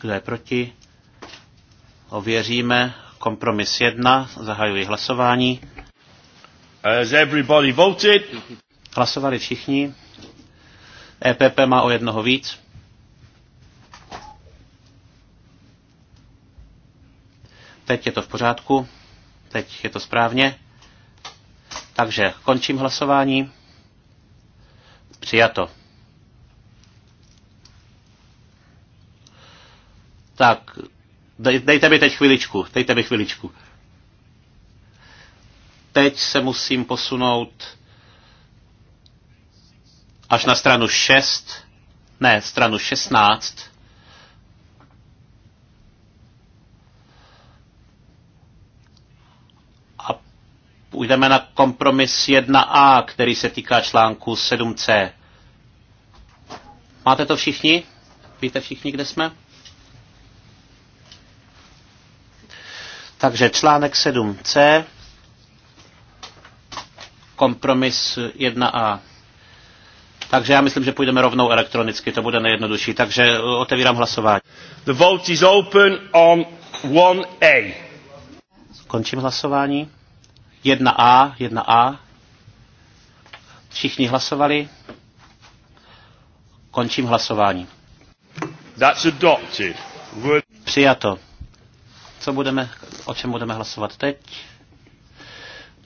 Kdo je proti? Ověříme. Kompromis 1. Zahajuji hlasování. Has everybody voted? Hlasovali všichni. EPP má o jednoho víc. Teď je to v pořádku. Teď je to správně. Takže končím hlasování. Přijato. Tak, dejte mi teď chviličku, dejte mi chviličku. Teď se musím posunout až na stranu 6, ne, stranu 16. A půjdeme na kompromis 1a, který se týká článku 7c. Máte to všichni? Víte všichni, kde jsme? Takže článek 7c, kompromis 1a. Takže já myslím, že půjdeme rovnou elektronicky, to bude nejjednodušší. Takže otevírám hlasování. The vote is open on 1A. Končím hlasování. 1A, 1A. Všichni hlasovali. Končím hlasování. That's adopted. Word... Přijato co budeme, o čem budeme hlasovat teď?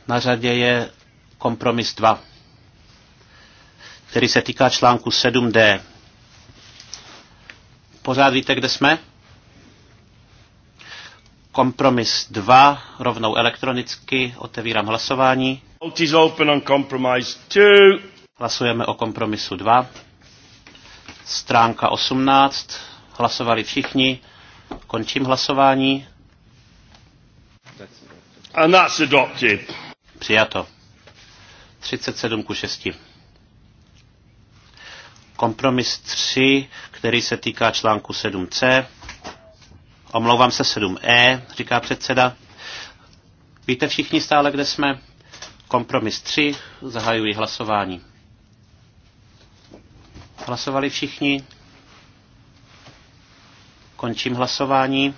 Na řadě je kompromis 2, který se týká článku 7D. Pořád víte, kde jsme? Kompromis 2, rovnou elektronicky, otevírám hlasování. Hlasujeme o kompromisu 2. Stránka 18, hlasovali všichni. Končím hlasování. And that's adopted. Přijato. 37 ku 6. Kompromis 3, který se týká článku 7c. Omlouvám se 7e, říká předseda. Víte všichni stále, kde jsme? Kompromis 3, zahajuji hlasování. Hlasovali všichni? Končím hlasování.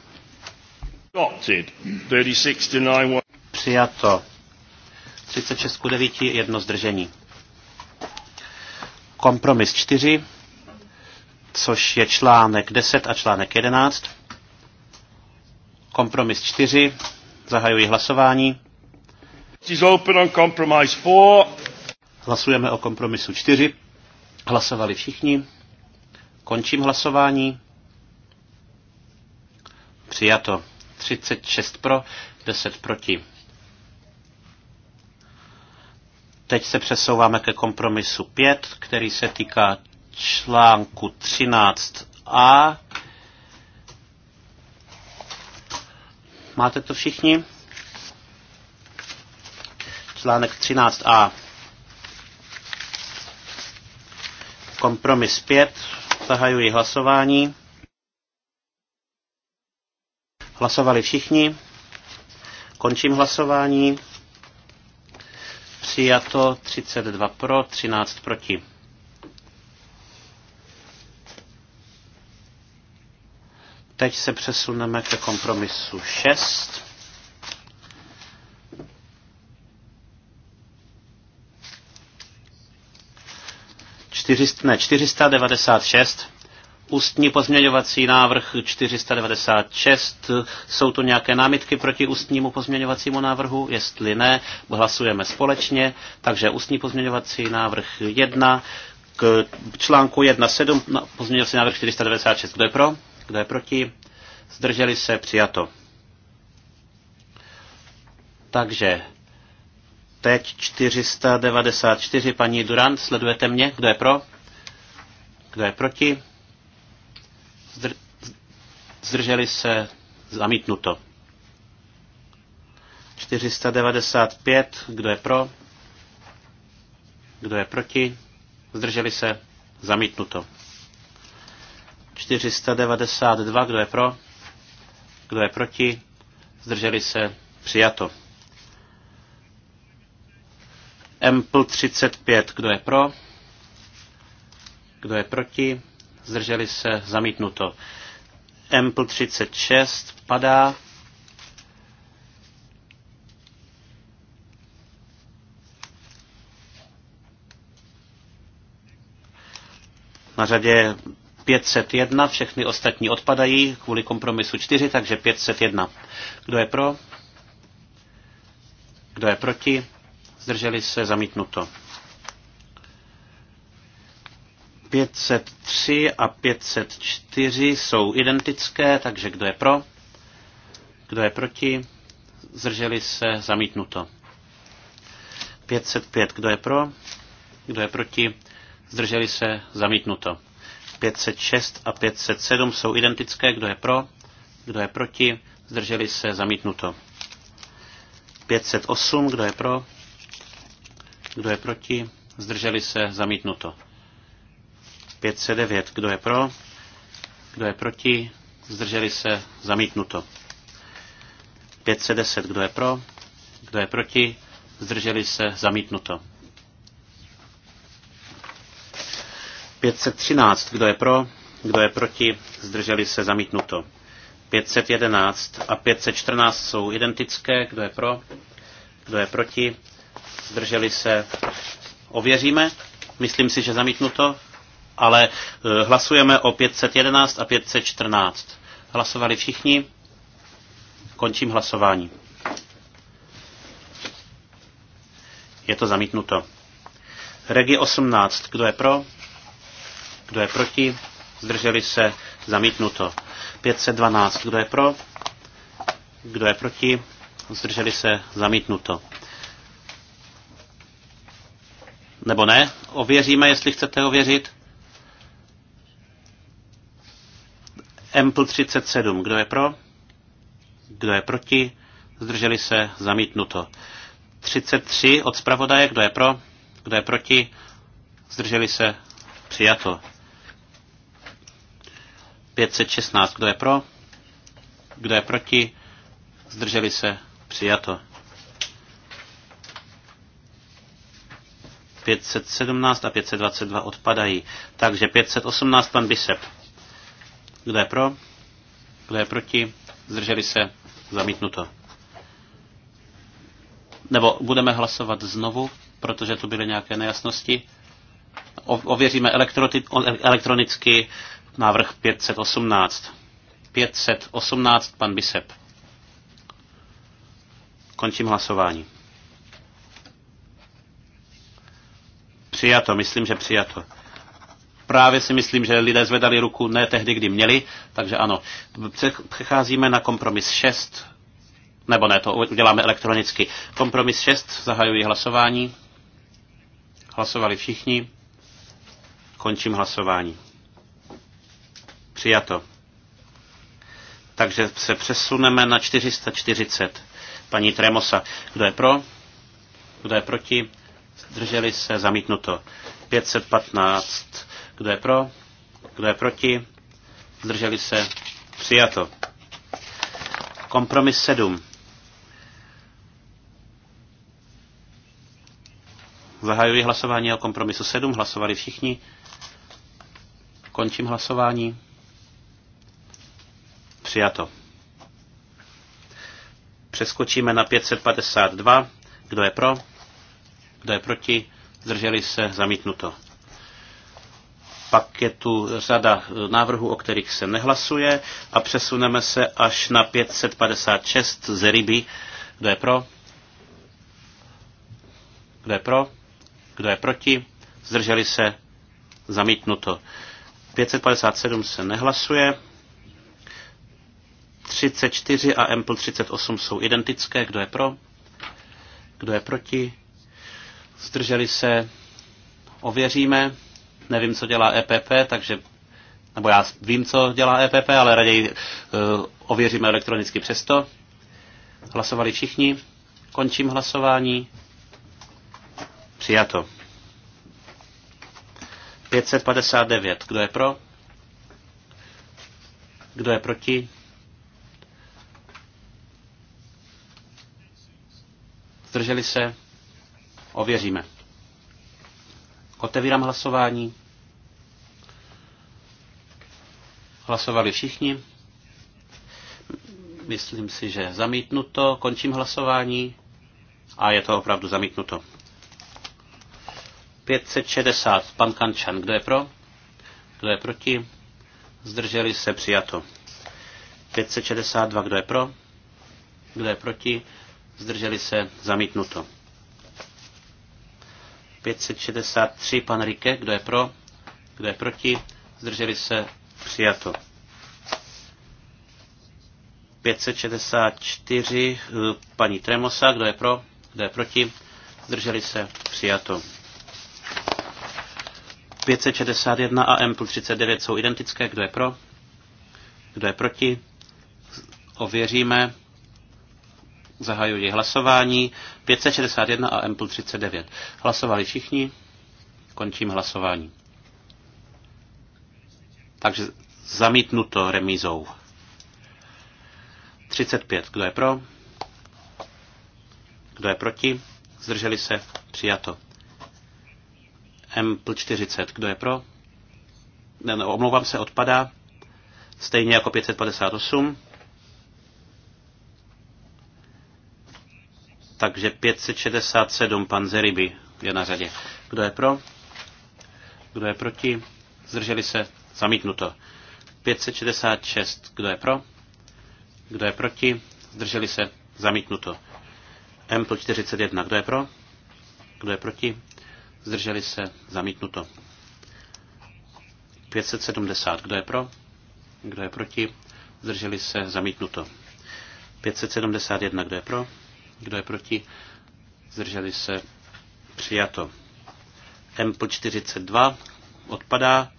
Adopted. 36 to 9 Přijato. 36 k 9, jedno zdržení. Kompromis 4, což je článek 10 a článek 11. Kompromis 4, zahajuji hlasování. Is open on compromise 4. Hlasujeme o kompromisu 4. Hlasovali všichni. Končím hlasování. Přijato. 36 pro, 10 proti. Teď se přesouváme ke kompromisu 5, který se týká článku 13a. Máte to všichni? Článek 13a. Kompromis 5. Zahajuji hlasování. Hlasovali všichni. Končím hlasování. Přijato 32 pro, 13 proti. Teď se přesuneme ke kompromisu 6. ne, 496 ústní pozměňovací návrh 496. Jsou tu nějaké námitky proti ústnímu pozměňovacímu návrhu? Jestli ne, hlasujeme společně. Takže ústní pozměňovací návrh 1 k článku 1.7 no, pozměňovací návrh 496. Kdo je pro? Kdo je proti? Zdrželi se? Přijato. Takže teď 494. Paní Durant, sledujete mě? Kdo je pro? Kdo je proti? zdrželi se, zamítnuto. 495, kdo je pro, kdo je proti, zdrželi se, zamítnuto. 492, kdo je pro, kdo je proti, zdrželi se, přijato. Empl 35, kdo je pro, kdo je proti, zdrželi se, zamítnuto. Ample 36 padá. Na řadě 501, všechny ostatní odpadají kvůli kompromisu 4, takže 501. Kdo je pro? Kdo je proti? Zdrželi se, zamítnuto. 503 a 504 jsou identické, takže kdo je pro? Kdo je proti? Zdrželi se? Zamítnuto. 505. Kdo je pro? Kdo je proti? Zdrželi se? Zamítnuto. 506 a 507 jsou identické. Kdo je pro? Kdo je proti? Zdrželi se? Zamítnuto. 508. Kdo je pro? Kdo je proti? Zdrželi se? Zamítnuto. 509. Kdo je pro? Kdo je proti? Zdrželi se? Zamítnuto. 510. Kdo je pro? Kdo je proti? Zdrželi se? Zamítnuto. 513. Kdo je pro? Kdo je proti? Zdrželi se? Zamítnuto. 511 a 514 jsou identické. Kdo je pro? Kdo je proti? Zdrželi se? Ověříme. Myslím si, že zamítnuto ale eh, hlasujeme o 511 a 514. Hlasovali všichni? Končím hlasování. Je to zamítnuto. Regi 18. Kdo je pro? Kdo je proti? Zdrželi se? Zamítnuto. 512. Kdo je pro? Kdo je proti? Zdrželi se? Zamítnuto. Nebo ne? Ověříme, jestli chcete ověřit. Ample 37. Kdo je pro? Kdo je proti? Zdrželi se? Zamítnuto. 33 od zpravodaje. Kdo je pro? Kdo je proti? Zdrželi se? Přijato. 516. Kdo je pro? Kdo je proti? Zdrželi se? Přijato. 517 a 522 odpadají. Takže 518 pan Bisep kdo je pro? Kdo je proti? Zdrželi se? Zamítnuto. Nebo budeme hlasovat znovu, protože tu byly nějaké nejasnosti. Ověříme elektronicky návrh 518. 518, pan Bisep. Končím hlasování. Přijato, myslím, že přijato právě si myslím, že lidé zvedali ruku ne tehdy, kdy měli, takže ano. Přecházíme na kompromis 6, nebo ne, to uděláme elektronicky. Kompromis 6, zahajuji hlasování. Hlasovali všichni. Končím hlasování. Přijato. Takže se přesuneme na 440. Paní Tremosa, kdo je pro? Kdo je proti? Zdrželi se, zamítnuto. 515 kdo je pro? Kdo je proti? Zdrželi se? Přijato. Kompromis 7. Zahajuji hlasování o kompromisu 7. Hlasovali všichni. Končím hlasování. Přijato. Přeskočíme na 552. Kdo je pro? Kdo je proti? Zdrželi se? Zamítnuto. Pak je tu řada návrhů, o kterých se nehlasuje a přesuneme se až na 556 z ryby. Kdo je pro? Kdo je pro? Kdo je proti? Zdrželi se? Zamítnuto. 557 se nehlasuje. 34 a Ample 38 jsou identické. Kdo je pro? Kdo je proti? Zdrželi se? Ověříme nevím, co dělá EPP, takže nebo já vím, co dělá EPP, ale raději uh, ověříme elektronicky přesto. Hlasovali všichni. Končím hlasování. Přijato. 559. Kdo je pro? Kdo je proti? Zdrželi se? Ověříme. Otevírám hlasování. Hlasovali všichni? Myslím si, že zamítnuto. Končím hlasování. A je to opravdu zamítnuto. 560. Pan Kančan. Kdo je pro? Kdo je proti? Zdrželi se přijato. 562. Kdo je pro? Kdo je proti? Zdrželi se zamítnuto. 563. Pan Rike. Kdo je pro? Kdo je proti? Zdrželi se Přijato. 564 eh, paní Tremosa, kdo je pro, kdo je proti, zdrželi se, přijato. 561 a M 39 jsou identické, kdo je pro, kdo je proti, ověříme, zahajuji hlasování, 561 a M 39. Hlasovali všichni, končím hlasování. Takže zamítnuto remízou. 35. Kdo je pro? Kdo je proti? Zdrželi se? Přijato. M 40. Kdo je pro? Ne, no, omlouvám se, odpadá. Stejně jako 558. Takže 567 pan Zeriby je na řadě. Kdo je pro? Kdo je proti? Zdrželi se? Zamítnuto. 566. Kdo je pro? Kdo je proti? Zdrželi se? Zamítnuto. M 41. Kdo je pro? Kdo je proti? Zdrželi se? Zamítnuto. 570. Kdo je pro? Kdo je proti? Zdrželi se? Zamítnuto. 571. Kdo je pro? Kdo je proti? Zdrželi se? Přijato. M 42 odpadá.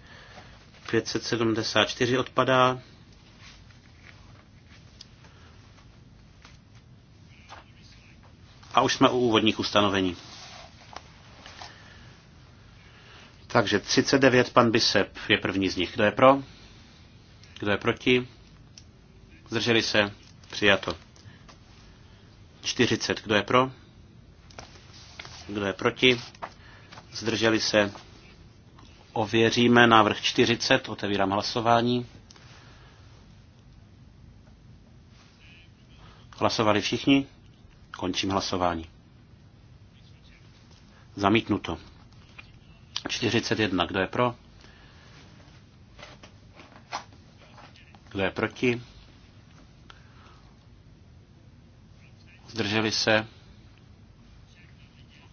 574 odpadá. A už jsme u úvodních ustanovení. Takže 39 pan Bisep je první z nich. Kdo je pro? Kdo je proti? Zdrželi se? Přijato. 40. Kdo je pro? Kdo je proti? Zdrželi se? ověříme návrh 40, otevírám hlasování. Hlasovali všichni? Končím hlasování. Zamítnuto. 41. Kdo je pro? Kdo je proti? Zdrželi se?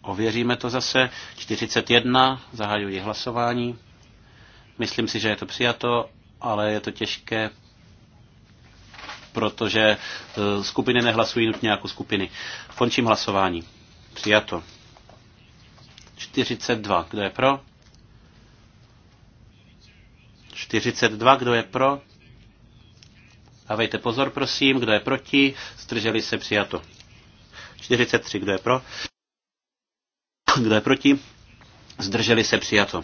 Ověříme to zase. 41, zahajuji hlasování. Myslím si, že je to přijato, ale je to těžké, protože e, skupiny nehlasují nutně jako skupiny. Končím hlasování. Přijato. 42, kdo je pro? 42, kdo je pro? Dávejte pozor, prosím, kdo je proti, zdrželi se přijato. 43, kdo je pro? Kdo je proti? Zdrželi se přijato.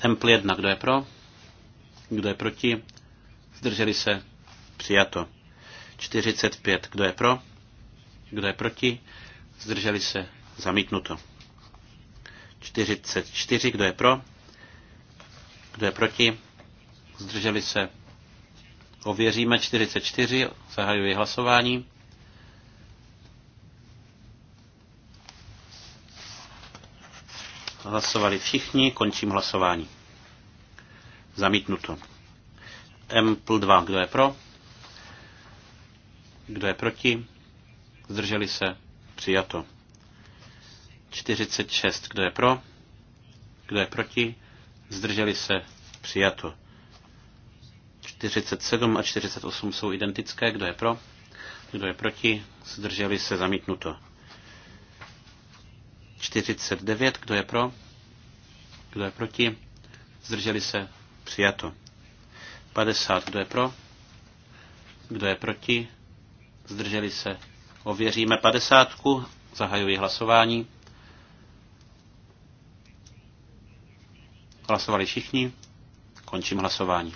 Empl 1. Kdo je pro? Kdo je proti? Zdrželi se přijato. 45. Kdo je pro? Kdo je proti? Zdrželi se zamítnuto. 44. Kdo je pro? Kdo je proti? Zdrželi se. Ověříme 44. Zahajuji hlasování. Hlasovali všichni, končím hlasování. Zamítnuto. M 2, kdo je pro? Kdo je proti? Zdrželi se? Přijato. 46, kdo je pro? Kdo je proti? Zdrželi se? Přijato. 47 a 48 jsou identické. Kdo je pro? Kdo je proti? Zdrželi se zamítnuto. 49. Kdo je pro? Kdo je proti? Zdrželi se? Přijato. 50. Kdo je pro? Kdo je proti? Zdrželi se? Ověříme 50. Zahajuji hlasování. Hlasovali všichni. Končím hlasování.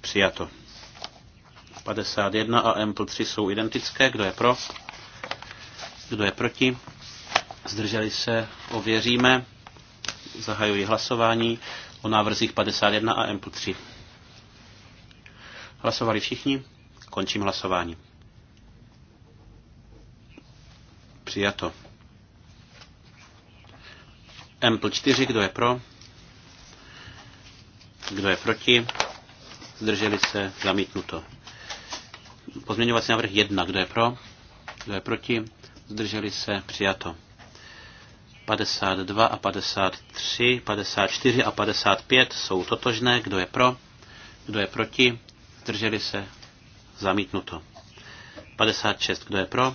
Přijato. 51 a Ample 3 jsou identické. Kdo je pro? Kdo je proti? Zdrželi se? Ověříme. Zahajuji hlasování o návrzích 51 a MP3. Hlasovali všichni? Končím hlasování. Přijato. mp 4, kdo je pro? Kdo je proti? Zdrželi se? Zamítnuto. Pozměňovací návrh 1, kdo je pro? Kdo je proti? Zdrželi se? Přijato. 52 a 53, 54 a 55 jsou totožné. Kdo je pro? Kdo je proti? Zdrželi se? Zamítnuto. 56. Kdo je pro?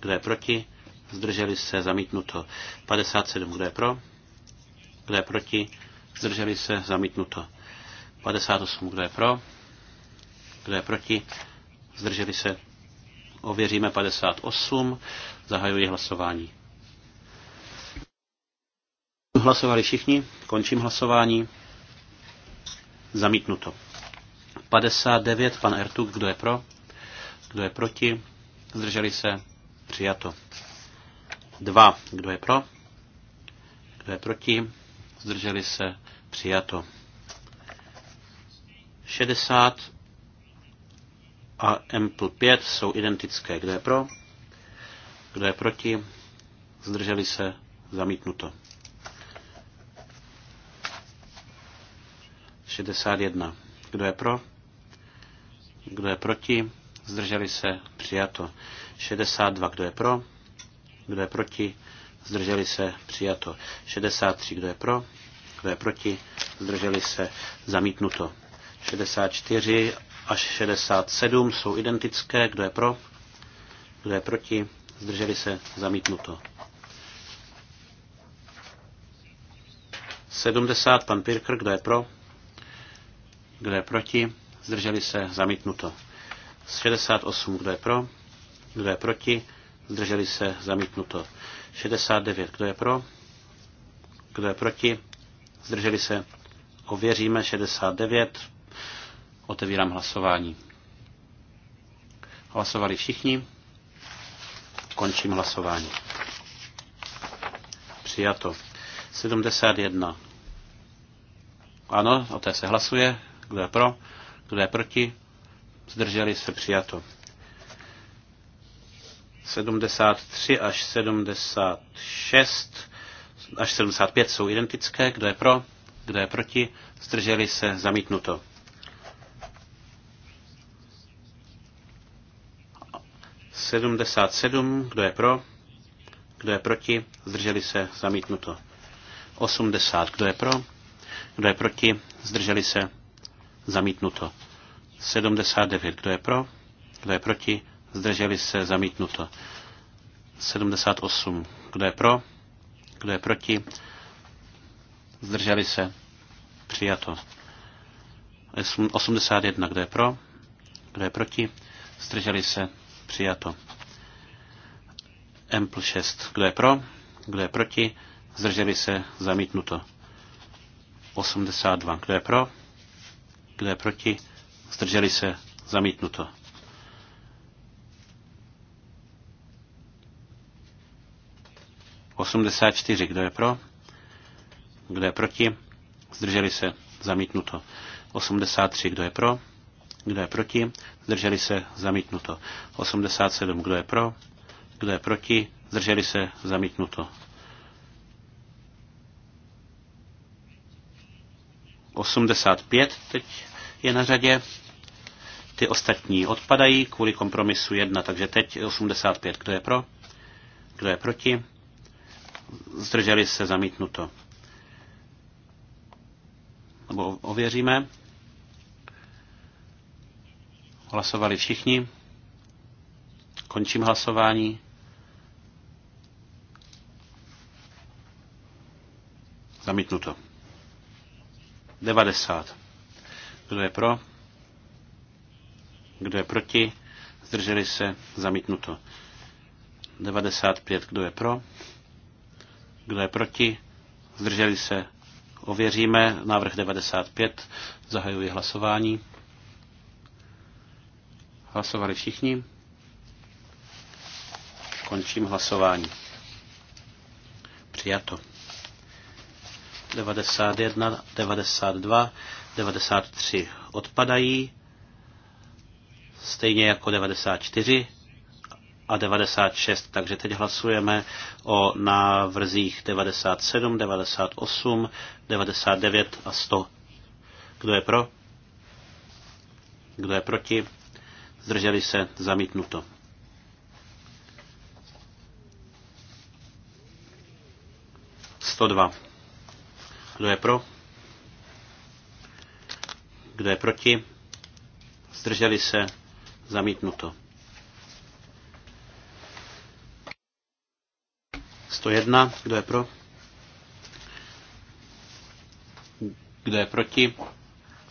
Kdo je proti? Zdrželi se? Zamítnuto. 57. Kdo je pro? Kdo je proti? Zdrželi se? Zamítnuto. 58. Kdo je pro? Kdo je proti? Zdrželi se? Ověříme 58. Zahajuji hlasování. Hlasovali všichni? Končím hlasování. Zamítnuto. 59, pan Ertuk, kdo je pro? Kdo je proti? Zdrželi se? Přijato. 2, kdo je pro? Kdo je proti? Zdrželi se? Přijato. 60 a M 5 jsou identické. Kdo je pro? Kdo je proti? Zdrželi se? Zamítnuto. 61. Kdo je pro? Kdo je proti? Zdrželi se? Přijato. 62. Kdo je pro? Kdo je proti? Zdrželi se? Přijato. 63. Kdo je pro? Kdo je proti? Zdrželi se? Zamítnuto. 64 až 67 jsou identické. Kdo je pro? Kdo je proti? Zdrželi se? Zamítnuto. 70. Pan Pirker. Kdo je pro? Kdo je proti? Zdrželi se? Zamítnuto. 68. Kdo je pro? Kdo je proti? Zdrželi se? Zamítnuto. 69. Kdo je pro? Kdo je proti? Zdrželi se? Ověříme 69. Otevírám hlasování. Hlasovali všichni. Končím hlasování. Přijato. 71. Ano, o té se hlasuje. Kdo je pro? Kdo je proti? Zdrželi se přijato. 73 až 76 až 75 jsou identické. Kdo je pro? Kdo je proti? Zdrželi se zamítnuto. Sedmdesát sedm, kdo je pro, kdo je proti, zdrželi se, zamítnuto. Osmdesát, kdo je pro, kdo je proti, zdrželi se, Zamítnuto. 79. Kdo je pro? Kdo je proti? Zdrželi se? Zamítnuto. 78. Kdo je pro? Kdo je proti? Zdrželi se? Přijato. 81. Kdo je pro? Kdo je proti? Zdrželi se? Přijato. M plus 6. Kdo je pro? Kdo je proti? Zdrželi se? Zamítnuto. 82. Kdo je pro? Kdo je proti? Zdrželi se? Zamítnuto. Osmdesát čtyři. Kdo je pro? Kdo je proti? Zdrželi se? Zamítnuto. 83. Kdo je pro? Kdo je proti? Zdrželi se? Zamítnuto. 87. Kdo je pro? Kdo je proti? Zdrželi se? Zamítnuto. 85 teď je na řadě. Ty ostatní odpadají kvůli kompromisu 1, takže teď 85. Kdo je pro? Kdo je proti? Zdrželi se zamítnuto. Nebo ověříme. Hlasovali všichni. Končím hlasování. Zamítnuto. 90. Kdo je pro? Kdo je proti? Zdrželi se? Zamítnuto. 95. Kdo je pro? Kdo je proti? Zdrželi se? Ověříme. Návrh 95. Zahajuji hlasování. Hlasovali všichni? Končím hlasování. Přijato. 91, 92, 93 odpadají, stejně jako 94 a 96. Takže teď hlasujeme o návrzích 97, 98, 99 a 100. Kdo je pro? Kdo je proti? Zdrželi se zamítnuto. Sto dva. Kdo je pro? Kdo je proti? Zdrželi se? Zamítnuto. 101. Kdo je pro? Kdo je proti?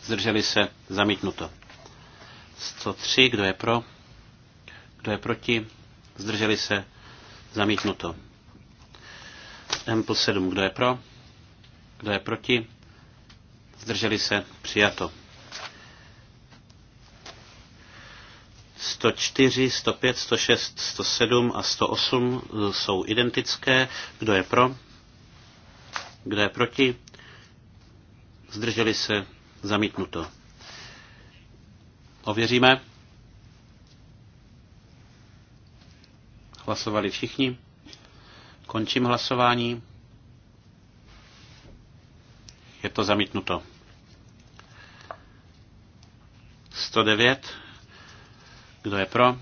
Zdrželi se? Zamítnuto. 103. Kdo je pro? Kdo je proti? Zdrželi se? Zamítnuto. M plus 7. Kdo je pro? Kdo je proti? Zdrželi se? Přijato. 104, 105, 106, 107 a 108 eh, jsou identické. Kdo je pro? Kdo je proti? Zdrželi se? Zamítnuto. Ověříme. Hlasovali všichni. Končím hlasování. Je to zamítnuto. 109. Kdo je pro?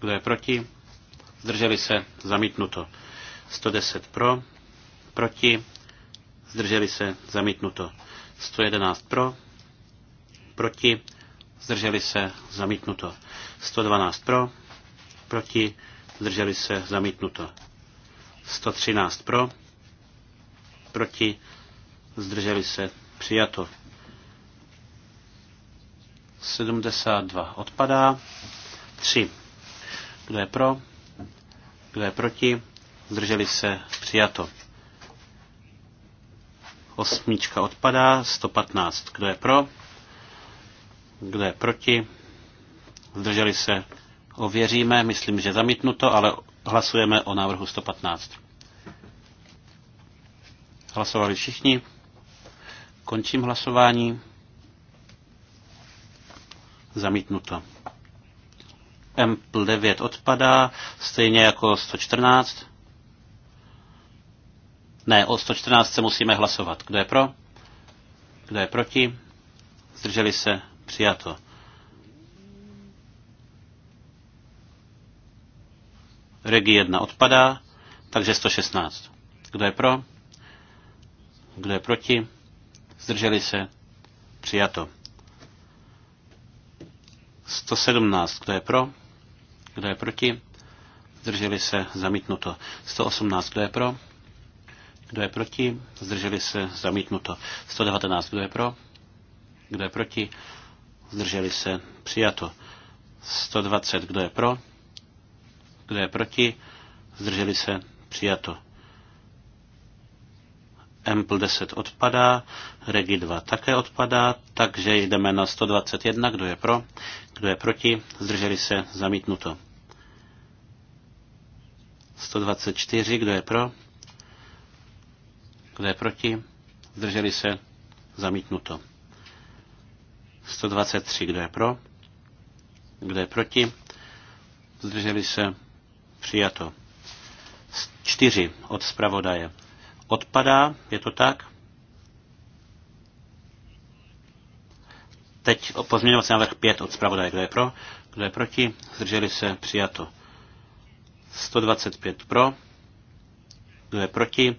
Kdo je proti? Zdrželi se? Zamítnuto. 110 pro, proti, zdrželi se, zamítnuto. 111 pro, proti, zdrželi se, zamítnuto. 112 pro, proti, zdrželi se, zamítnuto. 113 pro, proti, zdrželi se, přijato. 72 odpadá, 3. Kdo je pro? Kdo je proti? Zdrželi se, přijato. Osmička odpadá, 115. Kdo je pro? Kdo je proti? Zdrželi se, ověříme, myslím, že zamítnuto, ale hlasujeme o návrhu 115. Hlasovali všichni. Končím hlasování. Zamítnuto. M 9 odpadá, stejně jako 114. Ne, o 114 se musíme hlasovat. Kdo je pro? Kdo je proti? Zdrželi se? Přijato. Regi 1 odpadá, takže 116. Kdo je pro? Kdo je proti? zdrželi se, přijato. 117, kdo je pro, kdo je proti, zdrželi se, zamítnuto. 118, kdo je pro, kdo je proti, zdrželi se, zamítnuto. 119, kdo je pro, kdo je proti, zdrželi se, přijato. 120, kdo je pro, kdo je proti, zdrželi se, přijato. Ample 10 odpadá, Regi 2 také odpadá, takže jdeme na 121, kdo je pro, kdo je proti, zdrželi se, zamítnuto. 124, kdo je pro, kdo je proti, zdrželi se, zamítnuto. 123, kdo je pro, kdo je proti, zdrželi se, přijato. 4 od zpravodaje odpadá, je to tak? Teď pozměňovací návrh 5 od zpravodaje. Kdo je pro? Kdo je proti? Zdrželi se? Přijato. 125 pro. Kdo je proti?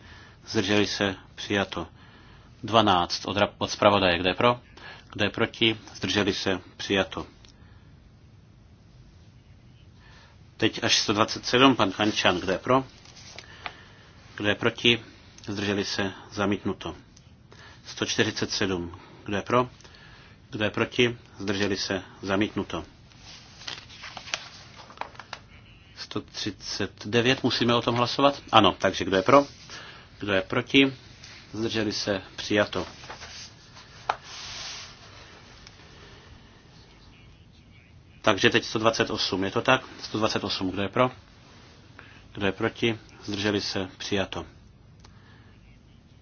Zdrželi se? Přijato. 12 od, od zpravodaje. Kdo je pro? Kdo je proti? Zdrželi se? Přijato. Teď až 127, pan Kančan, kdo je pro? Kdo je proti? Zdrželi se? Zamítnuto. 147. Kdo je pro? Kdo je proti? Zdrželi se? Zamítnuto. 139. Musíme o tom hlasovat? Ano, takže kdo je pro? Kdo je proti? Zdrželi se? Přijato. Takže teď 128, je to tak? 128, kdo je pro? Kdo je proti? Zdrželi se? Přijato.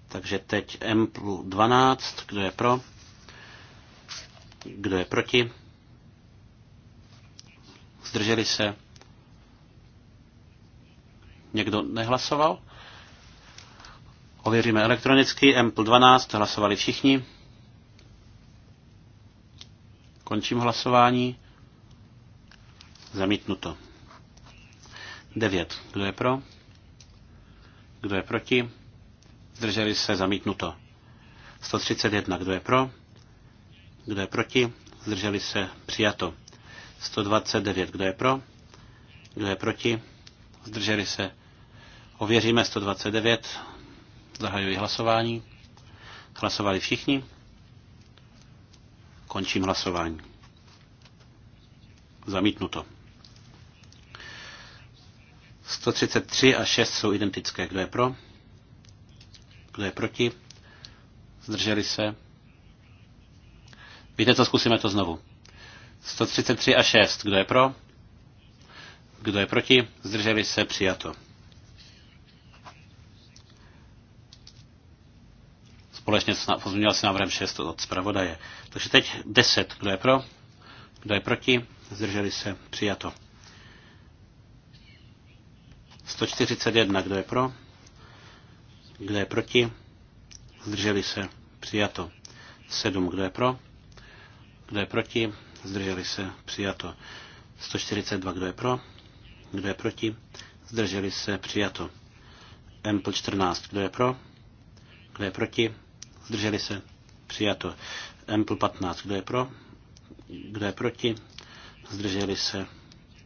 Takže teď M plus 12, kdo je pro? Kdo je proti? Zdrželi se? Někdo nehlasoval? Ověříme elektronicky. M plus 12, hlasovali všichni. Končím hlasování. Zamítnuto. 9. Kdo je pro? Kdo je proti? zdrželi se, zamítnuto. 131, kdo je pro, kdo je proti, zdrželi se, přijato. 129, kdo je pro, kdo je proti, zdrželi se. Ověříme 129, zahajuji hlasování. Hlasovali všichni. Končím hlasování. Zamítnuto. 133 a 6 jsou identické. Kdo je pro? Kdo je proti? Zdrželi se? Víte co, zkusíme to znovu. 133 a 6. Kdo je pro? Kdo je proti? Zdrželi se? Přijato. Společně s pozměňovacím návrhem 6 od zpravodaje. Takže teď 10. Kdo je pro? Kdo je proti? Zdrželi se? Přijato. 141. Kdo je pro? Kdo je proti? Zdrželi se. Přijato. 7. Kdo je pro? Kdo je proti? Zdrželi se. Přijato. 142. Kdo je pro? Kdo je proti? Zdrželi se. Přijato. M 14. Kdo je pro? Kdo je proti? Zdrželi se. Přijato. M 15. Kdo je pro? Kdo je proti? Zdrželi se.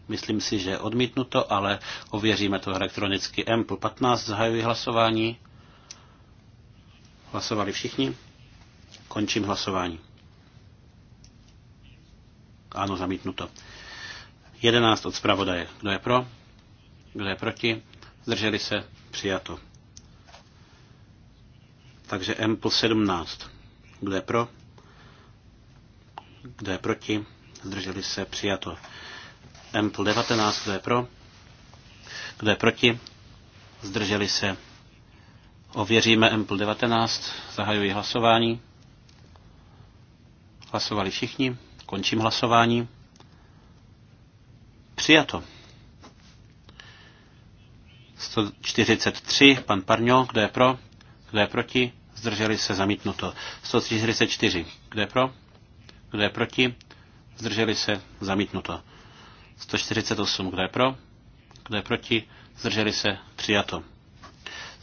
Myslím si, že je odmítnuto, ale ověříme to elektronicky. M 15. Zahajuji hlasování. Hlasovali všichni? Končím hlasování. Ano, zamítnuto. 11 od zpravodaje. Kdo je pro? Kdo je proti? Zdrželi se? Přijato. Takže M plus 17. Kdo je pro? Kdo je proti? Zdrželi se? Přijato. M plus 19. Kdo je pro? Kdo je proti? Zdrželi se? Ověříme Ample 19, zahajuji hlasování. Hlasovali všichni, končím hlasování. Přijato. 143, pan Parňo, kdo je pro, kdo je proti, zdrželi se zamítnuto. 144, kdo je pro, kdo je proti, zdrželi se zamítnuto. 148, kdo je pro, kdo je proti, zdrželi se přijato.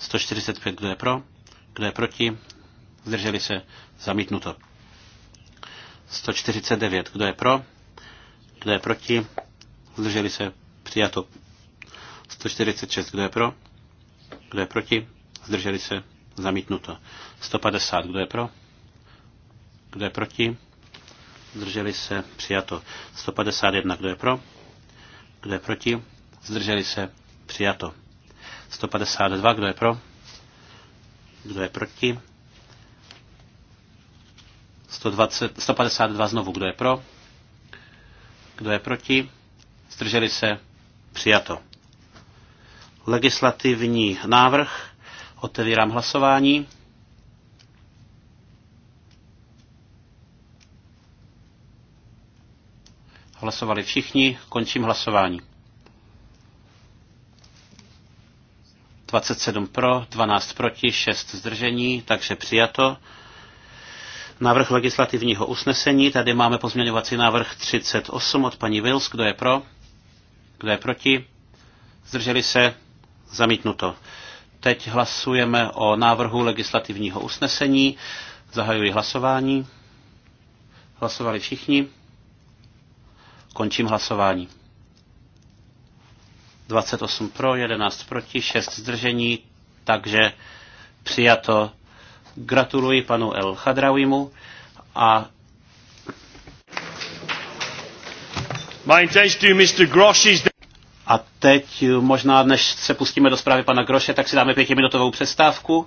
145, kdo je pro, kdo je proti, zdrželi se, zamítnuto. 149, kdo je pro, kdo je proti, zdrželi se, přijato. 146, kdo je pro, kdo je proti, zdrželi se, zamítnuto. 150, kdo je pro, kdo je proti, zdrželi se, přijato. 151, kdo je pro, kdo je proti, zdrželi se, přijato. 152, kdo je pro? Kdo je proti? 120, 152 znovu, kdo je pro? Kdo je proti? Zdrželi se? Přijato. Legislativní návrh. Otevírám hlasování. Hlasovali všichni, končím hlasování. 27 pro, 12 proti, 6 zdržení, takže přijato. Návrh legislativního usnesení. Tady máme pozměňovací návrh 38 od paní Wills. Kdo je pro? Kdo je proti? Zdrželi se? Zamítnuto. Teď hlasujeme o návrhu legislativního usnesení. Zahajuji hlasování. Hlasovali všichni. Končím hlasování. 28 pro, 11 proti, 6 zdržení, takže přijato. Gratuluji panu El Chadrawimu a a teď možná, než se pustíme do zprávy pana Groše, tak si dáme pětiminutovou přestávku.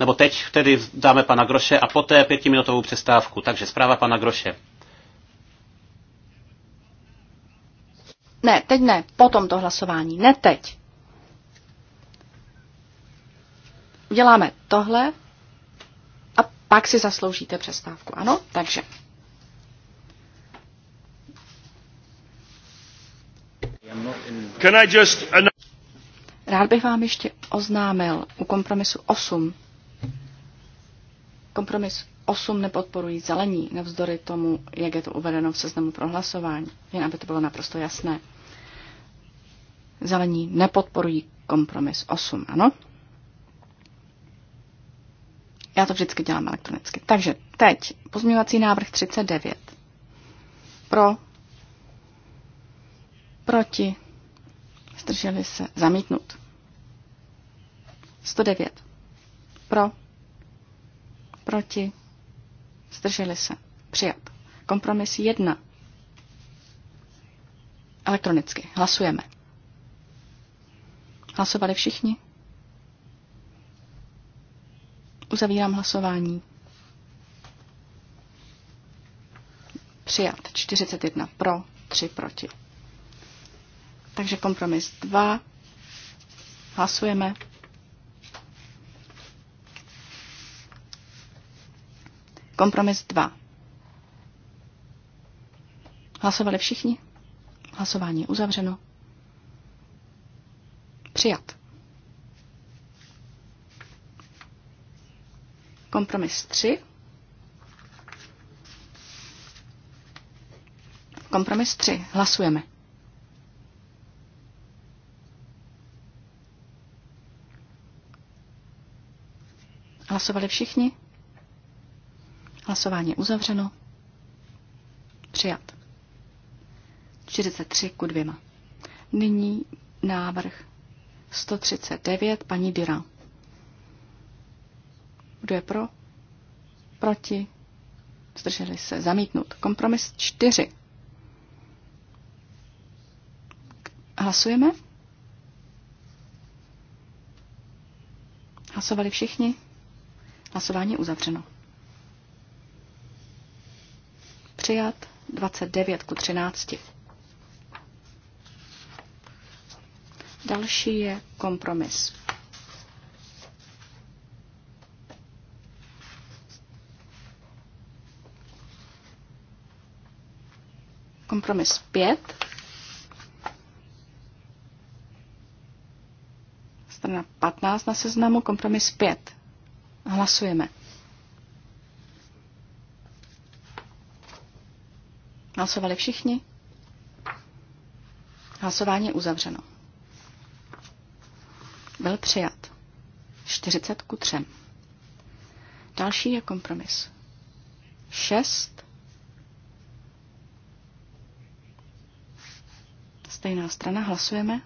Nebo teď tedy dáme pana Groše a poté pětiminutovou přestávku. Takže zpráva pana Groše. Ne, teď ne, po tomto hlasování, ne teď. Uděláme tohle a pak si zasloužíte přestávku, ano? Takže. Rád bych vám ještě oznámil u kompromisu 8 Kompromis 8 nepodporují zelení, navzdory tomu, jak je to uvedeno v seznamu prohlasování, jen aby to bylo naprosto jasné. Zelení nepodporují kompromis 8, ano? Já to vždycky dělám elektronicky. Takže teď pozměňovací návrh 39. Pro, proti, zdrželi se, zamítnut. 109. Pro, Proti. Zdrželi se. Přijat. Kompromis jedna, Elektronicky. Hlasujeme. Hlasovali všichni? Uzavírám hlasování. Přijat 41 pro, 3 proti. Takže kompromis 2. Hlasujeme. Kompromis 2. Hlasovali všichni? Hlasování je uzavřeno. Přijat. Kompromis 3. Kompromis 3. Hlasujeme. Hlasovali všichni? Hlasování uzavřeno. Přijat. 43 ku 2. Nyní návrh 139 paní Dira. Kdo je pro? Proti? Zdrželi se. Zamítnut. Kompromis 4. Hlasujeme? Hlasovali všichni? Hlasování uzavřeno. Přijat 29 ku 13. Další je kompromis. Kompromis 5. Strana 15 na seznamu, kompromis 5. Hlasujeme. Hlasovali všichni? Hlasování je uzavřeno. Byl přijat. 40 ku 3. Další je kompromis. 6. Stejná strana, hlasujeme.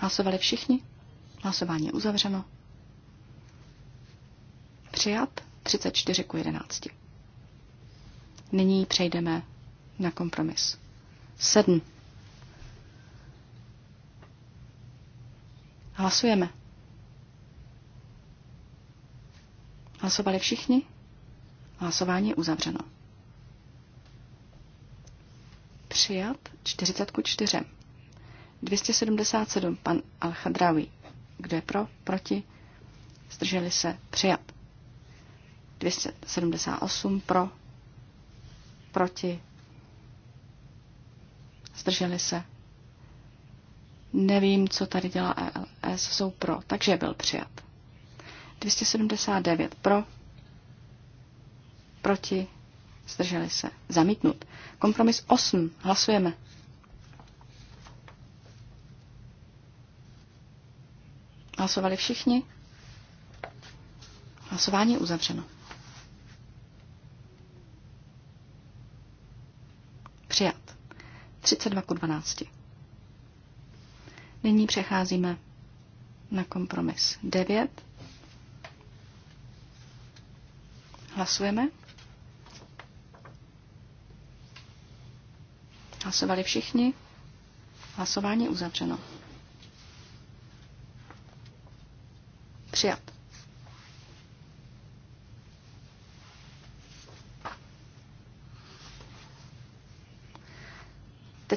Hlasovali všichni? Hlasování je uzavřeno. Přijat. 34 ku 11. Nyní přejdeme na kompromis. 7. Hlasujeme. Hlasovali všichni? Hlasování je uzavřeno. Přijat 40 ku 4. 277 pan Al-Khadrawi. Kdo je pro? Proti? Zdrželi se? Přijat. 278 pro, proti, zdrželi se. Nevím, co tady dělá ELS, jsou pro, takže byl přijat. 279 pro, proti, zdrželi se. Zamítnut. Kompromis 8, hlasujeme. Hlasovali všichni? Hlasování je uzavřeno. 32 ku 12. Nyní přecházíme na kompromis 9. Hlasujeme. Hlasovali všichni. Hlasování uzavřeno. Přijat.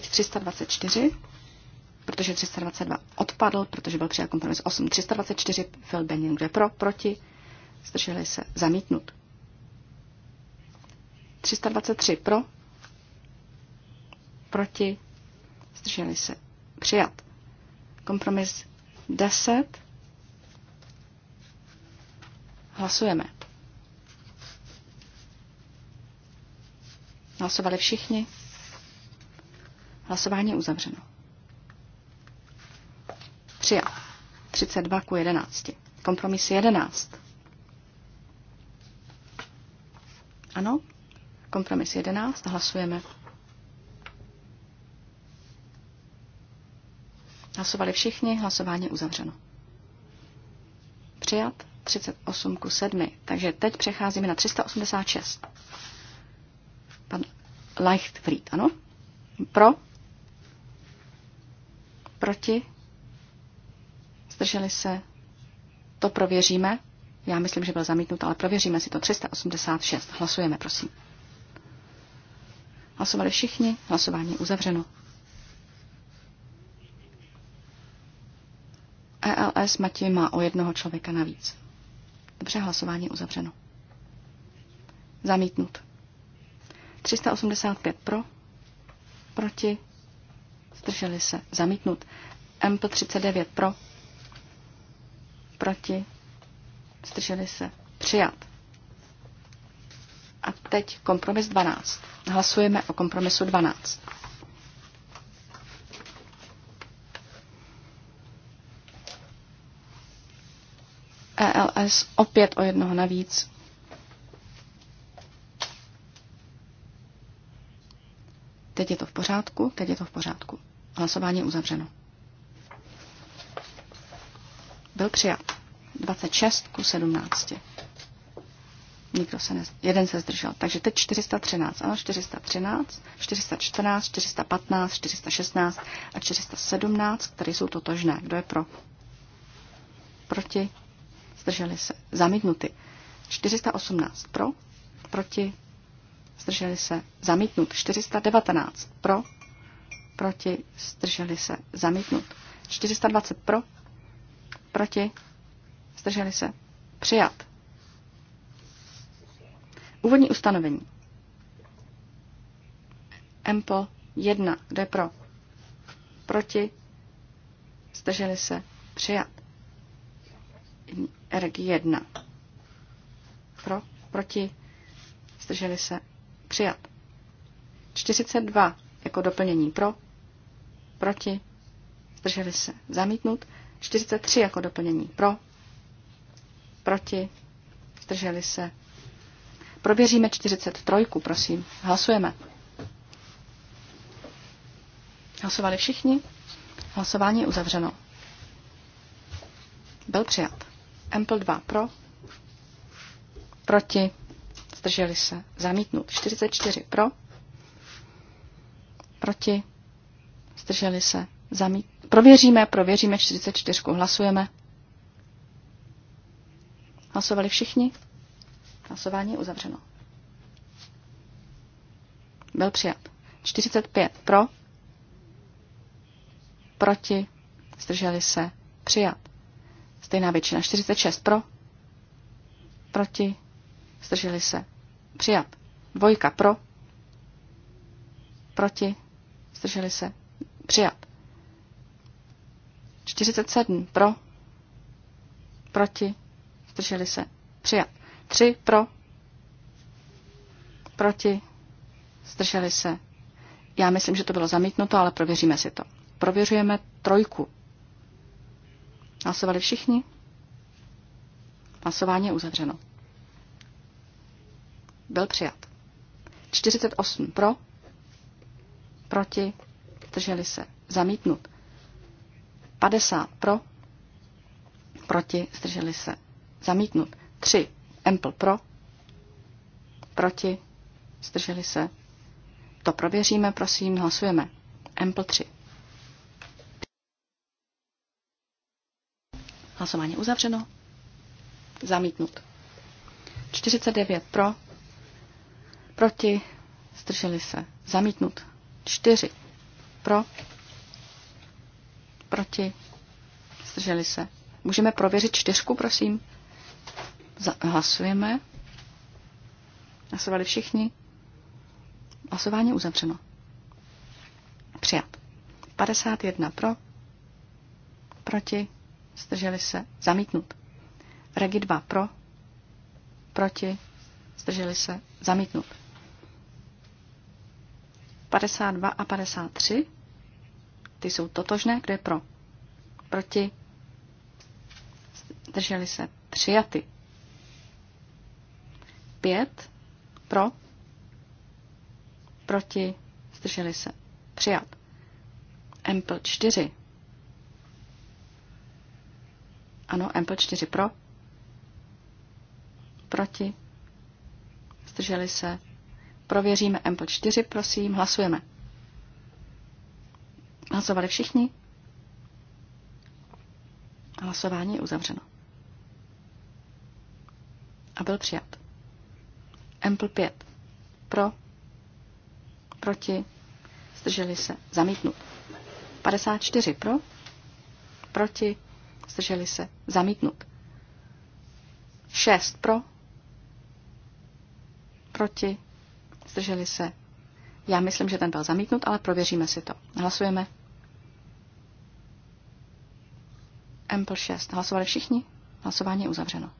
teď 324, protože 322 odpadl, protože byl přijat kompromis 8. 324, Phil Benning, kdo je pro, proti, zdrželi se, zamítnut. 323 pro, proti, zdrželi se, přijat. Kompromis 10, hlasujeme. Hlasovali všichni? Hlasování je uzavřeno. Přijat. 32 ku 11. Kompromis 11. Ano, kompromis 11, hlasujeme. Hlasovali všichni, hlasování uzavřeno. Přijat 38 ku 7. Takže teď přecházíme na 386. Pan Leichtfried, ano? Pro? Proti? Zdrželi se? To prověříme. Já myslím, že byl zamítnut, ale prověříme si to. 386. Hlasujeme, prosím. Hlasovali všichni, hlasování uzavřeno. ELS Matěj má o jednoho člověka navíc. Dobře, hlasování uzavřeno. Zamítnut. 385 pro, proti, Zdrželi se. Zamítnut. MP39 pro. Proti. Zdrželi se. Přijat. A teď kompromis 12. Hlasujeme o kompromisu 12. ELS opět o jednoho navíc. Teď je to v pořádku, teď je to v pořádku. Hlasování je uzavřeno. Byl přijat. 26 ku 17. Nikdo se ne, jeden se zdržel. Takže teď 413. Ano, 413, 414, 415, 416 a 417, které jsou totožné. Kdo je pro? Proti? Zdrželi se. Zamítnuty. 418 pro, proti, zdrželi se, zamítnut. 419 pro, proti, zdrželi se, zamítnut. 420 pro, proti, zdrželi se, přijat. Úvodní ustanovení. Empl 1, kdo je pro? Proti, zdrželi se, přijat. RG 1. Pro, proti, zdrželi se, Přijat. 42 jako doplnění pro, proti, zdrželi se, zamítnut. 43 jako doplnění pro, proti, zdrželi se. Prověříme 43, prosím. Hlasujeme. Hlasovali všichni? Hlasování je uzavřeno. Byl přijat. Ample 2 pro, proti, zdrželi se, zamítnut. 44 pro, proti, zdrželi se, zamít. Prověříme, prověříme 44, hlasujeme. Hlasovali všichni? Hlasování je uzavřeno. Byl přijat. 45 pro, proti, zdrželi se, přijat. Stejná většina. 46 pro, proti, zdrželi se, Přijat. Dvojka pro. Proti. Zdrželi se. Přijat. 47 pro. Proti. Zdrželi se. Přijat. 3 pro. Proti. Zdrželi se. Já myslím, že to bylo zamítnuto, ale prověříme si to. Prověřujeme trojku. Hlasovali všichni? Hlasování je uzavřeno. Byl přijat. 48 pro, proti, drželi se, zamítnut. 50 pro, proti, zdrželi se, zamítnut. 3 empl pro, proti, zdrželi se. To prověříme, prosím, hlasujeme. Empl 3. Hlasování uzavřeno. Zamítnut. 49 pro, Proti. Zdrželi se. Zamítnut. čtyři Pro. Proti. Zdrželi se. Můžeme prověřit čtyřku, prosím? Hlasujeme. Hlasovali všichni. Hlasování uzavřeno. Přijat. 51 pro. Proti. Zdrželi se. Zamítnut. Regi 2 pro. Proti. Zdrželi se. Zamítnut. 52 a 53. Ty jsou totožné, kde je pro. Proti. Drželi se přijaty. 5 pro. Proti. Zdrželi se přijat. Ample 4. Ano, Ample 4 pro. Proti. Zdrželi se Prověříme MP4, prosím, hlasujeme. Hlasovali všichni? Hlasování je uzavřeno. A byl přijat. mp 5. Pro. Proti. Zdrželi se. Zamítnut. 54 pro. Proti. Zdrželi se. Zamítnut. 6 pro. Proti. Zdrželi se. Já myslím, že ten byl zamítnut, ale prověříme si to. Hlasujeme. Ample 6. Hlasovali všichni? Hlasování je uzavřeno.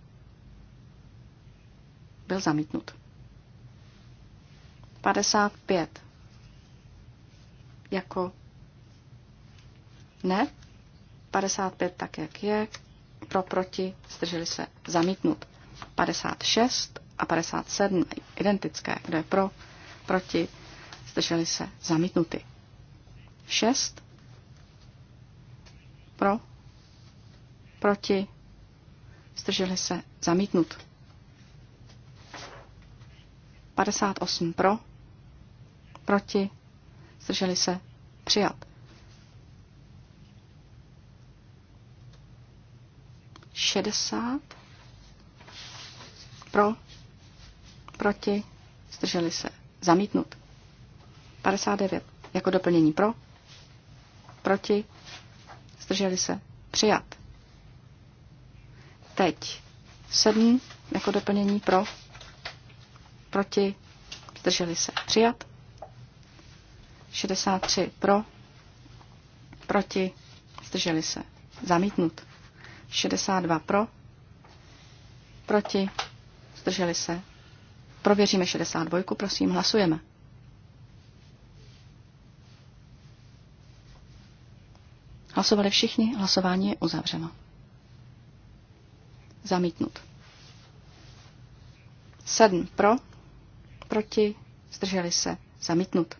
Byl zamítnut. 55. Jako ne. 55 tak, jak je. Pro, proti, zdrželi se, zamítnut. 56 a 57 identické. Kdo je pro? Proti? Zdrželi se? Zamítnuty. 6. Pro? Proti? Zdrželi se? Zamítnut. 58 pro, proti, zdrželi se, přijat. 60 pro, Proti? Zdrželi se. Zamítnut. 59. Jako doplnění pro? Proti? Zdrželi se. Přijat. Teď 7 jako doplnění pro, proti, zdrželi se přijat. 63 pro, proti, zdrželi se zamítnut. 62 pro, proti, zdrželi se Prověříme 62, prosím, hlasujeme. Hlasovali všichni, hlasování je uzavřeno. Zamítnut. 7 pro, proti, zdrželi se, zamítnut.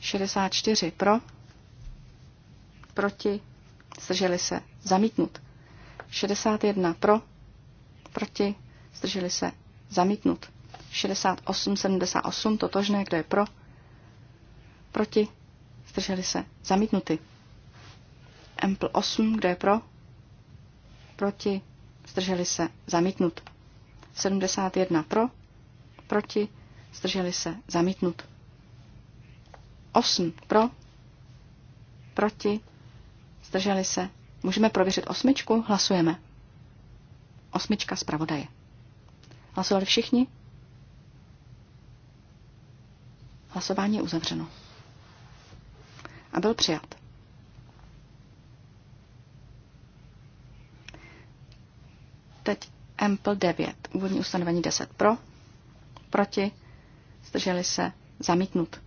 64 pro, proti, zdrželi se, zamítnut. 61 pro, proti, zdrželi se, Zamítnut. 68, 78, totožné, kdo je pro? Proti? Zdrželi se. Zamítnuty. Empl 8, kdo je pro? Proti? Zdrželi se. Zamítnut. 71 pro? Proti? Zdrželi se. Zamítnut. 8 pro? Proti? Zdrželi se. Můžeme prověřit osmičku? Hlasujeme. Osmička zpravodaje. Hlasovali všichni? Hlasování je uzavřeno. A byl přijat. Teď Ample 9, úvodní ustanovení 10 pro, proti, zdrželi se, zamítnut.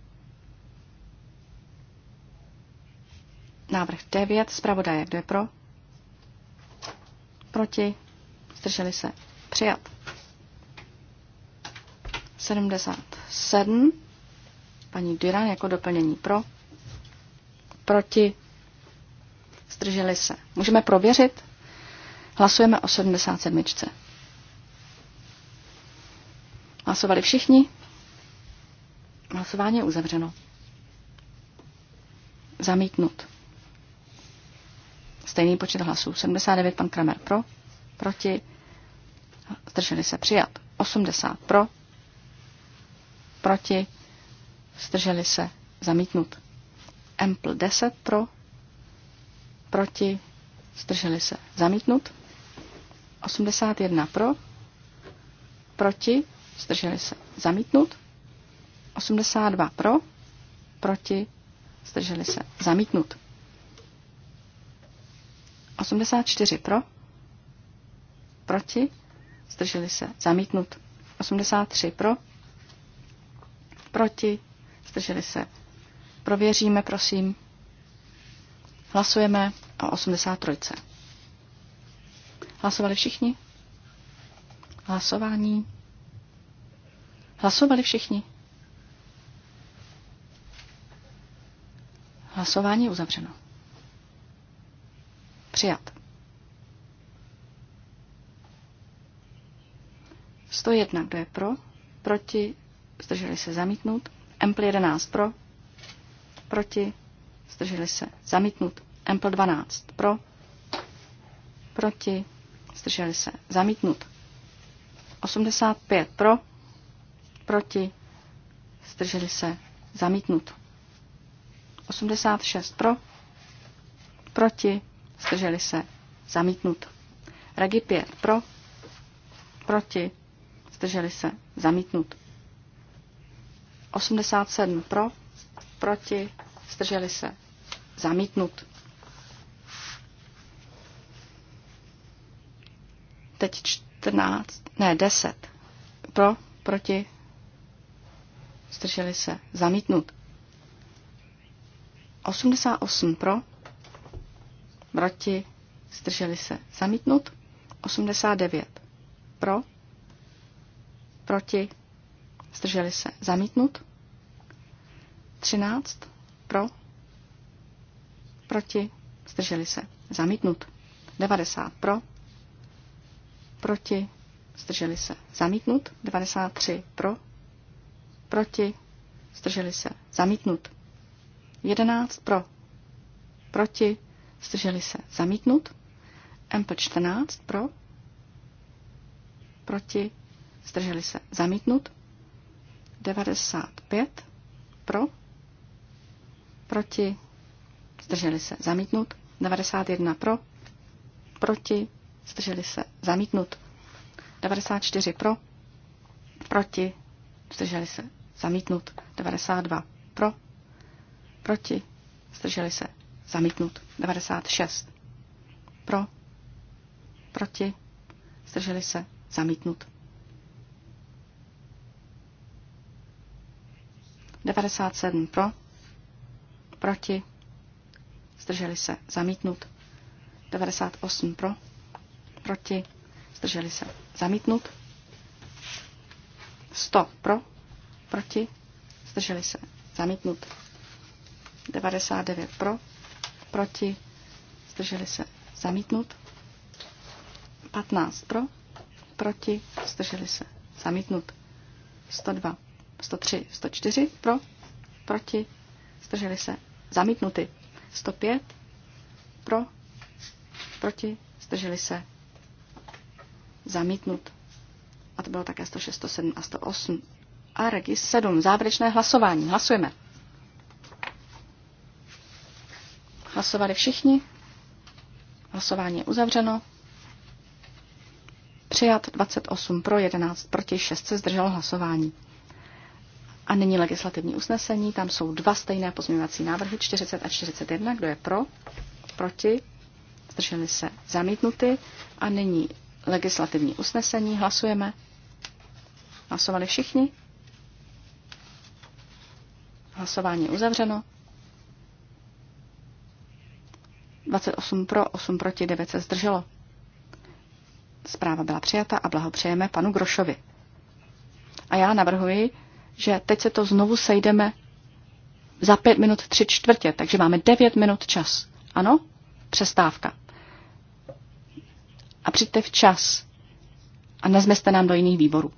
Návrh 9, zpravodaje, kdo je pro? Proti, zdrželi se, přijat. 77. Paní Duran jako doplnění pro. Proti. Zdrželi se. Můžeme prověřit? Hlasujeme o 77. Hlasovali všichni? Hlasování je uzavřeno. Zamítnut. Stejný počet hlasů. 79 pan Kramer pro, proti, zdrželi se přijat. 80 pro, proti, zdrželi se, zamítnut. Ample 10 pro, proti, zdrželi se, zamítnut. 81 pro, proti, zdrželi se, zamítnut. 82 pro, proti, zdrželi se, zamítnut. 84 pro, proti, zdrželi se, zamítnut. 83 pro, Proti? Zdrželi se. Prověříme, prosím. Hlasujeme o 83. Hlasovali všichni? Hlasování. Hlasovali všichni? Hlasování je uzavřeno. Přijat. 101. Kdo je pro? Proti? zdrželi se zamítnout. Empl 11 pro, proti, zdrželi se zamítnout. Empl 12 pro, proti, zdrželi se zamítnout. 85 pro, proti, zdrželi se zamítnout. 86 pro, proti, zdrželi se zamítnut. Regi 5 pro, proti, zdrželi se zamítnut. 87 pro, proti, zdrželi se, zamítnut. Teď 14, ne 10 pro, proti, zdrželi se, zamítnut. 88 pro, proti, zdrželi se, zamítnut. 89 pro, proti, Zdrželi se. Zamítnut. 13. Pro. Proti. Zdrželi se. Zamítnut. 90. Pro. Proti. Zdrželi se. Zamítnut. 93. Pro. Proti. Zdrželi se. Zamítnut. 11. Pro. Proti. Zdrželi se. Zamítnut. MP14. Pro. Proti. Zdrželi se. Zamítnut. 95 pro, proti, zdrželi se, zamítnut. 91 pro, proti, zdrželi se, zamítnut. 94 pro, proti, zdrželi se, zamítnut. 92 pro, proti, zdrželi se, zamítnut. 96 pro, proti, zdrželi se, zamítnut. 97 pro, proti, zdrželi se, zamítnut. 98 pro, proti, zdrželi se, zamítnut. 100 pro, proti, zdrželi se, zamítnut. 99 pro, proti, zdrželi se, zamítnut. 15 pro, proti, zdrželi se, zamítnut. 102 103, 104 pro, proti, zdrželi se, zamítnuty. 105 pro, proti, zdrželi se, zamítnut. A to bylo také 106, 107 a 108. A Regis 7, závěrečné hlasování. Hlasujeme. Hlasovali všichni. Hlasování je uzavřeno. Přijat 28 pro, 11 proti, 6 se zdrželo hlasování. A není legislativní usnesení. Tam jsou dva stejné pozměňovací návrhy, 40 a 41. Kdo je pro? Proti? Zdrželi se zamítnuty. A není legislativní usnesení. Hlasujeme. Hlasovali všichni? Hlasování je uzavřeno. 28 pro, 8 proti, 9 se zdrželo. Zpráva byla přijata a blahopřejeme panu Grošovi. A já navrhuji, že teď se to znovu sejdeme za pět minut tři čtvrtě, takže máme devět minut čas. Ano? Přestávka. A přijďte včas a nezmeste nám do jiných výborů.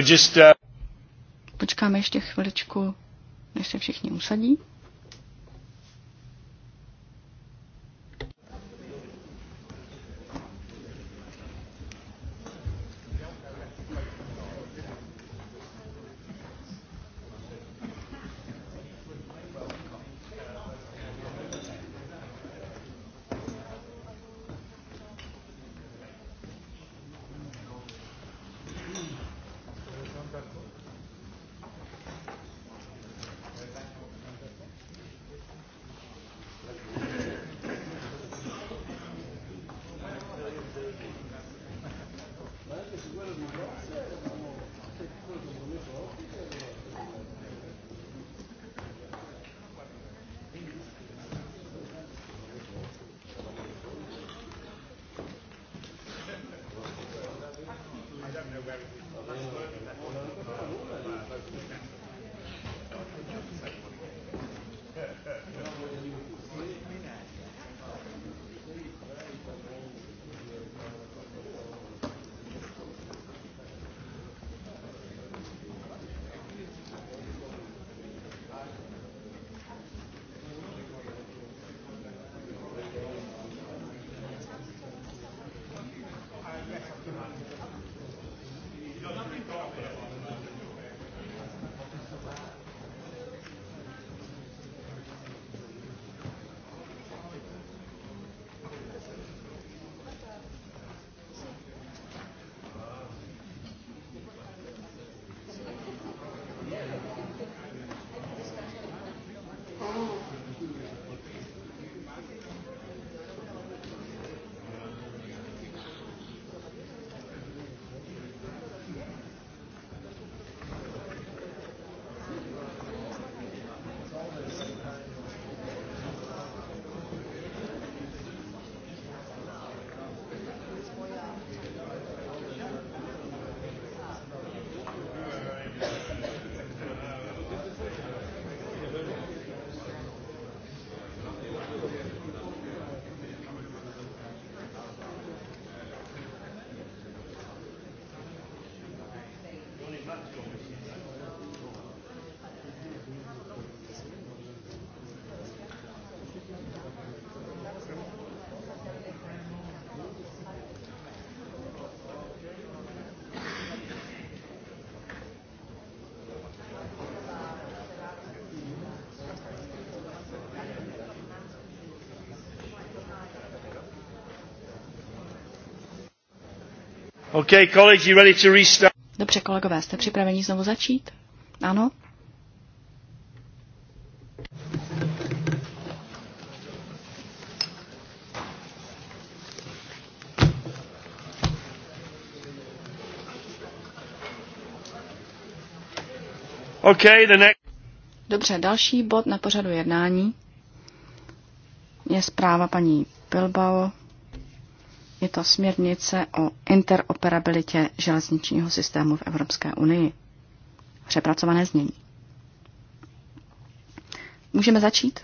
Uh, Počkáme ještě chviličku, než se všichni usadí. Okay, you ready to restart? Dobře, kolegové, jste připraveni znovu začít? Ano? Okay, the next... Dobře, další bod na pořadu jednání je zpráva paní Bilbao je to směrnice o interoperabilitě železničního systému v Evropské unii. Přepracované znění. Můžeme začít?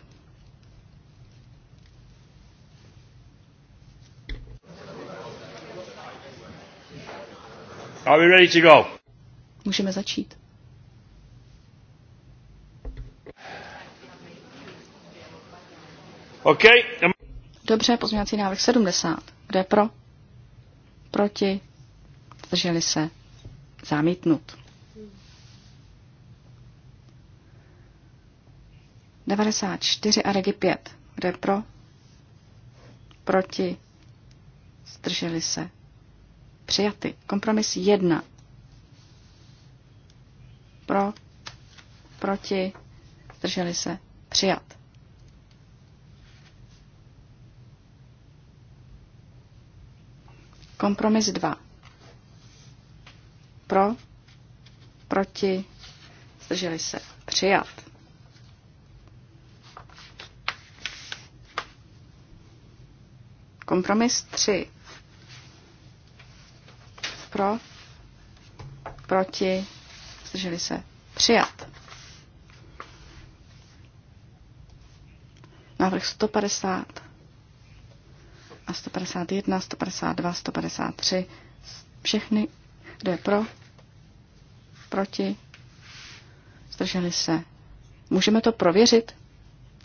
Are we ready to go? Můžeme začít. Okay. Dobře, pozměňovací návrh 70. Kdo je pro? Proti? Zdrželi se? Zamítnut. 94 a regi 5. Kdo je pro? Proti? Zdrželi se? Přijaty. Kompromis 1. Pro? Proti? Zdrželi se? Přijat. Kompromis 2. Pro, proti, zdrželi se, přijat. Kompromis 3. Pro, proti, zdrželi se, přijat. Návrh 150 a 151, 152, 153. Všechny, kdo je pro, proti, zdrželi se. Můžeme to prověřit?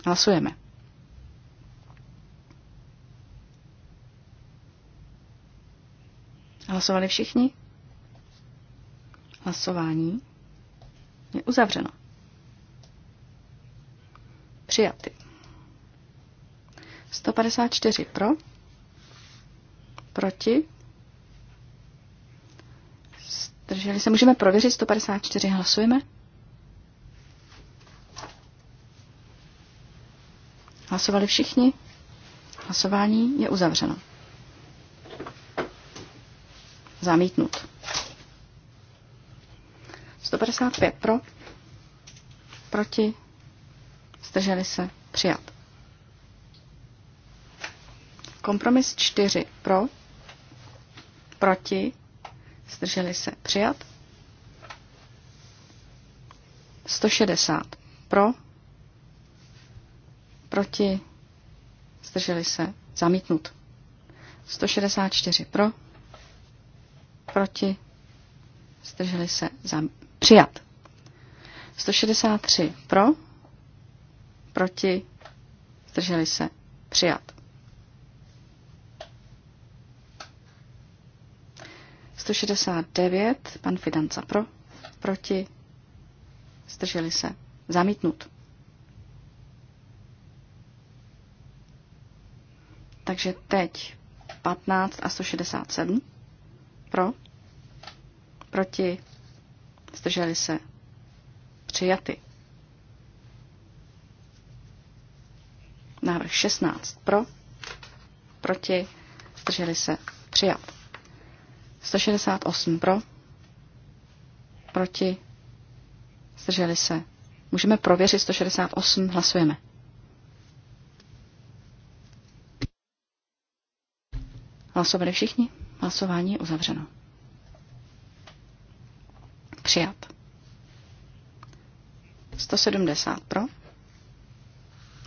Hlasujeme. Hlasovali všichni? Hlasování je uzavřeno. Přijaty. 154 pro. Proti? Zdrželi se. Můžeme prověřit 154. Hlasujeme. Hlasovali všichni? Hlasování je uzavřeno. Zamítnut. 155 pro, proti, zdrželi se, přijat. Kompromis 4 pro, Proti? Zdrželi se. Přijat? 160. Pro? Proti? Zdrželi se. Zamítnut. 164. Pro? Proti? Zdrželi se. Zam... Přijat. 163. Pro? Proti? Zdrželi se. Přijat. 169, pan Fidanca pro, proti, zdrželi se, zamítnut. Takže teď 15 a 167 pro, proti, zdrželi se, přijaty. Návrh 16 pro, proti, zdrželi se, přijat. 168 pro, proti, zdrželi se. Můžeme prověřit 168, hlasujeme. Hlasovali všichni? Hlasování je uzavřeno. Přijat. 170 pro,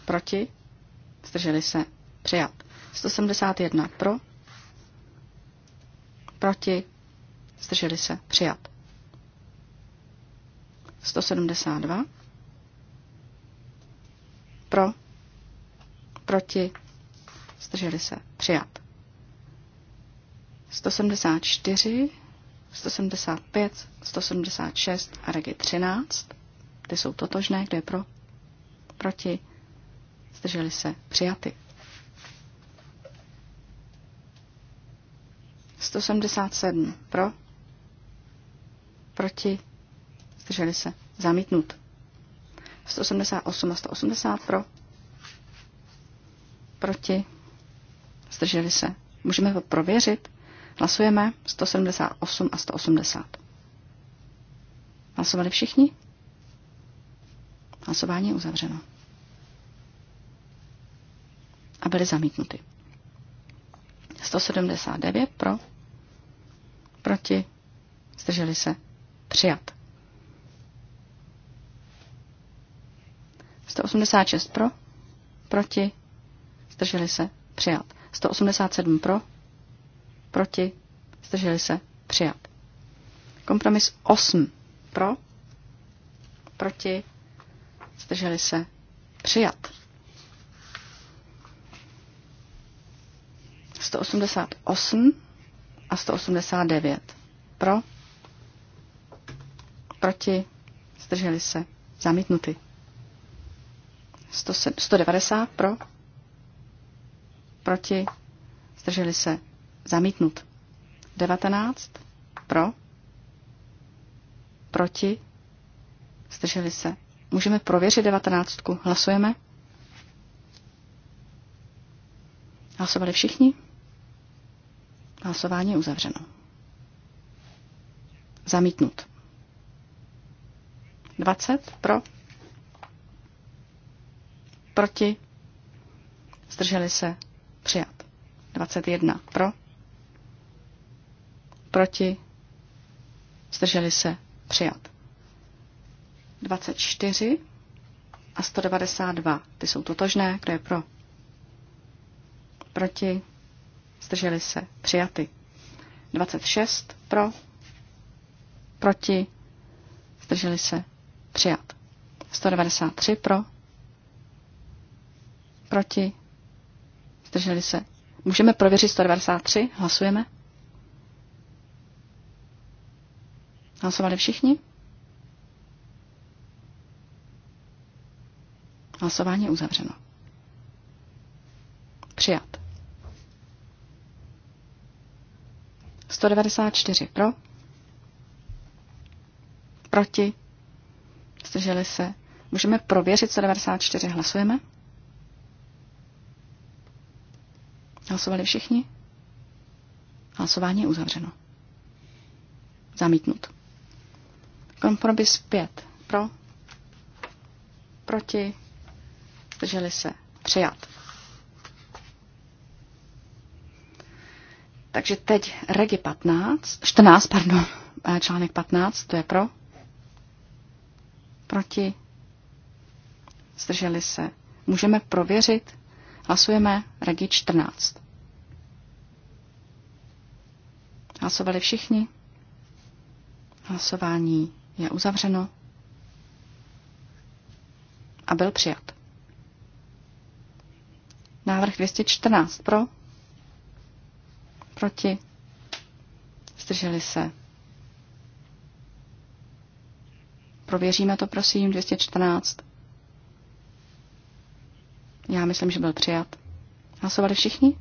proti, zdrželi se, přijat. 171 pro, Proti? Zdrželi se. Přijat. 172. Pro? Proti? Zdrželi se. Přijat. 174, 175, 176 a regi 13. Ty jsou totožné, kde je pro? Proti? Zdrželi se. Přijaty. 187 pro, proti, zdrželi se, zamítnut. 188 a 180 pro, proti, zdrželi se. Můžeme to prověřit. Hlasujeme 178 a 180. Hlasovali všichni? Hlasování je uzavřeno. A byly zamítnuty. 179 pro, Proti? Zdrželi se? Přijat. 186 pro? Proti? Zdrželi se? Přijat. 187 pro? Proti? Zdrželi se? Přijat. Kompromis 8 pro? Proti? Zdrželi se? Přijat. 188 a 189. Pro? Proti? Zdrželi se. Zamítnuty. 190 pro? Proti? Zdrželi se. Zamítnut. 19 pro? Proti? Zdrželi se. Můžeme prověřit devatenáctku. Hlasujeme? Hlasovali všichni? Hlasování je uzavřeno. Zamítnut. 20 pro. Proti. Zdrželi se. Přijat. 21 pro. Proti. Zdrželi se. Přijat. 24 a 192. Ty jsou totožné. Kdo je pro? Proti zdrželi se, přijaty. 26 pro, proti, zdrželi se, přijat. 193 pro, proti, zdrželi se. Můžeme prověřit 193, hlasujeme. Hlasovali všichni? Hlasování je uzavřeno. Přijat. 194 pro, proti, zdrželi se. Můžeme prověřit 194, hlasujeme. Hlasovali všichni? Hlasování je uzavřeno. Zamítnut. Kompromis 5. Pro. Proti. Zdrželi se. Přijat. Takže teď regi 15, 14, pardon, eh, článek 15, to je pro. Proti. Zdrželi se. Můžeme prověřit. Hlasujeme regi 14. Hlasovali všichni. Hlasování je uzavřeno. A byl přijat. Návrh 214 pro Proti? Zdrželi se. Prověříme to, prosím, 214. Já myslím, že byl přijat. Hlasovali všichni?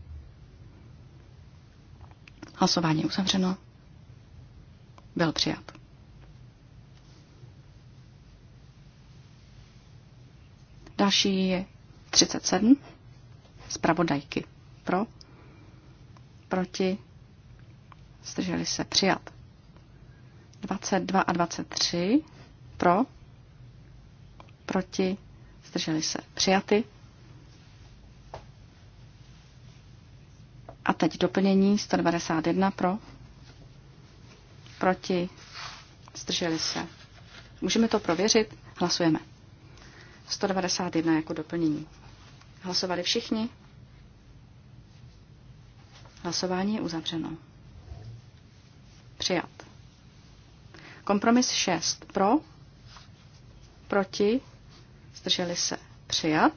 Hlasování uzavřeno. Byl přijat. Další je 37. Zpravodajky pro proti, zdrželi se přijat. 22 a 23 pro, proti, zdrželi se přijaty. A teď doplnění 191 pro, proti, zdrželi se. Můžeme to prověřit, hlasujeme. 191 jako doplnění. Hlasovali všichni? Hlasování je uzavřeno. Přijat. Kompromis 6. Pro, proti, zdrželi se. Přijat.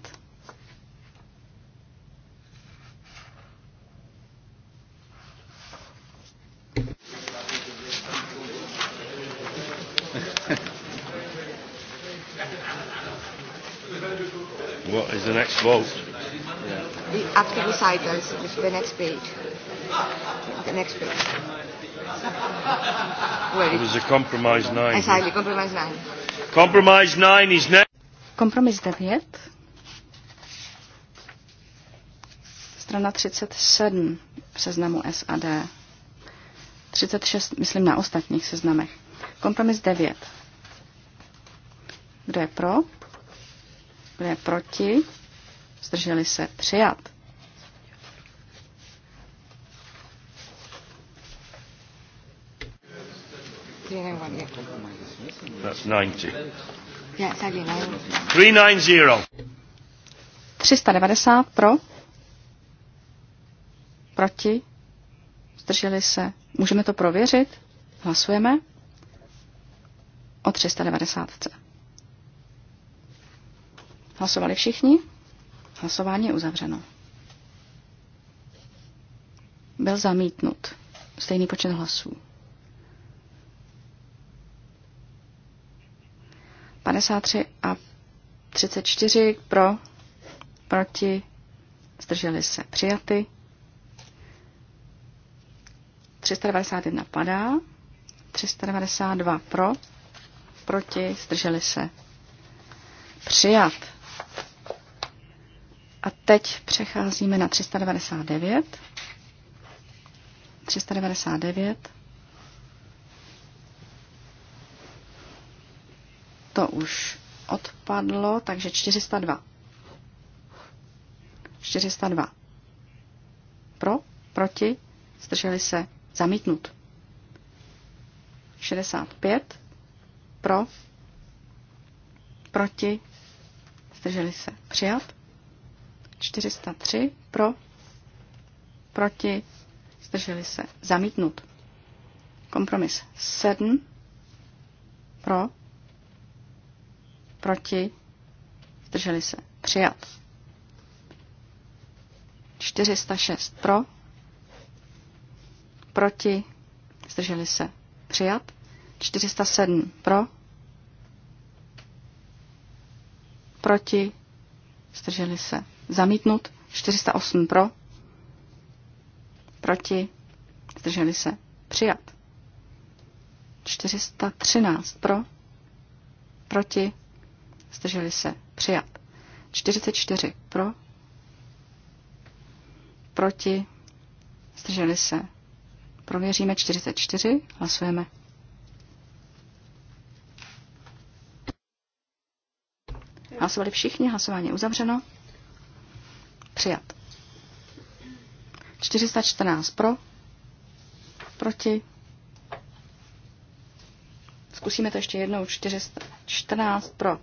What is the next vote? Yeah. The, after recitals, the next page. The next page. Where it is a compromise nine. Exactly, compromise nine. Compromise nine is ne- Kompromis 9. Strana 37 v seznamu SAD. 36, myslím, na ostatních seznamech. Kompromis 9. Kdo je pro? Kdo je proti? Zdrželi se přijat. That's 390 ¿no? pro. Proti. Zdrželi se. Můžeme to prověřit. Hlasujeme o 390. Hlasovali všichni? Hlasování je uzavřeno. Byl zamítnut. Stejný počet hlasů. 53 a 34 pro, proti, zdrželi se přijaty. 391 padá, 392 pro, proti, zdrželi se přijat. A teď přecházíme na 399. 399 To už odpadlo, takže 402. 402. Pro, proti, zdrželi se, zamítnut. 65. Pro, proti, zdrželi se, přijat. 403. Pro, proti, zdrželi se, zamítnut. Kompromis 7. Pro, proti, zdrželi se, přijat. 406 pro, proti, zdrželi se, přijat. 407 pro, proti, zdrželi se, zamítnut. 408 pro, proti, zdrželi se, přijat. 413 pro, proti, Zdrželi se. Přijat. 44 pro. Proti. Zdrželi se. Prověříme 44. Hlasujeme. Hlasovali všichni, hlasování uzavřeno. Přijat. 414 pro, proti. Zkusíme to ještě jednou. 414 pro,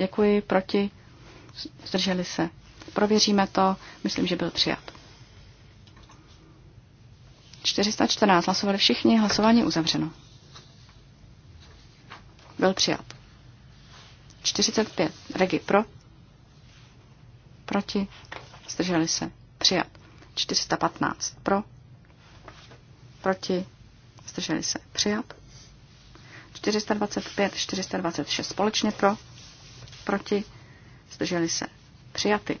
Děkuji, proti, zdrželi se. Prověříme to, myslím, že byl přijat. 414 hlasovali všichni, hlasování uzavřeno. Byl přijat. 45 regi pro, proti, zdrželi se. Přijat. 415 pro, proti, zdrželi se. Přijat. 425, 426 společně pro, proti, zdrželi se přijaty.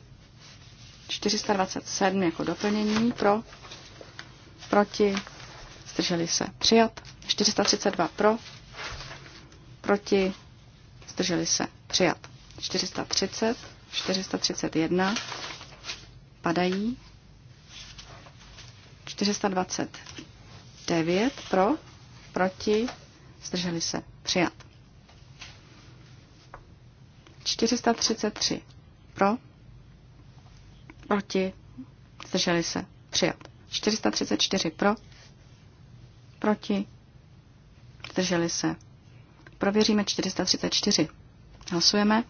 427 jako doplnění pro, proti, zdrželi se přijat. 432 pro, proti, zdrželi se přijat. 430, 431 padají. 429 pro, proti, zdrželi se přijat. 433 pro, proti, zdrželi se, přijat. 434 pro, proti, zdrželi se. Prověříme 434. Hlasujeme.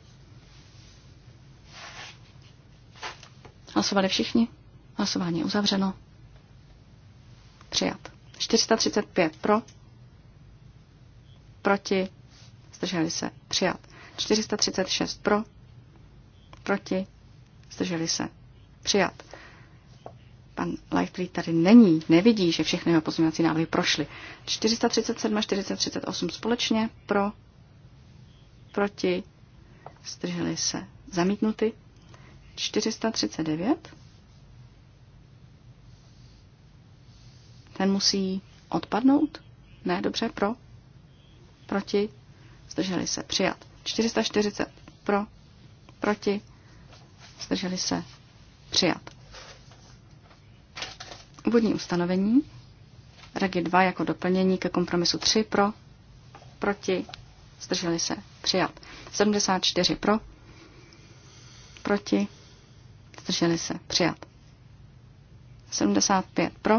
Hlasovali všichni? Hlasování je uzavřeno. Přijat. 435 pro, proti, zdrželi se, přijat. 436 pro, proti, zdrželi se, přijat. Pan Lightly tady není, nevidí, že všechny jeho pozměňovací návrhy prošly. 437 a 438 společně pro, proti, zdrželi se, zamítnuty. 439 ten musí odpadnout? Ne, dobře, pro, proti, zdrželi se, přijat. 440 pro, proti, zdrželi se, přijat. Úvodní ustanovení, regi 2 jako doplnění ke kompromisu 3 pro, proti, zdrželi se, přijat. 74 pro, proti, zdrželi se, přijat. 75 pro,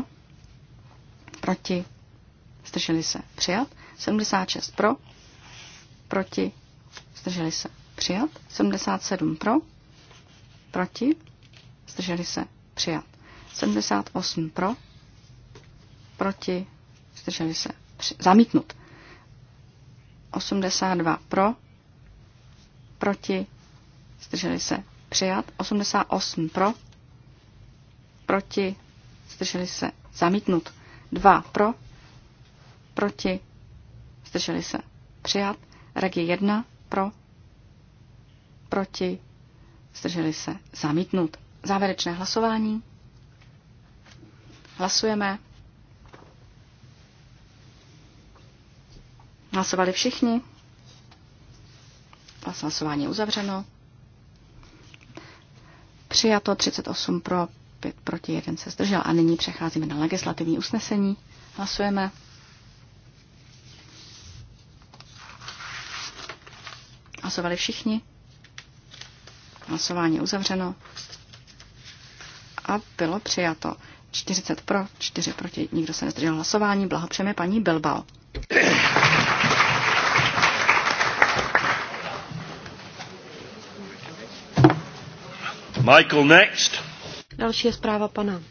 proti, zdrželi se, přijat. 76 pro, proti, Zdrželi se. Přijat. 77 pro. Proti. Zdrželi se. Přijat. 78 pro. Proti. Zdrželi se. Při, zamítnut. 82 pro. Proti. Zdrželi se. Přijat. 88 pro. Proti. Zdrželi se. Zamítnut. 2 pro. Proti. Zdrželi se. Přijat. Regi 1 pro, proti, zdrželi se, zamítnut. Závěrečné hlasování. Hlasujeme. Hlasovali všichni. Hlasování uzavřeno. Přijato 38 pro, 5 proti, 1 se zdržel. A nyní přecházíme na legislativní usnesení. Hlasujeme. Hlasovali všichni. Hlasování uzavřeno. A bylo přijato. 40 pro, 4 proti. Nikdo se nezdržel hlasování. Blahopřejeme paní Bilbao. Michael next. Další je zpráva pana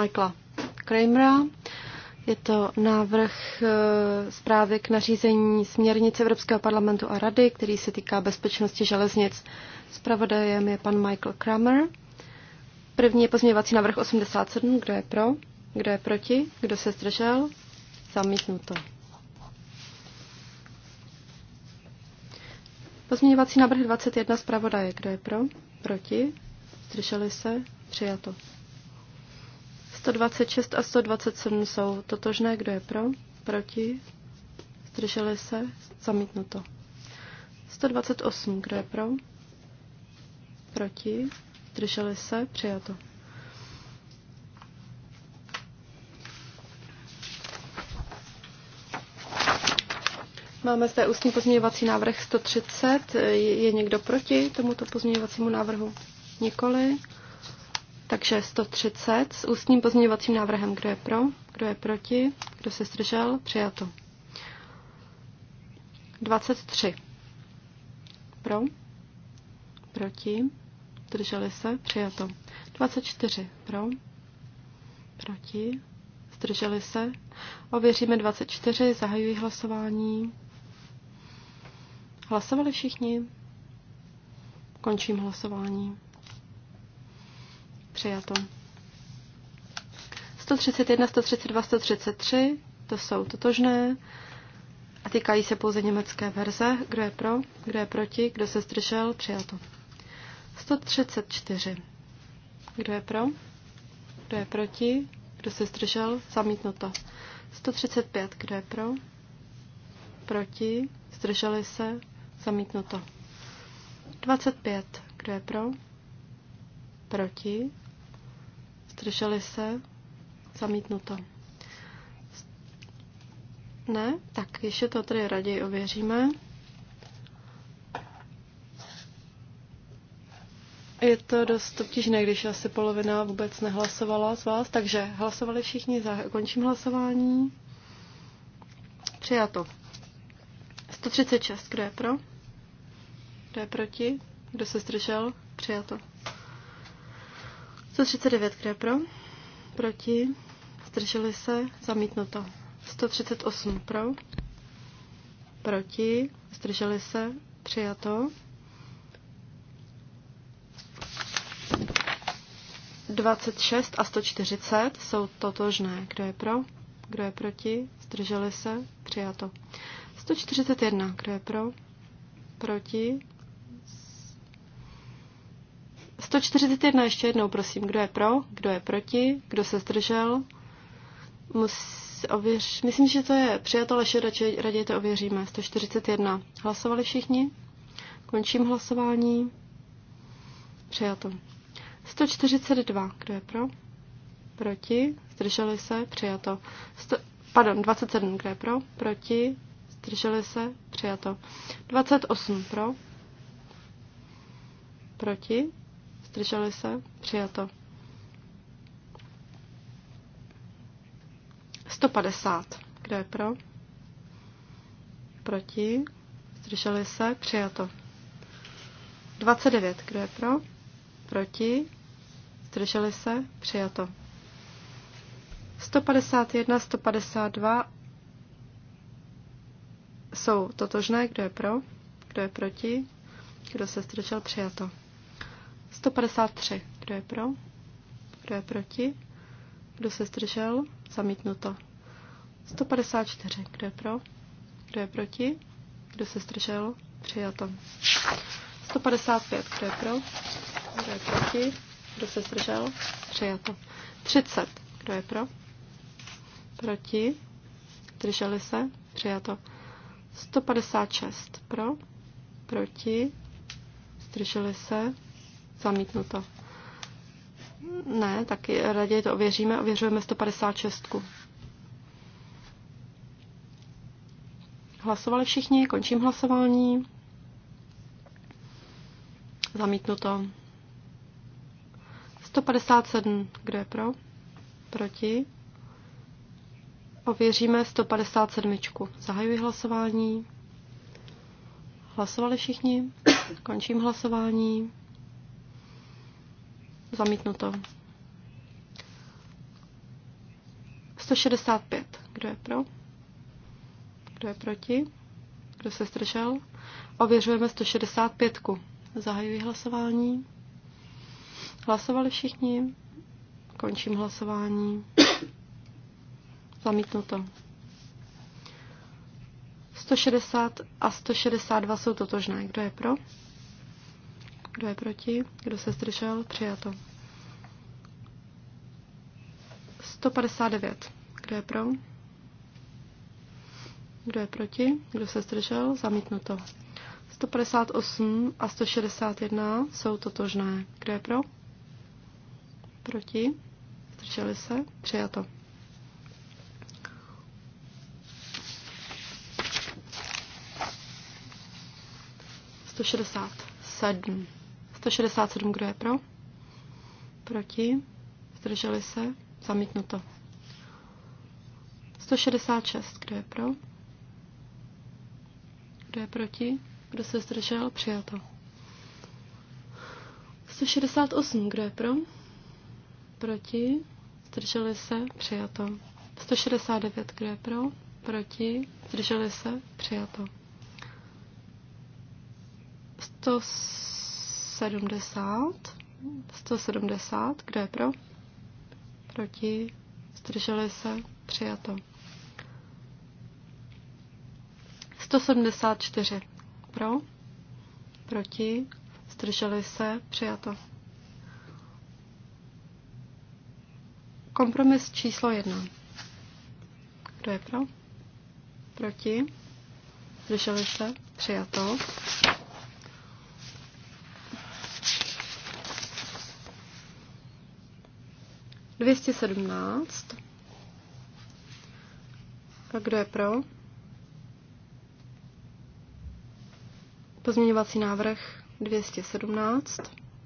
Michaela Kramera. Je to návrh eh, zprávy k nařízení směrnice Evropského parlamentu a rady, který se týká bezpečnosti železnic. Zpravodajem je pan Michael Kramer. První je pozměňovací návrh 87. Kdo je pro? Kdo je proti? Kdo se zdržel? Zamítnuto. Pozměňovací návrh 21 zpravodaje. Kdo je pro? Proti? Zdrželi se? Přijato. 126 a 127 jsou totožné. Kdo je pro? Proti? Zdrželi se? Zamítnuto. 128. Kdo je pro? Proti? Zdrželi se? Přijato. Máme zde ústní pozměňovací návrh 130. Je někdo proti tomuto pozměňovacímu návrhu? Nikoli. Takže 130 s ústním pozměňovacím návrhem. Kdo je pro? Kdo je proti? Kdo se zdržel? Přijato. 23. Pro? Proti? Zdrželi se? Přijato. 24. Pro? Proti? Zdrželi se? Ověříme 24. Zahajuji hlasování. Hlasovali všichni? Končím hlasování. Přijato. 131, 132, 133, to jsou totožné a týkají se pouze německé verze. Kdo je pro, kdo je proti, kdo se zdržel, přijato. 134. Kdo je pro, kdo je proti, kdo se zdržel, zamítnuto. 135. Kdo je pro, proti, zdrželi se, zamítnuto. 25. Kdo je pro, proti, Zdrželi se? Zamítnuto. Ne? Tak ještě to tady raději ověříme. Je to dost obtížné, když asi polovina vůbec nehlasovala z vás, takže hlasovali všichni, za, končím hlasování. Přijato. 136, kdo je pro? Kdo je proti? Kdo se zdržel? Přijato. 139, kde pro? Proti? Zdrželi se? Zamítnuto. 138 pro? Proti? Zdrželi se? Přijato. 26 a 140 jsou totožné. Kdo je pro? Kdo je proti? Zdrželi se? Přijato. 141. Kdo je pro? Proti? 141 ještě jednou, prosím. Kdo je pro? Kdo je proti? Kdo se zdržel? Mus, ověř, myslím, že to je přijato, ale raději, raději to ověříme. 141. Hlasovali všichni? Končím hlasování. Přijato. 142. Kdo je pro? Proti? Zdrželi se? Přijato. Sto, pardon, 27. Kdo je pro? Proti? Zdrželi se? Přijato. 28. Pro? Proti? Zdrželi se? Přijato. 150. Kdo je pro? Proti? Zdrželi se? Přijato. 29. Kdo je pro? Proti? Zdrželi se? Přijato. 151, 152 jsou totožné. Kdo je pro? Kdo je proti? Kdo se zdržel? Přijato. 153. Kdo je pro? Kdo je proti? Kdo se zdržel? Zamítnuto. 154. Kdo je pro? Kdo je proti? Kdo se zdržel? Přijato. 155. Kdo je pro? Kdo je proti? Kdo se zdržel? Přijato. 30. Kdo je pro? Proti? Zdrželi se? Přijato. 156. Pro? Proti? Zdrželi se? Zamítnuto. Ne, tak raději to ověříme. Ověřujeme 156. Hlasovali všichni, končím hlasování. Zamítnuto. 157. Kdo je pro? Proti? Ověříme 157. Zahajuji hlasování. Hlasovali všichni? Končím hlasování. Zamítnuto. 165. Kdo je pro? Kdo je proti? Kdo se zdržel? Ověřujeme 165. Zahajuji hlasování. Hlasovali všichni. Končím hlasování. Zamítnuto. 160 a 162 jsou totožné. Kdo je pro? Kdo je proti? Kdo se zdržel? Přijato. 159. Kdo je pro? Kdo je proti? Kdo se zdržel? Zamítnuto. 158 a 161 jsou totožné. Kdo je pro? Proti? Zdrželi se? Přijato. 167. sedm. 167, kdo je pro? Proti? Zdrželi se? Zamítnuto. 166, kdo je pro? Kdo je proti? Kdo se zdržel? Přijato. 168, kdo je pro? Proti? Zdrželi se? Přijato. 169, kdo je pro? Proti? Zdrželi se? Přijato. 100 170. 170. Kdo je pro? Proti? Zdrželi se? Přijato. 174. Pro? Proti? Zdrželi se? Přijato. Kompromis číslo jedna. Kdo je pro? Proti? Zdrželi se? Přijato. 217. A kdo je pro? Pozměňovací návrh 217.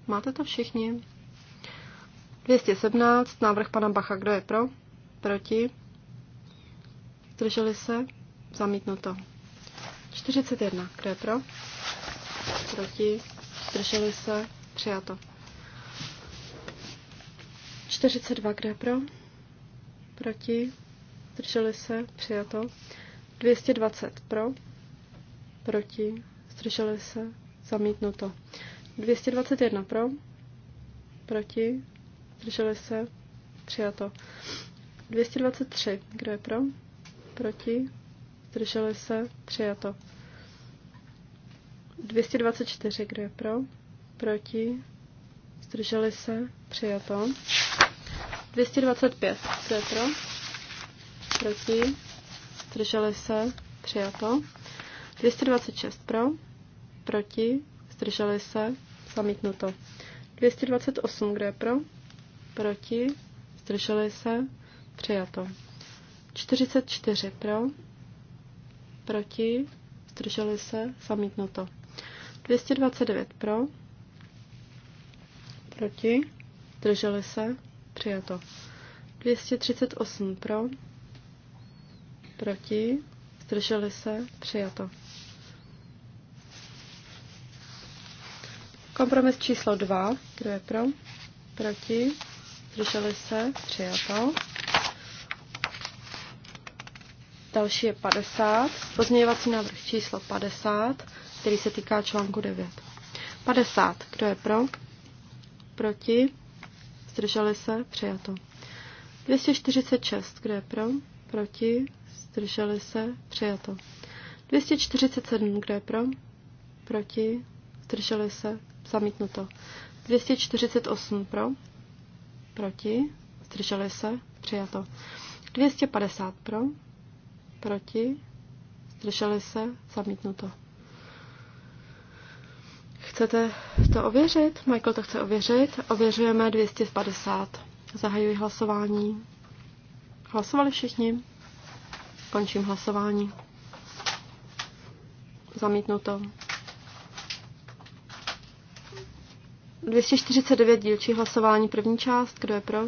Máte to všichni? 217, návrh pana Bacha, kdo je pro? Proti? Zdrželi se? Zamítnuto. 41, kdo je pro? Proti? Zdrželi se? Přijato. 42, kde pro? Proti? Zdrželi se? Přijato. 220 pro? Proti? Zdrželi se? Zamítnuto. 221 pro? Proti? Zdrželi se? Přijato. 223, kdo je pro? Proti? Zdrželi se? Přijato. 224, kdo je pro? Proti? Zdrželi se? Přijato. 225. je pro? Proti? Zdrželi se? Přijato. 226 pro? Proti? Zdrželi se? Zamítnuto. 228. kde je pro? Proti? Zdrželi se? Přijato. 44 pro? Proti? Zdrželi se? Zamítnuto. 229 pro? Proti? Zdrželi se? Přijato. 238 pro. Proti. Zdrželi se. Přijato. Kompromis číslo 2. Kdo je pro? Proti. Zdrželi se. Přijato. Další je 50. Pozměňovací návrh číslo 50, který se týká článku 9. 50. Kdo je pro? Proti? Zdrželi se? Přijato. 246. Kdo je pro? Proti? Zdrželi se? Přijato. 247. Kdo je pro? Proti? Zdrželi se? Zamítnuto. 248 pro? Proti? Zdrželi se? Přijato. 250 pro? Proti? Zdrželi se? Zamítnuto. Chcete to ověřit? Michael to chce ověřit. Ověřujeme 250. Zahajuji hlasování. Hlasovali všichni? Končím hlasování. Zamítnuto. 249 dílčí hlasování, první část, kdo je pro?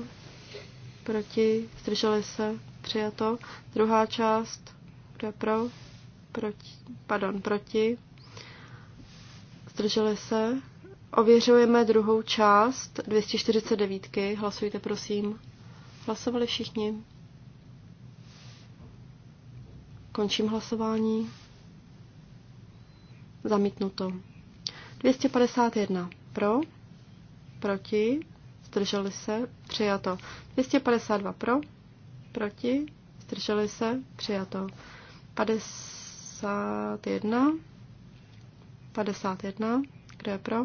Proti, zdrželi se, přijato. Druhá část, kdo je pro? Proti, pardon, proti, zdrželi se. Ověřujeme druhou část 249. -ky. Hlasujte, prosím. Hlasovali všichni. Končím hlasování. Zamítnuto. 251 pro, proti, zdrželi se, přijato. 252 pro, proti, zdrželi se, přijato. 51 51. Kdo je pro?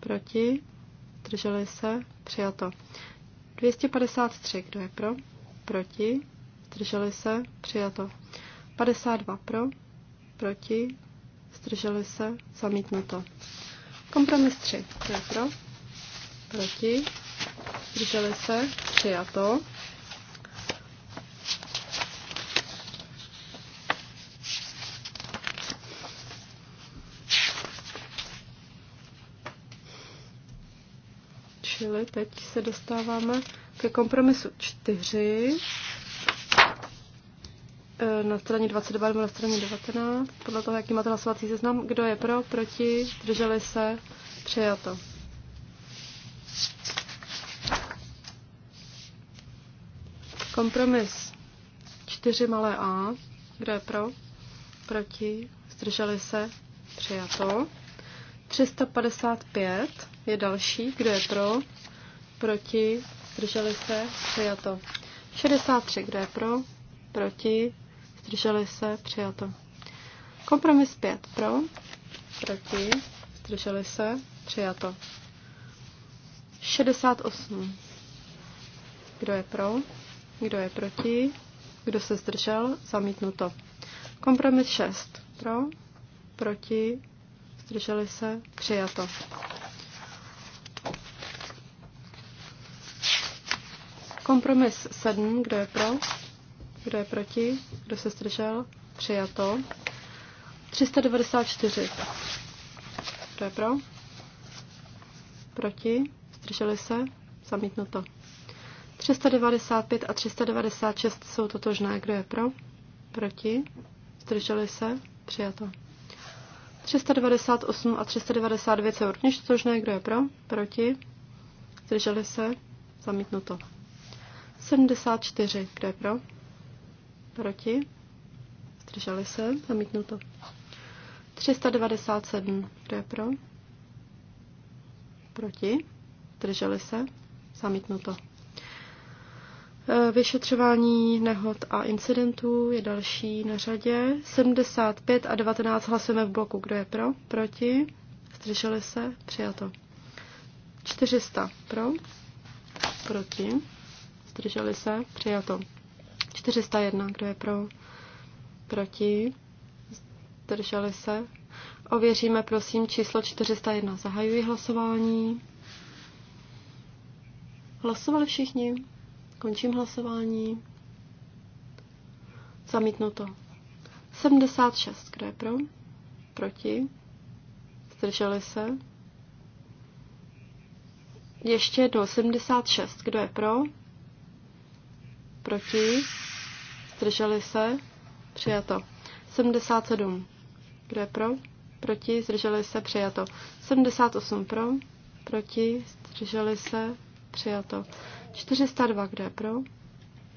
Proti? Drželi se? Přijato. 253. Kdo je pro? Proti? Zdrželi se? Přijato. 52 pro? Proti? Zdrželi se? Zamítnuto. Kompromis 3. Kdo je pro? Proti? Zdrželi se? Přijato. chvíli. teď se dostáváme ke kompromisu 4 e, na straně 22 nebo na straně 19, podle toho, jaký máte hlasovací seznam, kdo je pro, proti, drželi se, přijato. Kompromis 4 malé a, kdo je pro, proti, zdrželi se, přijato. 355 je další, kdo je pro, proti, zdrželi se, přijato. 63, kdo je pro, proti, zdrželi se, přijato. Kompromis 5 pro, proti, zdrželi se, přijato. 68. Kdo je pro, kdo je proti, kdo se zdržel, zamítnuto. Kompromis 6 pro, proti, zdrželi se, přijato. Kompromis 7, kdo je pro? Kdo je proti? Kdo se zdržel? Přijato. 394. Kdo je pro? Proti? Zdrželi se? Zamítnuto. 395 a 396 jsou totožné. Kdo je pro? Proti? Zdrželi se? Přijato. 398 a 399 jsou rovněž totožné. Kdo je pro? Proti? Zdrželi se? Zamítnuto. 74. Kdo je pro? Proti? Zdrželi se? to. 397. Kdo je pro? Proti? Zdrželi se? to. E, vyšetřování nehod a incidentů je další na řadě. 75 a 19 hlasujeme v bloku. Kdo je pro? Proti? Zdrželi se? Přijato. 400 pro? Proti? zdrželi se, přijato. 401, kdo je pro, proti, zdrželi se. Ověříme prosím číslo 401. Zahajuji hlasování. Hlasovali všichni. Končím hlasování. Zamítnuto. 76, kdo je pro? Proti? Zdrželi se? Ještě do 76, kdo je pro? Proti? Zdrželi se? Přijato. 77. Kdo je pro? Proti? Zdrželi se? Přijato. 78 pro? Proti? Zdrželi se? Přijato. 402. Kdo je pro?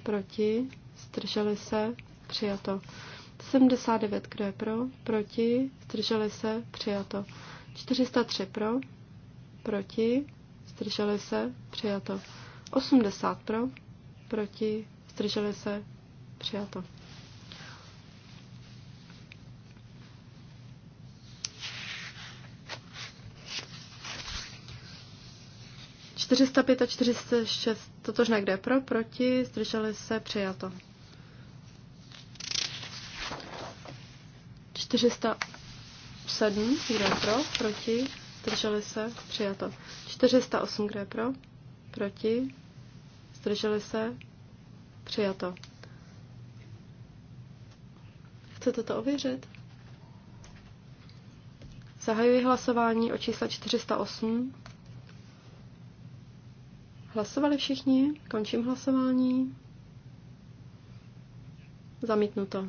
Proti? Zdrželi se? Přijato. 79. Kdo je pro? Proti? Zdrželi se? Přijato. 403 pro? Proti? Zdrželi se? Přijato. 80 pro? Proti? zdrželi se, přijato. Čtyřista pět a čtyřista šest, totožné kde pro, proti, zdrželi se, přijato. 407, kdo je pro, proti, zdrželi se, přijato. 408, kdo je pro, proti, zdrželi se, Přijato. Chcete to ověřit? Zahajuji hlasování o čísle 408. Hlasovali všichni? Končím hlasování. Zamítnuto.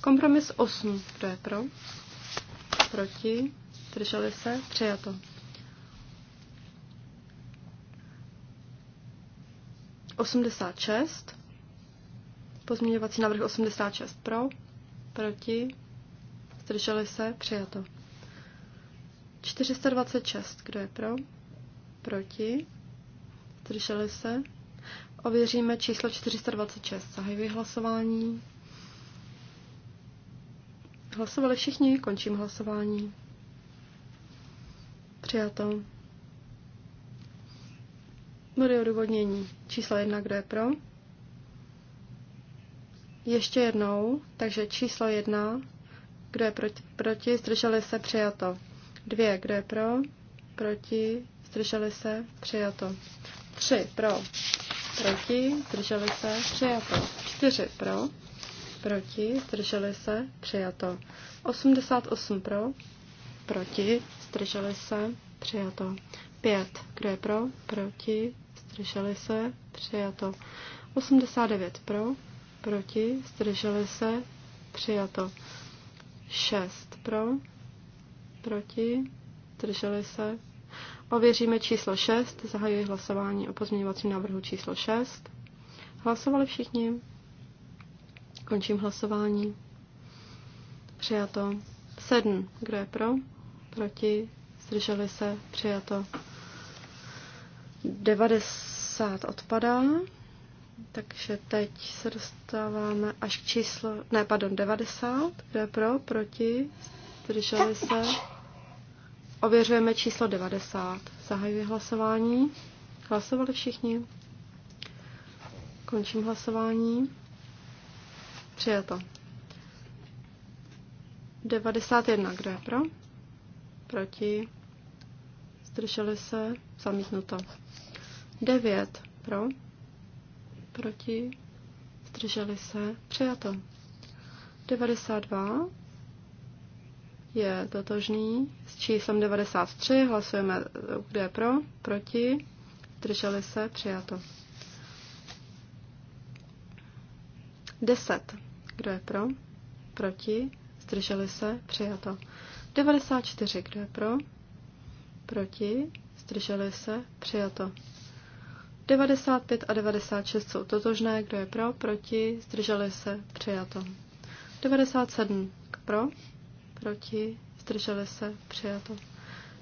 Kompromis 8. Kdo je pro? Proti? Drželi se? Přijato. 86. Pozměňovací návrh 86 pro, proti, zdrželi se, přijato. 426, kdo je pro, proti, zdrželi se. Ověříme číslo 426, zahajuji hlasování. Hlasovali všichni, končím hlasování. Přijato. Bude odůvodnění. Číslo jedna, kdo je pro? Ještě jednou, takže číslo jedna, kdo je proti, proti zdrželi se, přijato. Dvě, kdo je pro? Proti, zdrželi se, přijato. Tři, pro. Proti, zdrželi se, přijato. Čtyři, pro. Proti, zdrželi se, přijato. 88 pro, proti, zdrželi se, přijato. 5. Kdo je pro? Proti, zdrželi se, přijato. 89 pro, proti, zdrželi se, přijato. 6 pro, proti, zdrželi se. Ověříme číslo 6, zahajuji hlasování o pozměňovacím návrhu číslo 6. Hlasovali všichni? Končím hlasování. Přijato. 7. Kdo je pro? Proti? Zdrželi se? Přijato. 90 odpadá, takže teď se dostáváme až k číslo, ne, pardon, 90, kde je pro, proti, zdrželi se. Ověřujeme číslo 90. Zahajuji hlasování. Hlasovali všichni. Končím hlasování. Přijato. 91. Kdo je pro? Proti? Zdrželi se? Zamítnuto. 9 pro, proti, zdrželi se, přijato. 92 je totožný s číslem 93, hlasujeme, kde je pro, proti, zdrželi se, přijato. 10. Kdo je pro? Proti? Zdrželi se? Přijato. 94. Kdo je pro? Proti? zdrželi se, přijato. 95 a 96 jsou totožné, kdo je pro, proti, zdrželi se, přijato. 97 pro, proti, zdrželi se, přijato.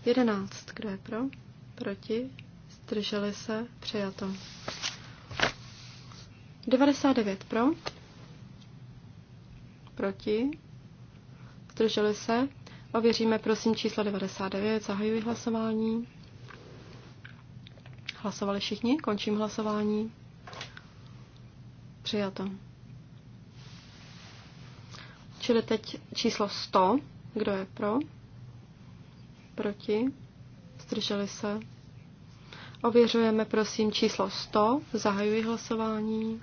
11, kdo je pro, proti, zdrželi se, přijato. 99 pro, proti, zdrželi se. Ověříme prosím číslo 99, zahajuji hlasování. Hlasovali všichni? Končím hlasování. Přijato. Čili teď číslo 100. Kdo je pro? Proti? Zdrželi se? Ověřujeme prosím číslo 100. Zahajuji hlasování.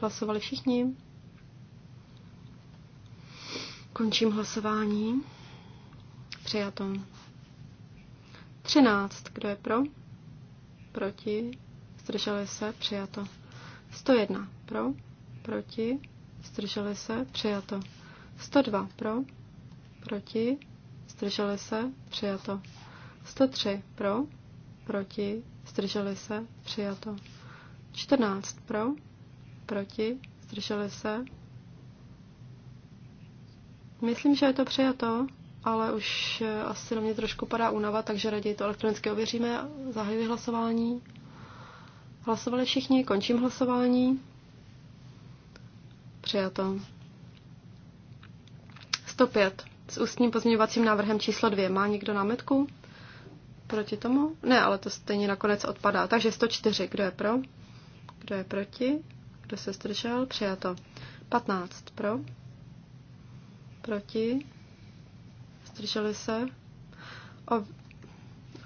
Hlasovali všichni? Končím hlasování. Přijato. 13. Kdo je pro? proti, zdrželi se, přijato. 101 pro, proti, zdrželi se, přijato. 102 pro, proti, zdrželi se, přijato. 103 pro, proti, zdrželi se, přijato. 14 pro, proti, zdrželi se. Myslím, že je to přijato ale už eh, asi na mě trošku padá únava, takže raději to elektronicky ověříme. Zahajuji hlasování. Hlasovali všichni, končím hlasování. Přijato. 105. S ústním pozměňovacím návrhem číslo 2. Má někdo námitku? Proti tomu? Ne, ale to stejně nakonec odpadá. Takže 104. Kdo je pro? Kdo je proti? Kdo se zdržel? Přijato. 15. Pro? Proti? zdrželi se.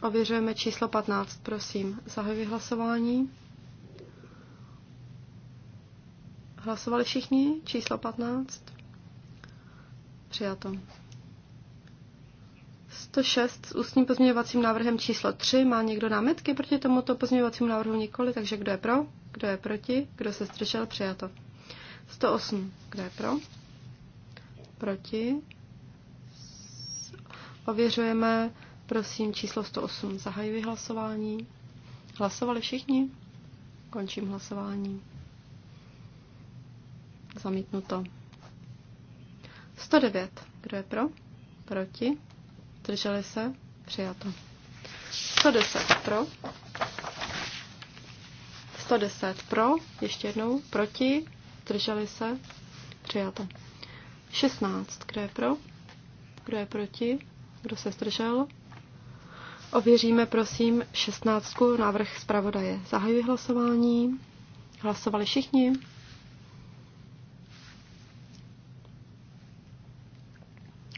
ověřujeme číslo 15, prosím. Zahajuji hlasování. Hlasovali všichni? Číslo 15? Přijato. 106 s ústním pozměňovacím návrhem číslo 3. Má někdo námitky proti tomuto pozměňovacímu návrhu nikoli, takže kdo je pro, kdo je proti, kdo se zdržel, přijato. 108. Kdo je pro? Proti? Ověřujeme, prosím, číslo 108. Zahajuji hlasování. Hlasovali všichni? Končím hlasování. Zamítnuto. 109. Kdo je pro? Proti? Drželi se? Přijato. 110 pro. 110 pro. Ještě jednou. Proti? Drželi se? Přijato. 16. Kdo je pro? Kdo je proti? Kdo se zdržel? Ověříme prosím 16. návrh zpravodaje. Zahajuji hlasování. Hlasovali všichni.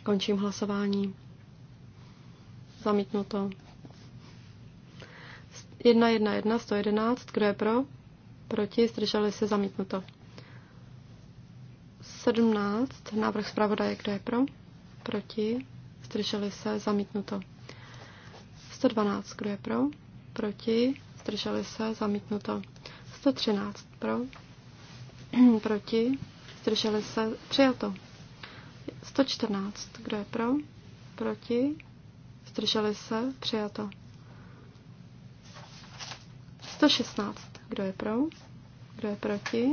Končím hlasování. Zamítnuto. 1, 111, kdo je pro? Proti, zdrželi se, zamítnuto. 17, návrh zpravodaje, kdo je pro? Proti, zdrželi se, zamítnuto. 112, kdo je pro, proti, zdrželi se, zamítnuto. 113, pro, proti, zdrželi se, přijato. 114, kdo je pro, proti, zdrželi se, přijato. 116, kdo je pro, kdo je proti,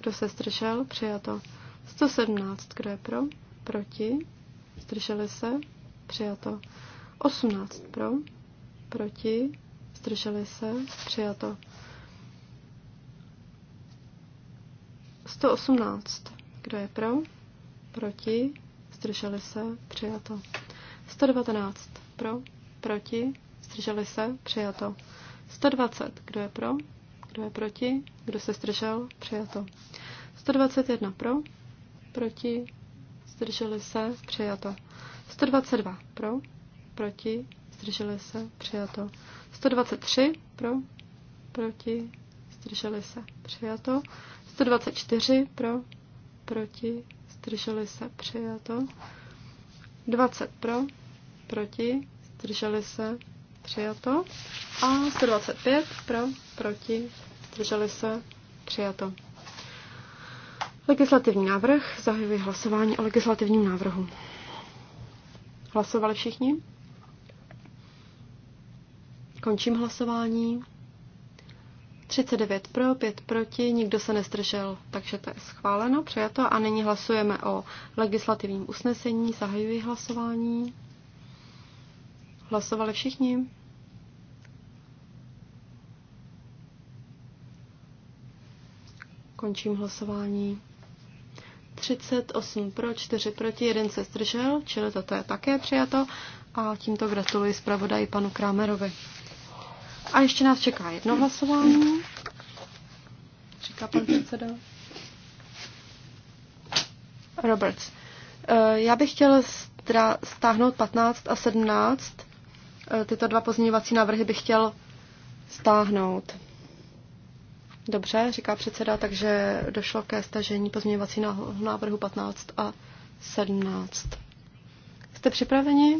kdo se zdržel, přijato. 117, kdo je pro, proti, zdrželi se, přijato. 18 pro, proti, zdrželi se, přijato. 118. Kdo je pro? Proti, zdrželi se, přijato. 119. Pro, proti, zdrželi se, přijato. 120. Kdo je pro? Kdo je proti? Kdo se zdržel? Přijato. 121 pro, proti, zdrželi se, přijato. 122 pro, proti, zdrželi se, přijato. 123 pro, proti, zdrželi se, přijato. 124 pro, proti, zdrželi se, přijato. 20 pro, proti, zdrželi se, přijato. A 125 pro, proti, zdrželi se, přijato. Legislativní návrh. Zahajuji hlasování o legislativním návrhu. Hlasovali všichni? Končím hlasování. 39 pro, 5 proti, nikdo se nestržel, takže to je schváleno, přijato. A nyní hlasujeme o legislativním usnesení. Zahajuji hlasování. Hlasovali všichni? Končím hlasování. 38 pro, 4 proti, 1 se zdržel, čili toto je také přijato a tímto gratuluji zpravodaji panu Kramerovi. A ještě nás čeká jedno hlasování, říká pan předseda. Roberts. Eh, já bych chtěl stáhnout 15 a 17. Eh, tyto dva pozměňovací návrhy bych chtěl stáhnout. Dobře, říká předseda, takže došlo ke stažení pozměňovací návrhu 15 a 17. Jste připraveni?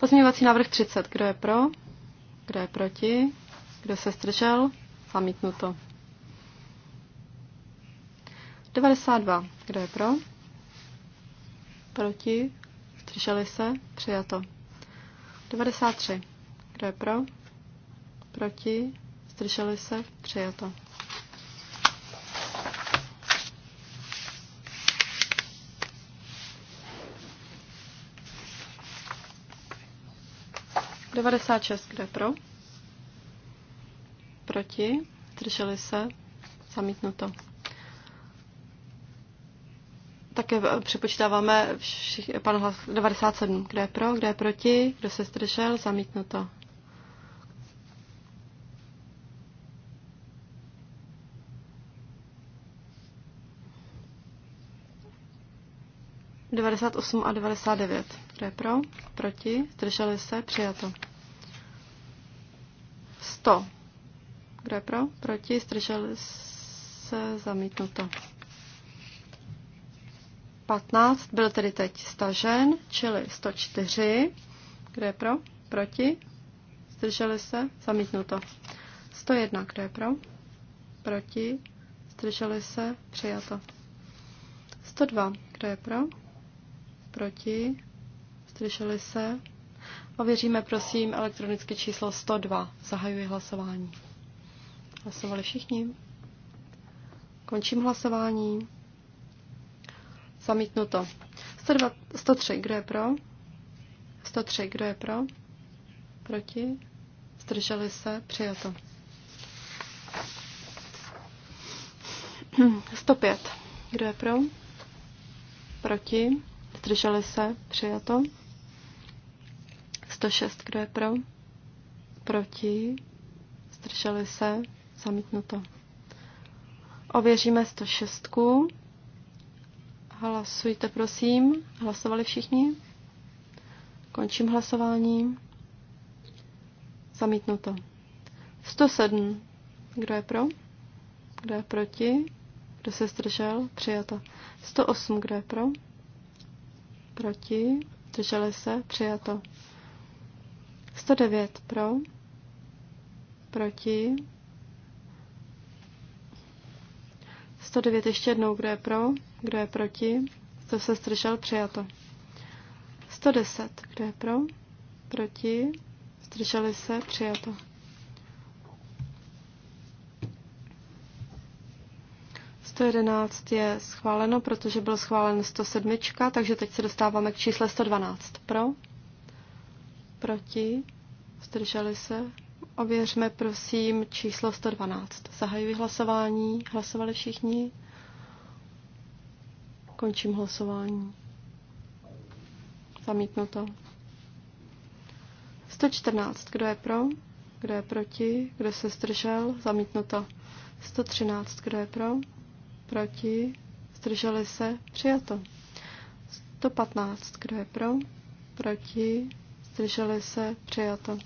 Pozměňovací návrh 30. Kdo je pro? Kdo je proti? Kdo se zdržel? Zamítnuto. 92. Kdo je pro? Proti? Zdrželi se? Přijato. 93. Kdo je pro? proti, zdrželi se, přijato. Devadesát šest, kde pro? Proti, zdrželi se, zamítnuto. Také eh, přepočítáváme všich, pan hlas 97, kde je pro, kde je proti, kdo se zdržel, zamítnuto. 98 a 99. Kdo je pro? Proti? Zdrželi se? Přijato. 100. Kdo je pro? Proti? Zdrželi se? Zamítnuto. 15 byl tedy teď stažen, čili 104. Kdo je pro? Proti? Zdrželi se? Zamítnuto. 101. Kdo je pro? Proti? Zdrželi se? Přijato. 102. Kdo je pro? proti, zdrželi se. Ověříme prosím elektronicky číslo 102. Zahajuji hlasování. Hlasovali všichni. Končím hlasování. Zamítnuto. 102, 103, kdo je pro? 103, kdo je pro? Proti? Zdrželi se? Přijato. 105. Kdo je pro? Proti? zdrželi se, přijato. 106, kdo je pro, proti, zdrželi se, zamítnuto. Ověříme 106. Hlasujte, prosím. Hlasovali všichni? Končím hlasování. Zamítnuto. 107. Kdo je pro? Kdo je proti? Kdo se zdržel? Přijato. 108. Kdo je pro? proti, drželi se, přijato. 109 pro, proti, 109 ještě jednou, kdo je pro, kdo je proti, kdo se zdržel, přijato. 110, kdo je pro, proti, zdrželi se, přijato. 111 je schváleno, protože byl schválen 107, takže teď se dostáváme k čísle 112. Pro? Proti? Zdrželi se? Ověřme prosím číslo 112. Zahajuji hlasování. Hlasovali všichni? Končím hlasování. Zamítnuto. 114. Kdo je pro? Kdo je proti? Kdo se zdržel? Zamítnuto. 113. Kdo je pro? proti, zdrželi se, přijato. 115, kdo je pro, proti, zdrželi se, přijato.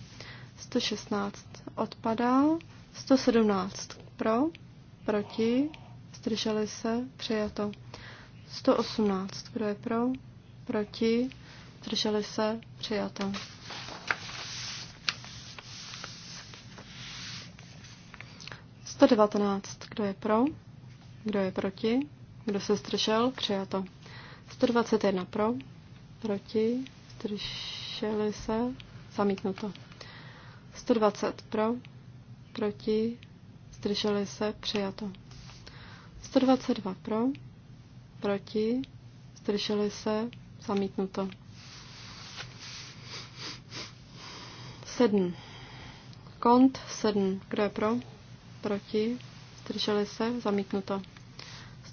116 odpadá, 117 pro, proti, zdrželi se, přijato. 118, kdo je pro, proti, zdrželi se, přijato. Sto devatenáct, kdo je pro? Kdo je proti? Kdo se zdržel? Přijato. 121 pro, proti, zdrželi se, zamítnuto. 120 pro, proti, zdrželi se, přijato. 122 pro, proti, zdrželi se, zamítnuto. 7. Kont 7. Kdo je pro? Proti? Zdrželi se? Zamítnuto.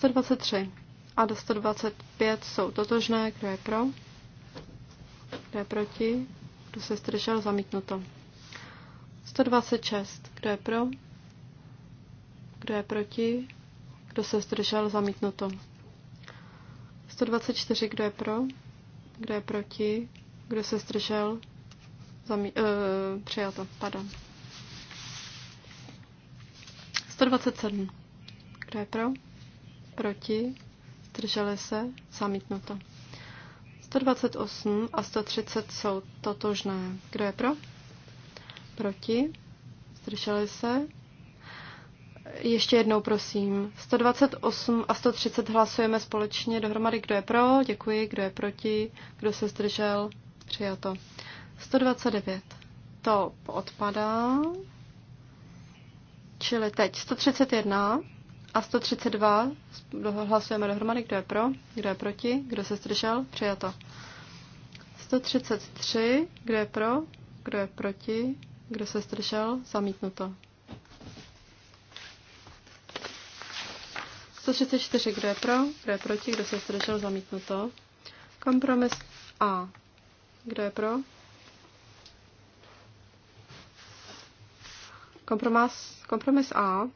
123 a do 125 jsou totožné. Kdo je pro? Kdo je proti? Kdo se zdržel? Zamítnuto. 126. Kdo je pro? Kdo je proti? Kdo se zdržel? Zamítnuto. 124. Kdo je pro? Kdo je proti? Kdo se zdržel? Zamí- uh, přijato. Pardon. 127. Kdo je pro? proti, zdrželi se, zamítnuto. 128 a 130 jsou totožné. Kdo je pro? Proti, zdrželi se. Ještě jednou prosím. 128 a 130 hlasujeme společně dohromady. Kdo je pro? Děkuji. Kdo je proti? Kdo se zdržel? Přijato. 129. To odpadá. Čili teď 131 a 132 hlasujeme dohromady, kdo je pro, kdo je proti, kdo se zdržel, přijato. 133, kdo je pro, kdo je proti, kdo se zdržel, zamítnuto. 134, kdo je pro, kdo je proti, kdo se zdržel, zamítnuto. Kompromis A. Kdo je pro? Kompromis, kompromis A.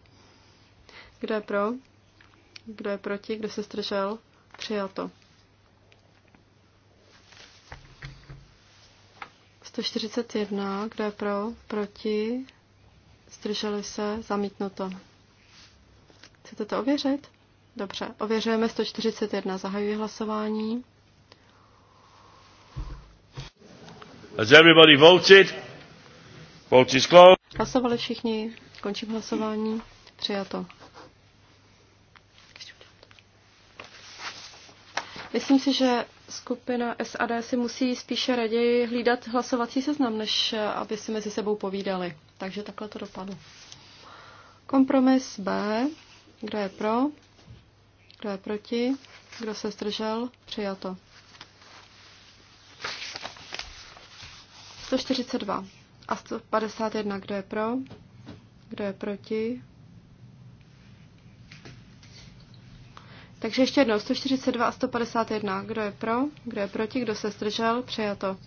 Kdo je pro? Kdo je proti? Kdo se zdržel? to? 141. Kdo je pro? Proti? Zdrželi se? Zamítnuto. Chcete to ověřit? Dobře. Ověřujeme 141. Zahajuji hlasování. Has everybody voted? Vote is closed. Hlasovali všichni. Končím hlasování. Přijato. Myslím si, že skupina SAD si musí spíše raději hlídat hlasovací seznam, než eh, aby si mezi sebou povídali. Takže takhle to dopadlo. Kompromis B. Kdo je pro? Kdo je proti? Kdo se zdržel? Přijato. 142 a 151. Kdo je pro? Kdo je proti? Takže ještě jednou 142 a 151. Kdo je pro, kdo je proti, kdo se zdržel, přijato.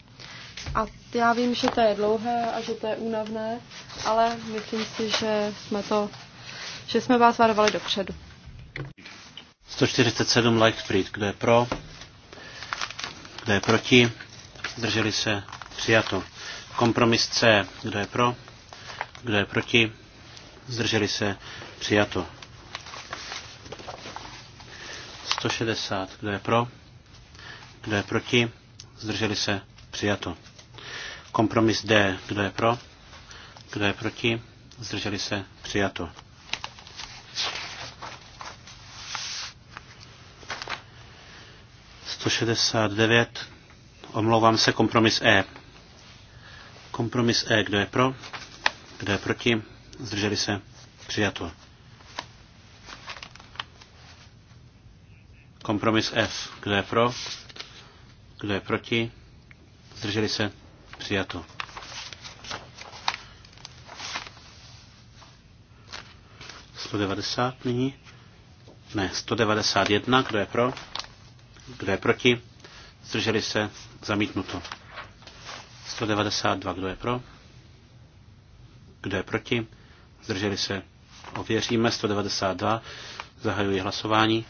A já vím, že to je dlouhé a že to je únavné, ale myslím si, že jsme to, že jsme vás varovali dopředu. 147 Lightfried, kdo je pro, kdo je proti, zdrželi se, přijato. Kompromis C, kdo je pro, kdo je proti, zdrželi se, přijato. 160. Kdo je pro? Kdo je proti? Zdrželi se? Přijato. Kompromis D. Kdo je pro? Kdo je proti? Zdrželi se? Přijato. Omlouvám se, kompromis E. Kompromis E. Kdo je pro? Kdo je proti? Zdrželi se? Přijato. Kompromis F. Kdo je pro? Kdo je proti? Zdrželi se? Přijato. Sto devadesát nyní? Ne, 191. Kdo je pro? Kdo je proti? Zdrželi se? Zamítnuto. 192. Kdo je pro? Kdo je proti? Zdrželi se? Ověříme. 192. Zahajuji hlasování.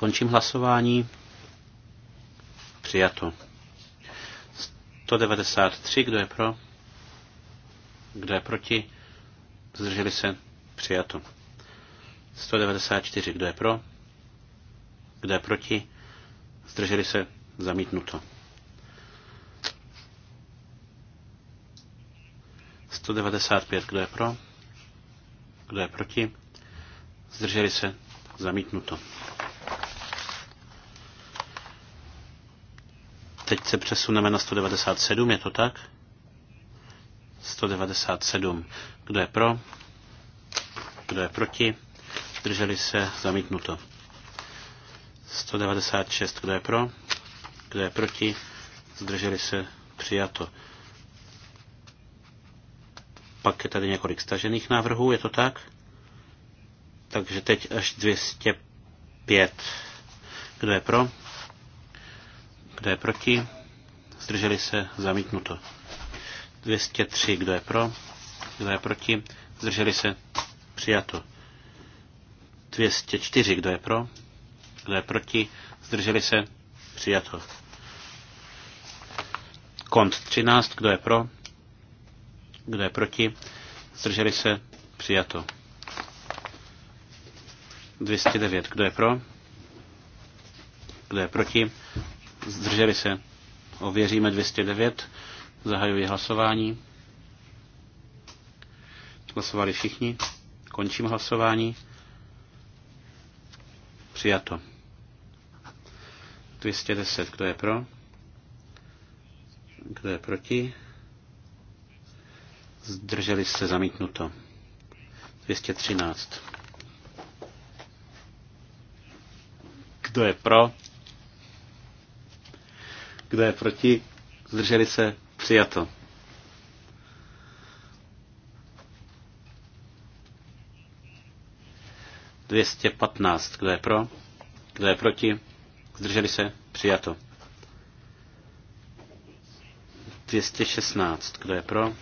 Končím hlasování. Přijato. 193, kdo je pro? Kdo je proti? Zdrželi se? Přijato. 194, kdo je pro? Kdo je proti? Zdrželi se? Zamítnuto. 195, kdo je pro? Kdo je proti? Zdrželi se? Zamítnuto. se přesuneme na 197, je to tak? 197. Kdo je pro? Kdo je proti? Drželi se zamítnuto. 196. Kdo je pro? Kdo je proti? Zdrželi se přijato. Pak je tady několik stažených návrhů, je to tak? Takže teď až 205. Kdo je pro? Kdo je proti? zdrželi se, zamítnuto. 203, kdo je pro, kdo je proti, zdrželi se, přijato. 204, kdo je pro, kdo je proti, zdrželi se, přijato. Kont 13, kdo je pro, kdo je proti, zdrželi se, přijato. 209, kdo je pro, kdo je proti, zdrželi se, Ověříme 209. Zahajuji hlasování. Hlasovali všichni. Končím hlasování. Přijato. 210. Kdo je pro? Kdo je proti? Zdrželi se zamítnuto. 213. Kdo je pro? Kdo je proti? Zdrželi se? Přijato. Dvěstě patnáct. Kdo je pro? Kdo je proti? Zdrželi se? Přijato. 216. Kdo je pro?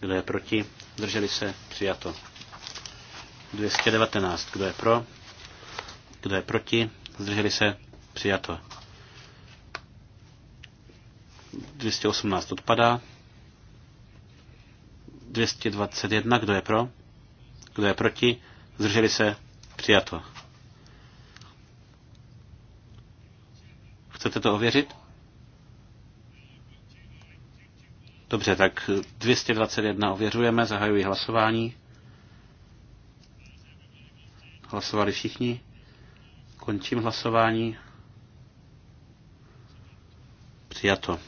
Kdo je proti? Zdrželi se? Přijato. 219. Kdo je pro? Kdo je proti? Zdrželi se? Přijato. 218 odpadá. 221, kdo je pro? Kdo je proti? Zdrželi se? Přijato. Chcete to ověřit? Dobře, tak 221 ověřujeme, zahajuji hlasování. Hlasovali všichni. Končím hlasování. Přijato.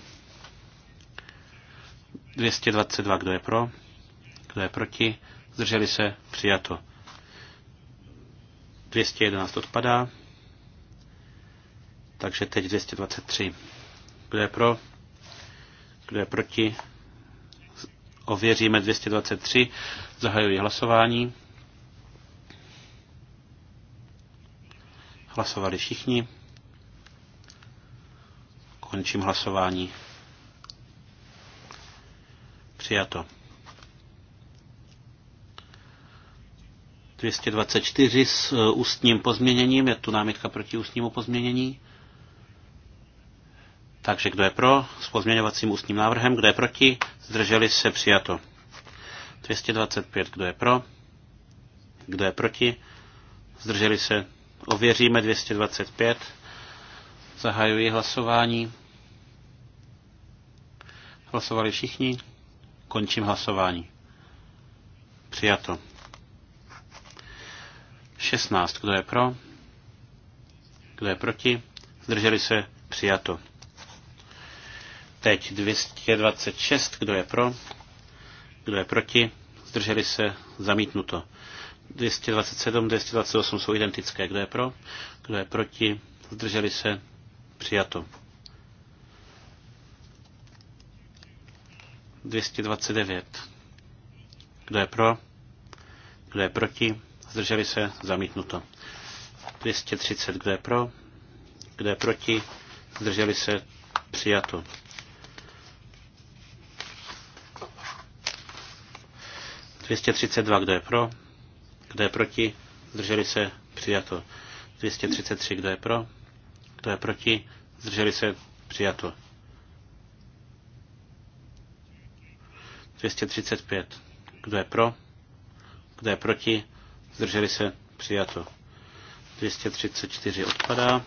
222, kdo je pro, kdo je proti, zdrželi se, přijato. 211 odpadá, takže teď 223. Kdo je pro, kdo je proti, ověříme 223, zahajuji hlasování. Hlasovali všichni. Končím hlasování. Přijato. 224 s eh, ústním pozměněním. Je tu námitka proti ústnímu pozměnění. Takže kdo je pro s pozměňovacím ústním návrhem, kdo je proti, zdrželi se přijato. 225, kdo je pro, kdo je proti, zdrželi se, ověříme 225, zahajuji hlasování. Hlasovali všichni. Končím hlasování. Přijato. 16. Kdo je pro? Kdo je proti? Zdrželi se? Přijato. Teď 226. Kdo je pro? Kdo je proti? Zdrželi se? Zamítnuto. 227, 228 jsou identické. Kdo je pro? Kdo je proti? Zdrželi se? Přijato. 229. Kdo je pro? Kdo je proti? Zdrželi se? Zamítnuto. 230. Kdo je pro? Kdo je proti? Zdrželi se? Přijato. Dvěstě třicet dva, kdo je pro? Kdo je proti? Zdrželi se? Přijato. 233, kdo je pro? Kdo je proti? Zdrželi se? Přijato. 235. Kdo je pro? Kdo je proti? Zdrželi se? Přijato. 234 odpadá.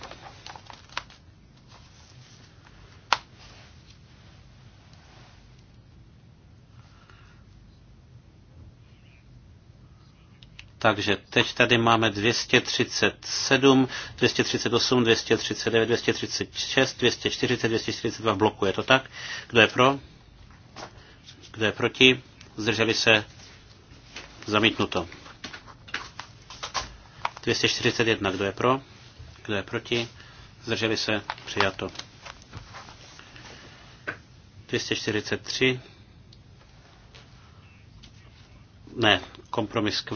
Takže teď tady máme 237, 238, 239, 236, 240, 242 v bloku. Je to tak? Kdo je pro? Kdo je proti? Zdrželi se? Zamítnuto. 241. Kdo je pro? Kdo je proti? Zdrželi se? Přijato. 243. Ne, kompromis Q.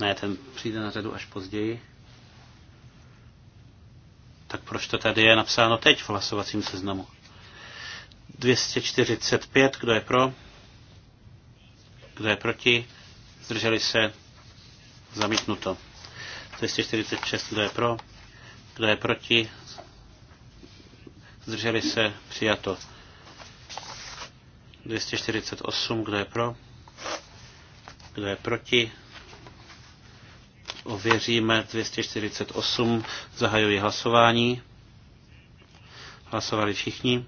Ne, ten přijde na řadu až později proč to tady je napsáno teď v hlasovacím seznamu. 245, kdo je pro? Kdo je proti? Zdrželi se? Zamítnuto. 246, kdo je pro? Kdo je proti? Zdrželi se? Přijato. 248, kdo je pro? Kdo je proti? Ověříme 248, zahajuji hlasování. Hlasovali všichni.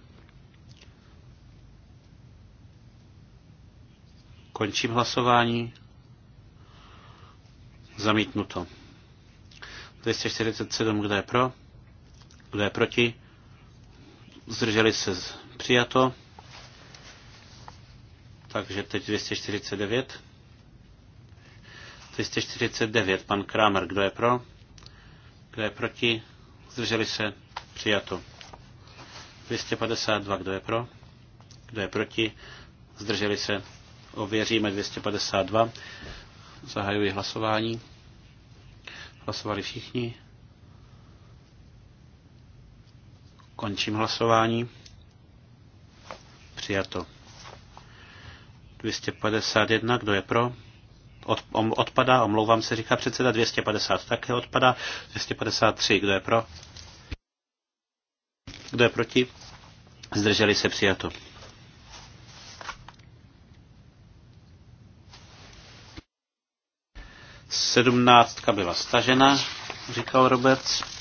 Končím hlasování. Zamítnuto. 247, kdo je pro? Kdo je proti? Zdrželi se přijato. Takže teď 249. 249. Pan Kramer, kdo je pro? Kdo je proti? Zdrželi se? Přijato. 252. Kdo je pro? Kdo je proti? Zdrželi se? Ověříme 252. Zahajuji hlasování. Hlasovali všichni. Končím hlasování. Přijato. 251. Kdo je pro? od, odpadá, omlouvám se, říká předseda 250, také odpadá, 253, kdo je pro? Kdo je proti? Zdrželi se přijato. Sedmnáctka byla stažena, říkal Roberts.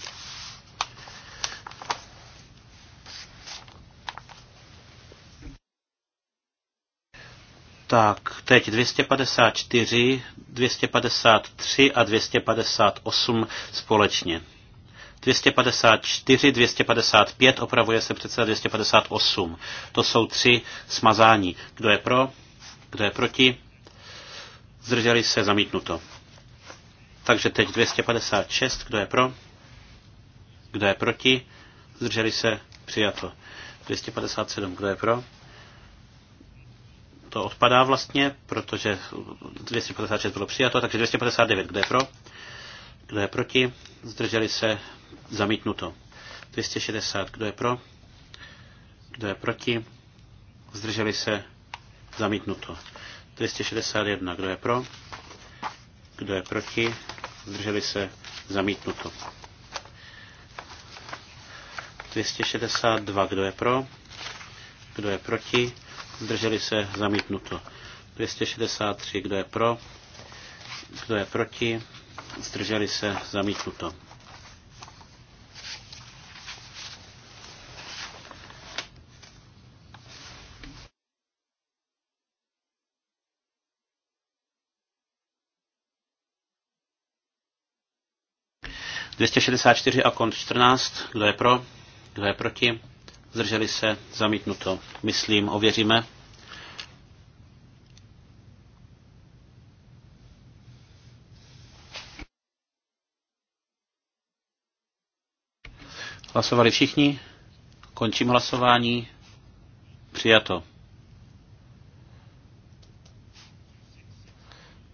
Tak, teď 254, 253 a 258 společně. 254, 255, opravuje se přece 258. To jsou tři smazání. Kdo je pro? Kdo je proti? Zdrželi se zamítnuto. Takže teď 256, kdo je pro? Kdo je proti? Zdrželi se přijato. 257, kdo je pro? to odpadá vlastně, protože 256 bylo přijato, takže 259, kde je pro, kdo je proti, zdrželi se, zamítnuto. 260, kdo je pro, kdo je proti, zdrželi se, zamítnuto. 261, kdo je pro, kdo je proti, zdrželi se, zamítnuto. 262, kdo je pro, kdo je proti, Zdrželi se? Zamítnuto. 263. Kdo je pro? Kdo je proti? Zdrželi se? Zamítnuto. Dvěstě šedesát čtyři a kont čtrnáct. Kdo je pro? Kdo je proti? zdrželi se, zamítnuto. Myslím, ověříme. Hlasovali všichni? Končím hlasování. Přijato.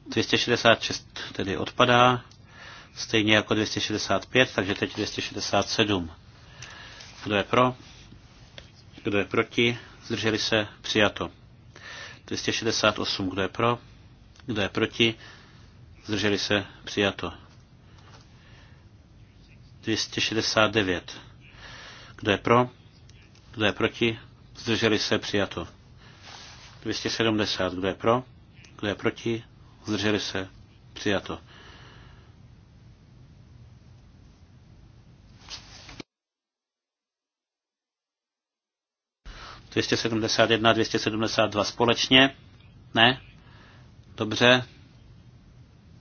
266 tedy odpadá, stejně jako 265, takže teď 267. Kdo je pro? Kdo je proti? Zdrželi se? Přijato. 268. Kdo je pro? Kdo je proti? Zdrželi se? Přijato. 269. Kdo je pro? Kdo je proti? Zdrželi se? Přijato. 270. Kdo je pro? Kdo je proti? Zdrželi se? Přijato. 271 a 272 společně? Ne? Dobře.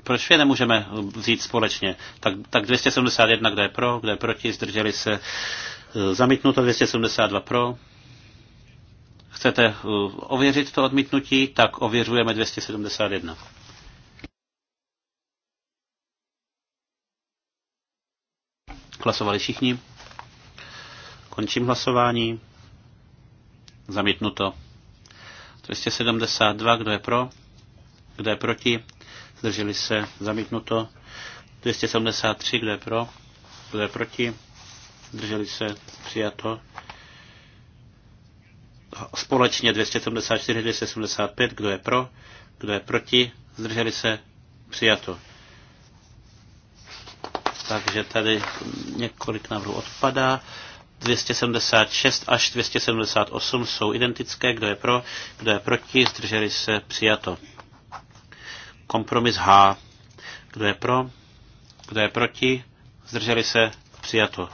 Proč je nemůžeme vzít společně? Tak, tak 271, kdo je pro, kdo je proti, zdrželi se. Eh, zamítnuto 272 pro. Chcete eh, ověřit to odmítnutí? Tak ověřujeme 271. Hlasovali všichni. Končím hlasování. Zamítnuto. 272, kdo je pro? Kdo je proti? Zdrželi se. Zamítnuto. 273, kdo je pro? Kdo je proti? Zdrželi se. Přijato. Společně 274, 275, kdo je pro? Kdo je proti? Zdrželi se. Přijato. Takže tady několik návrhů odpadá. 276 až 278 jsou identické. Kdo je pro, kdo je proti, zdrželi se, přijato. Kompromis H. Kdo je pro, kdo je proti, zdrželi se, přijato.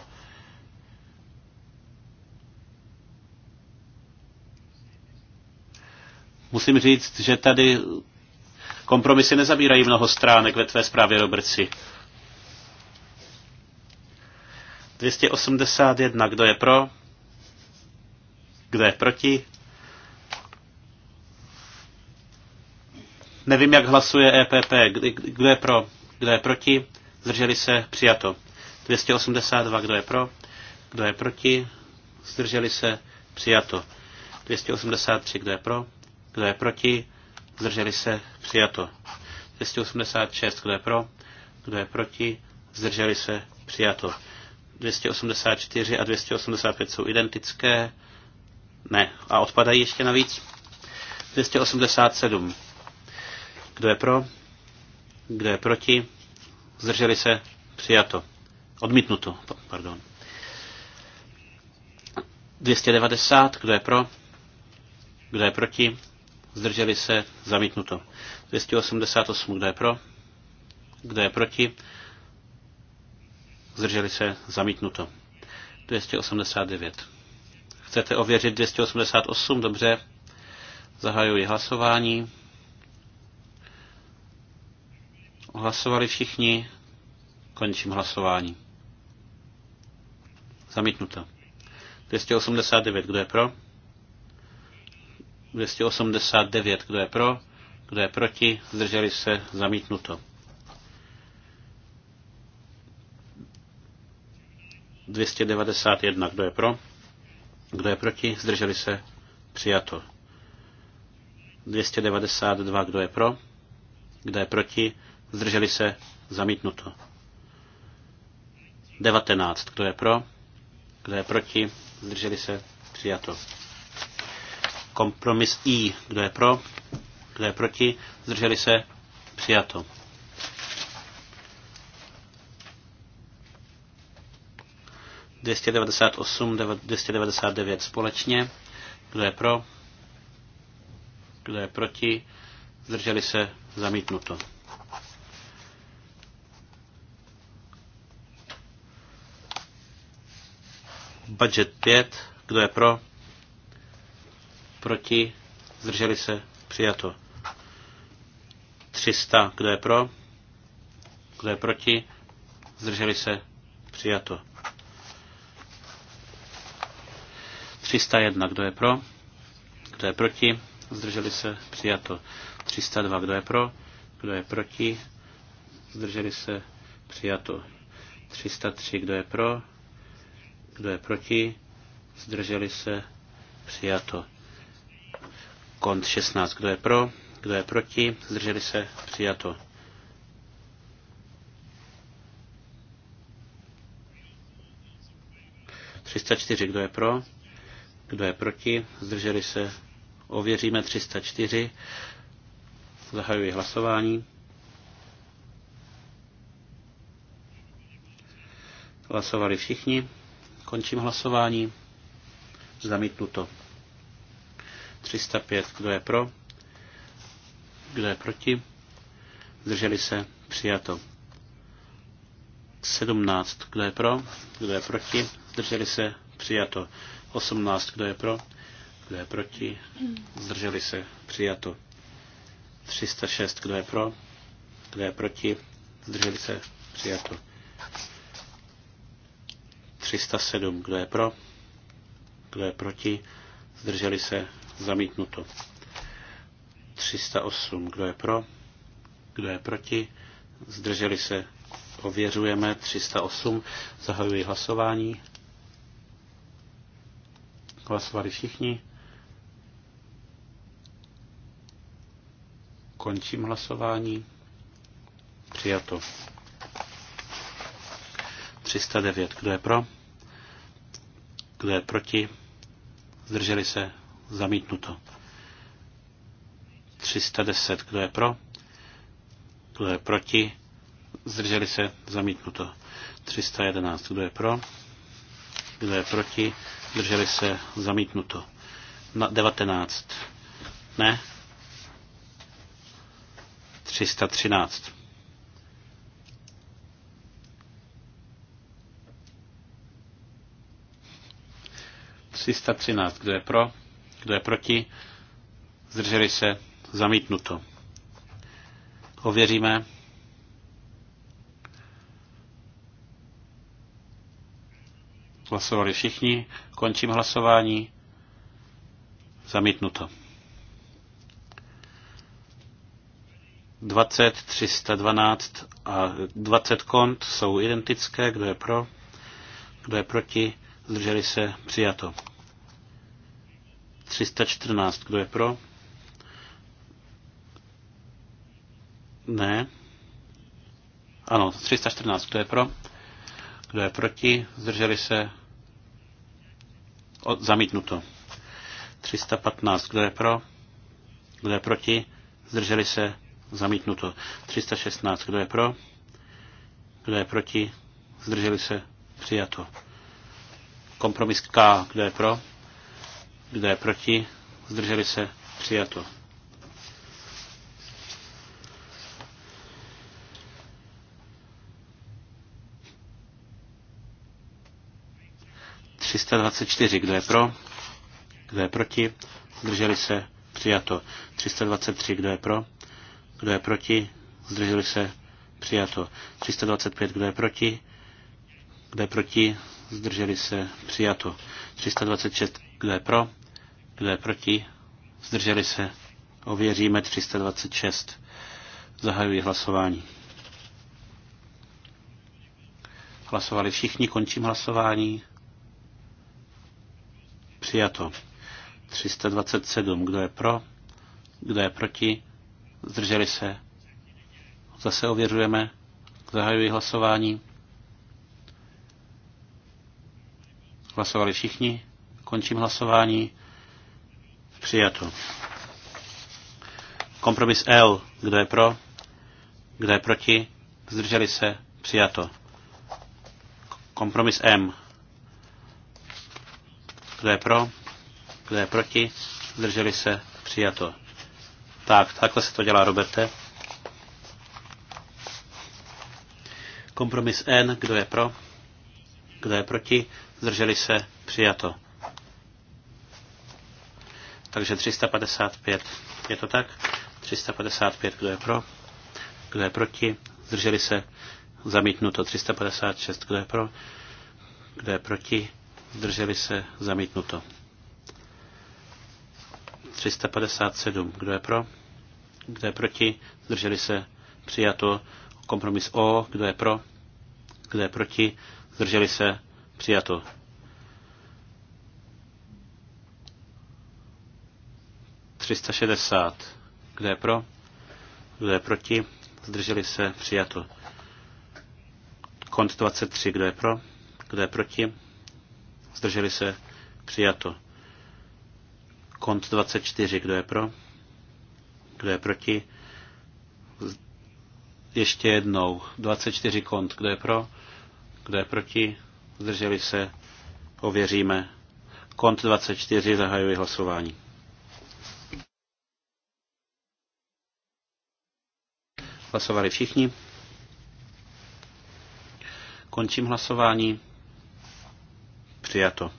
Musím říct, že tady kompromisy nezabírají mnoho stránek ve tvé zprávě, Robertsi. 281. Kdo je pro? Kdo je proti? Nevím, jak hlasuje EPP. Kdo je pro? Kdo je proti? Zdrželi se? Přijato. 282. Kdo je pro? Kdo je proti? Zdrželi se? Přijato. 283. Kdo je pro? Kdo je proti? Zdrželi se? Přijato. 286. Kdo je pro? Kdo je proti? Zdrželi se? Přijato. 284 a 285 jsou identické. Ne. A odpadají ještě navíc. 287. Kdo je pro? Kdo je proti? Zdrželi se? Přijato. Odmítnuto, pardon. 290. Kdo je pro? Kdo je proti? Zdrželi se? Zamítnuto. 288. Kdo je pro? Kdo je proti? Zdrželi se? Zamítnuto. 289. Chcete ověřit 288? Dobře. Zahajuji hlasování. Hlasovali všichni. Končím hlasování. Zamítnuto. 289, kdo je pro? 289, kdo je pro? Kdo je proti? Zdrželi se? Zamítnuto. 291. Kdo je pro? Kdo je proti? Zdrželi se? Přijato. 292. Kdo je pro? Kdo je proti? Zdrželi se? Zamítnuto. 19. Kdo je pro? Kdo je proti? Zdrželi se? Přijato. Kompromis I. Kdo je pro? Kdo je proti? Zdrželi se? Přijato. 298, 299 společně. Kdo je pro? Kdo je proti? Zdrželi se zamítnuto. Budget 5. Kdo je pro? Proti? Zdrželi se? Přijato. 300. Kdo je pro? Kdo je proti? Zdrželi se? Přijato. 301, kdo je pro? Kdo je proti? Zdrželi se? Přijato. 302, kdo je pro? Kdo je proti? Zdrželi se? Přijato. 303, kdo je pro? Kdo je proti? Zdrželi se? Přijato. Kont 16, kdo je pro? Kdo je proti? Zdrželi se? Přijato. 304, kdo je pro? Kdo je proti? Zdrželi se? Ověříme 304. Zahajuji hlasování. Hlasovali všichni. Končím hlasování. Zamítnuto. 305. Kdo je pro? Kdo je proti? Zdrželi se? Přijato. 17. Kdo je pro? Kdo je proti? Zdrželi se? Přijato. 18. Kdo je pro? Kdo je proti? Zdrželi se. Přijato. 306. Kdo je pro? Kdo je proti? Zdrželi se. Přijato. 307. Kdo je pro? Kdo je proti? Zdrželi se. Zamítnuto. 308. Kdo je pro? Kdo je proti? Zdrželi se. Ověřujeme. 308. Zahajuji hlasování. Hlasovali všichni. Končím hlasování. Přijato. 309. Kdo je pro? Kdo je proti? Zdrželi se? Zamítnuto. 310. Kdo je pro? Kdo je proti? Zdrželi se? Zamítnuto. 311. Kdo je pro? Kdo je proti? Zdrželi se. Zamítnuto. Na 19. Ne. 313. Kdo je pro? Kdo je proti? Zdrželi se? Zamítnuto. Ověříme. Hlasovali všichni. Končím hlasování. Zamítnuto. 20, 312 a 20 kont jsou identické. Kdo je pro? Kdo je proti? Zdrželi se? Přijato. 314. Kdo je pro? Ne. Ano, 314. Kdo je pro? Kdo je proti? Zdrželi se? Od, zamítnuto. 315. Kdo je pro? Kdo je proti? Zdrželi se? Zamítnuto. 316. Kdo je pro? Kdo je proti? Zdrželi se? Přijato. Kompromis K. Kdo je pro? Kdo je proti? Zdrželi se? Přijato. 324, kdo je pro? Kdo je proti? Zdrželi se? Přijato. 323, kdo je pro? Kdo je proti? Zdrželi se? Přijato. 325, kdo je proti? Kdo je proti? Zdrželi se? Přijato. 326, kdo je pro? Kdo je proti? Zdrželi se? Ověříme 326. Zahajuji hlasování. Hlasovali všichni, končím hlasování. Přijato. 327. Kdo je pro? Kdo je proti? Zdrželi se? Zase ověřujeme. Zahajuji hlasování. Hlasovali všichni. Končím hlasování. Přijato. Kompromis L. Kdo je pro? Kdo je proti? Zdrželi se? Přijato. Kompromis M. Kdo je pro? Kdo je proti? Zdrželi se? Přijato. Tak, takhle se to dělá, Roberte. Kompromis N, kdo je pro? Kdo je proti? Zdrželi se? Přijato. Takže 355. Je to tak? 355, kdo je pro? Kdo je proti? Zdrželi se? Zamítnuto. 356, kdo je pro? Kdo je proti? Zdrželi se? Zamítnuto. 357. Kdo je pro? Kdo je proti? Zdrželi se? Přijato. Kompromis O. Kdo je pro? Kdo je proti? Zdrželi se? Přijato. Třista šedesát. Kdo je pro? Kdo je proti? Zdrželi se? Přijato. Kont 23. Kdo je pro? Kdo je proti? zdrželi se, přijato. Kont 24, kdo je pro, kdo je proti, ještě jednou, 24 kont, kdo je pro, kdo je proti, zdrželi se, ověříme. Kont 24, zahajuji hlasování. Hlasovali všichni. Končím hlasování. Přijato.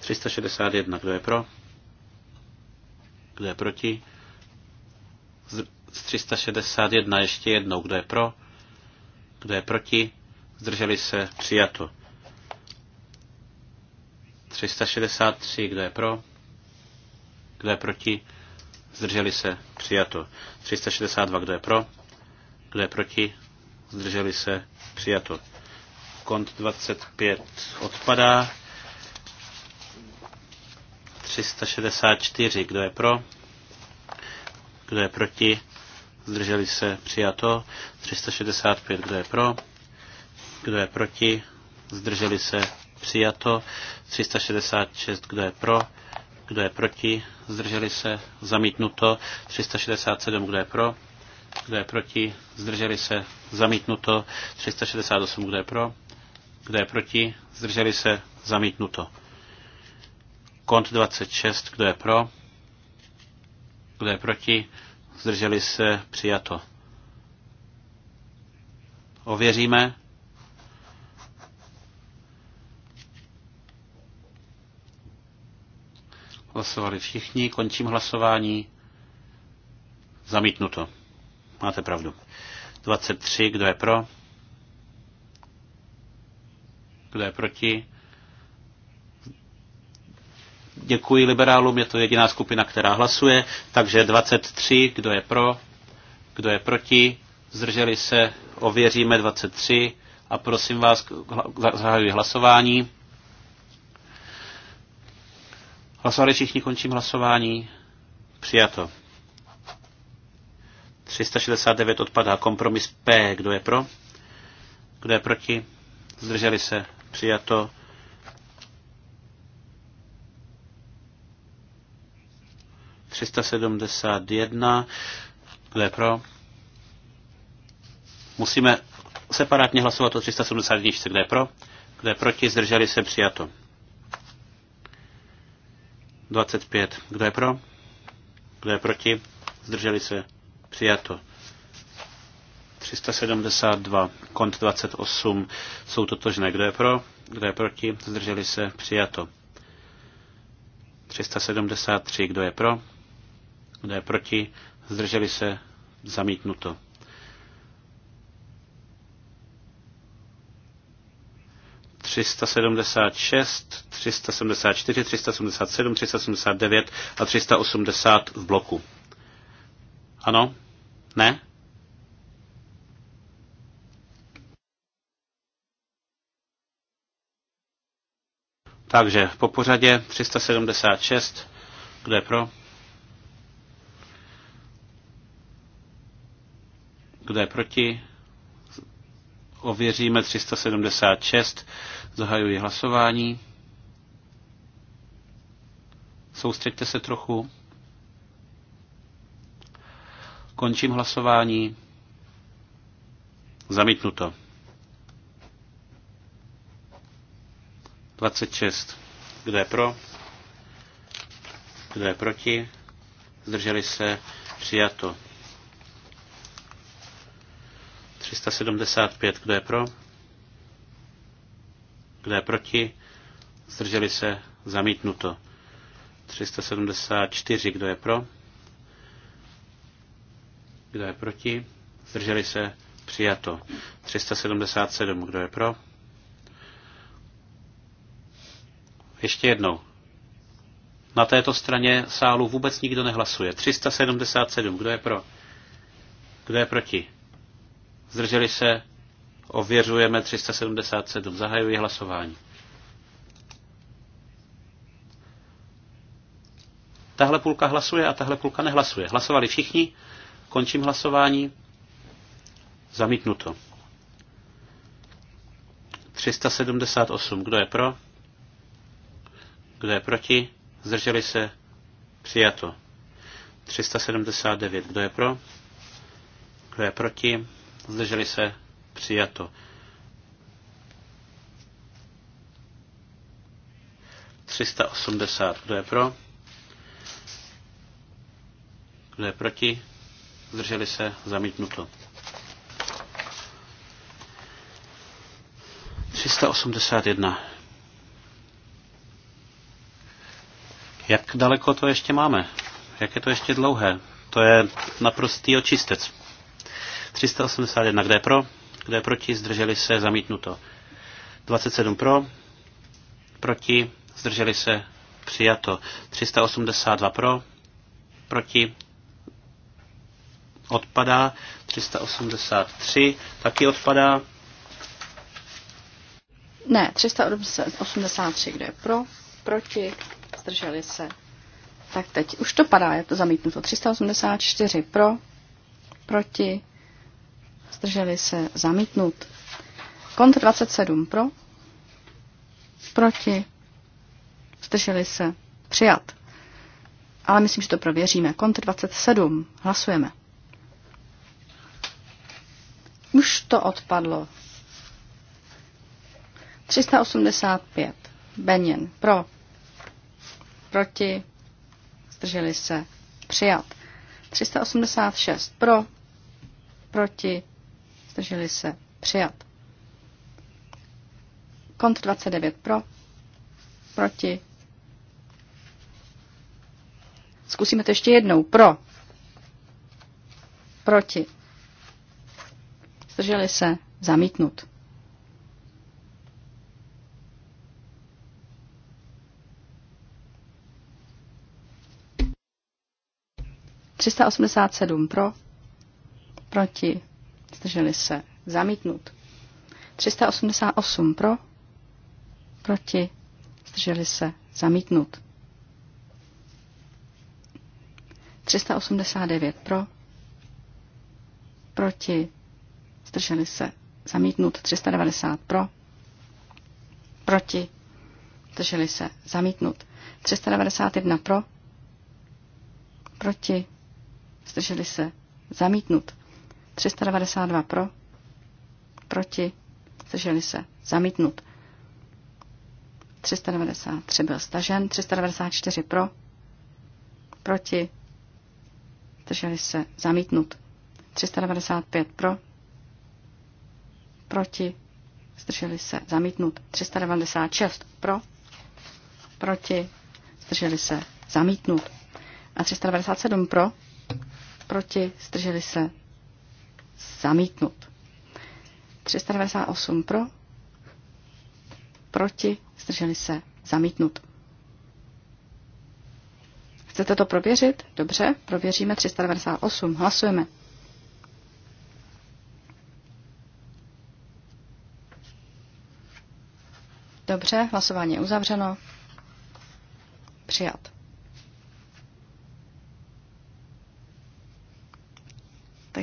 361. Kdo je pro? Kdo je proti? Z 361 ještě jednou. Kdo je pro? Kdo je proti? Zdrželi se. Přijato. 363. Kdo je pro? Kdo je proti? Zdrželi se. Přijato. 362. Kdo je pro? Kdo je proti? Zdrželi se. Přijato. Kont 25 odpadá. 364. Kdo je pro? Kdo je proti? Zdrželi se přijato. 365. Kdo je pro? Kdo je proti? Zdrželi se přijato. 366. Kdo je pro? Kdo je proti? Zdrželi se zamítnuto. 367. Kdo je pro? Kdo je proti? Zdrželi se zamítnuto. 368. Kdo je pro? Kdo je proti? Zdrželi se zamítnuto. Kont 26, kdo je pro? Kdo je proti? Zdrželi se přijato. Ověříme. Hlasovali všichni, končím hlasování. Zamítnuto. Máte pravdu. 23, kdo je pro? Kdo je proti? Děkuji liberálům, je to jediná skupina, která hlasuje. Takže 23, kdo je pro, kdo je proti, zdrželi se, ověříme 23 a prosím vás, zahajuji hlasování. Hlasovali všichni, končím hlasování. Přijato. 369 odpadá. Kompromis P. Kdo je pro? Kdo je proti? Zdrželi se. Přijato. 371. Kdo je pro? Musíme separátně hlasovat o 371. Kdo je pro? Kdo je proti? Zdrželi se přijato. 25. Kdo je pro? Kdo je proti? Zdrželi se přijato. 372, kont 28 jsou totožné. Kdo je pro? Kdo je proti? Zdrželi se? Přijato. 373, kdo je pro? Kdo je proti? Zdrželi se? Zamítnuto. Třista sedmdesát šest, třista sedmdesát čtyři, třista sedmdesát sedm, třista sedmdesát devět a třista osmdesát v bloku. Ano? Ne? Takže po pořadě 376, kdo je pro? Kdo je proti? Ověříme 376. Zahajuji hlasování. Soustřeďte se trochu. Končím hlasování. Zamítnuto. 26. Kdo je pro? Kdo je proti? Zdrželi se? Přijato. 375, kdo je pro? Kdo je proti? Zdrželi se? Zamítnuto. 374, kdo je pro? Kdo je proti? Zdrželi se? Přijato. 377, kdo je pro? Ještě jednou. Na této straně sálu vůbec nikdo nehlasuje. 377, kdo je pro? Kdo je proti? zdrželi se, ověřujeme 377, zahajuji hlasování. Tahle půlka hlasuje a tahle půlka nehlasuje. Hlasovali všichni, končím hlasování, zamítnuto. 378, kdo je pro? Kdo je proti? Zdrželi se? Přijato. 379, kdo je pro? Kdo je proti? zdrželi se, přijato. 380. Kdo je pro? Kdo je proti? Zdrželi se? Zamítnuto. 381. Jak daleko to ještě máme? Jak je to ještě dlouhé? To je naprostý očistec. 381, kde je pro, kde je proti, zdrželi se, zamítnuto. 27 pro, proti, zdrželi se, přijato. 382 pro, proti, odpadá. 383 taky odpadá. Ne, 383, kde je pro, proti, zdrželi se. Tak teď už to padá, je to zamítnuto. 384 pro, proti, zdrželi se, zamítnut. Kont 27 pro, proti, zdrželi se, přijat. Ale myslím, že to prověříme. Kont 27, hlasujeme. Už to odpadlo. 385. Benjen pro. Proti. Zdrželi se. Přijat. 386 pro. Proti. Zdrželi se. Přijat. Kont 29 pro. Proti. Zkusíme to ještě jednou. Pro. Proti. Zdrželi se. Zamítnut. Třista osmdesát sedm pro, proti zdrželi se, zamítnut. 388 pro, proti, zdrželi se, zamítnut. 389 pro, proti, zdrželi se, zamítnut. 390 pro, proti, zdrželi se, zamítnut. 391 pro, proti, zdrželi se, zamítnut. 392 pro, proti, zdrželi se, zamítnut. 393 byl stažen, 394 pro, proti, zdrželi se, zamítnut. 395 pro, proti, zdrželi se, zamítnut. 396 pro, proti, zdrželi se, zamítnut. A 397 pro, proti, zdrželi se, zamítnut. 398 pro, proti, zdrželi se, zamítnut. Chcete to prověřit? Dobře, prověříme 398, hlasujeme. Dobře, hlasování je uzavřeno. Přijat.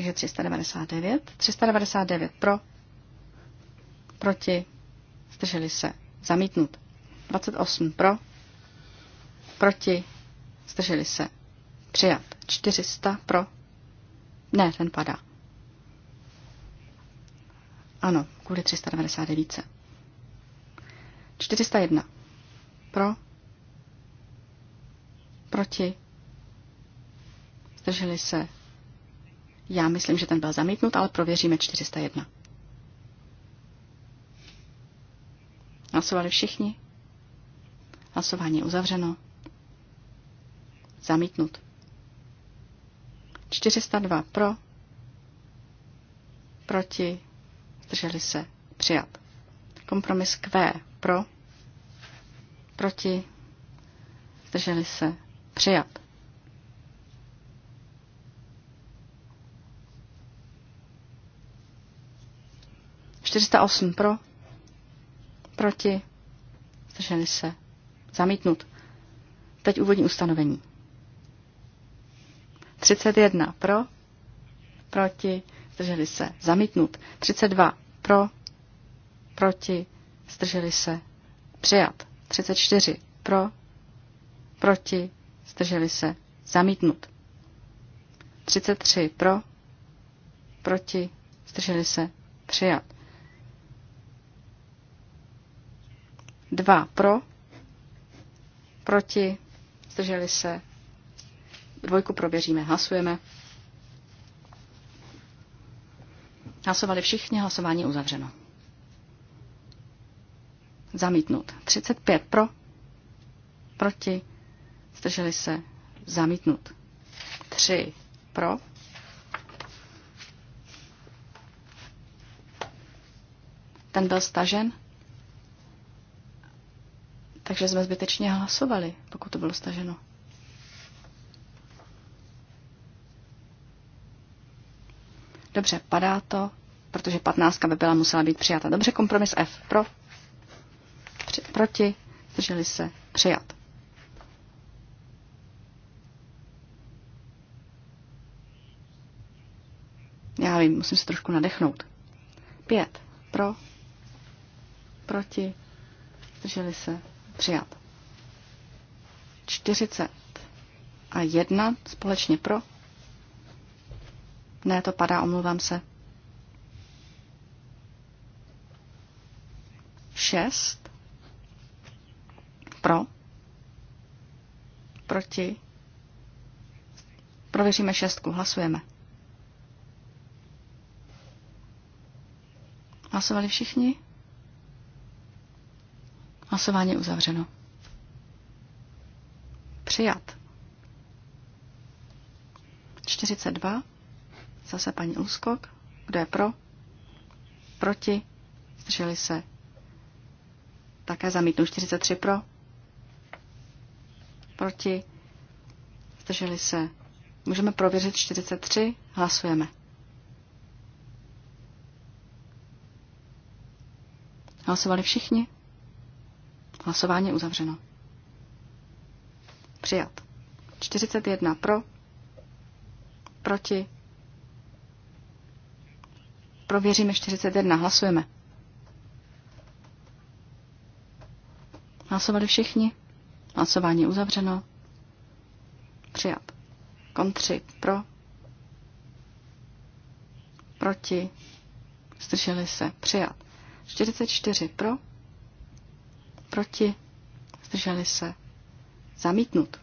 takže 399. 399 pro, proti, zdrželi se, zamítnut. 28 pro, proti, zdrželi se, přijat. 400 pro, ne, ten padá. Ano, kvůli 399. 401 pro, proti, zdrželi se, já myslím, že ten byl zamítnut, ale prověříme 401. Hlasovali všichni? Hlasování je uzavřeno. Zamítnut. 402 pro, proti, zdrželi se, přijat. Kompromis Q pro, proti, zdrželi se, přijat. 408 pro, proti, zdrželi se, zamítnut. Teď úvodní ustanovení. 31 pro, proti, zdrželi se, zamítnut. 32 pro, proti, zdrželi se, přijat. 34 pro, proti, zdrželi se, zamítnut. 33 pro, proti, zdrželi se, přijat. 2 pro, proti, zdrželi se. Dvojku prověříme, hlasujeme. Hlasovali všichni, hlasování uzavřeno. Zamítnut. 35 pro, proti, zdrželi se, zamítnut. 3 pro, ten byl stažen, takže jsme zbytečně hlasovali, pokud to bylo staženo. Dobře, padá to, protože patnáctka by byla musela být přijata. Dobře, kompromis F. Pro, při, proti, Drželi se, přijat. Já vím, musím se trošku nadechnout. Pět. Pro, proti, Drželi se, Přijat. 40 a 1 společně pro. Ne, to padá, omlouvám se. 6 pro. Proti. Prověříme šestku, hlasujeme. Hlasovali všichni? Hlasování uzavřeno. Přijat. 42. Zase paní Úskok. Kdo je pro? Proti? Zdrželi se. Také zamítnu 43 pro. Proti? Zdrželi se. Můžeme prověřit 43. Hlasujeme. Hlasovali všichni? Hlasování je uzavřeno. Přijat. 41 pro, proti. Prověříme 41. Hlasujeme. Hlasovali všichni? Hlasování uzavřeno. Přijat. Kontři pro. Proti. Zdrželi se. Přijat. 44 pro. Proti? Zdrželi se? Zamítnut.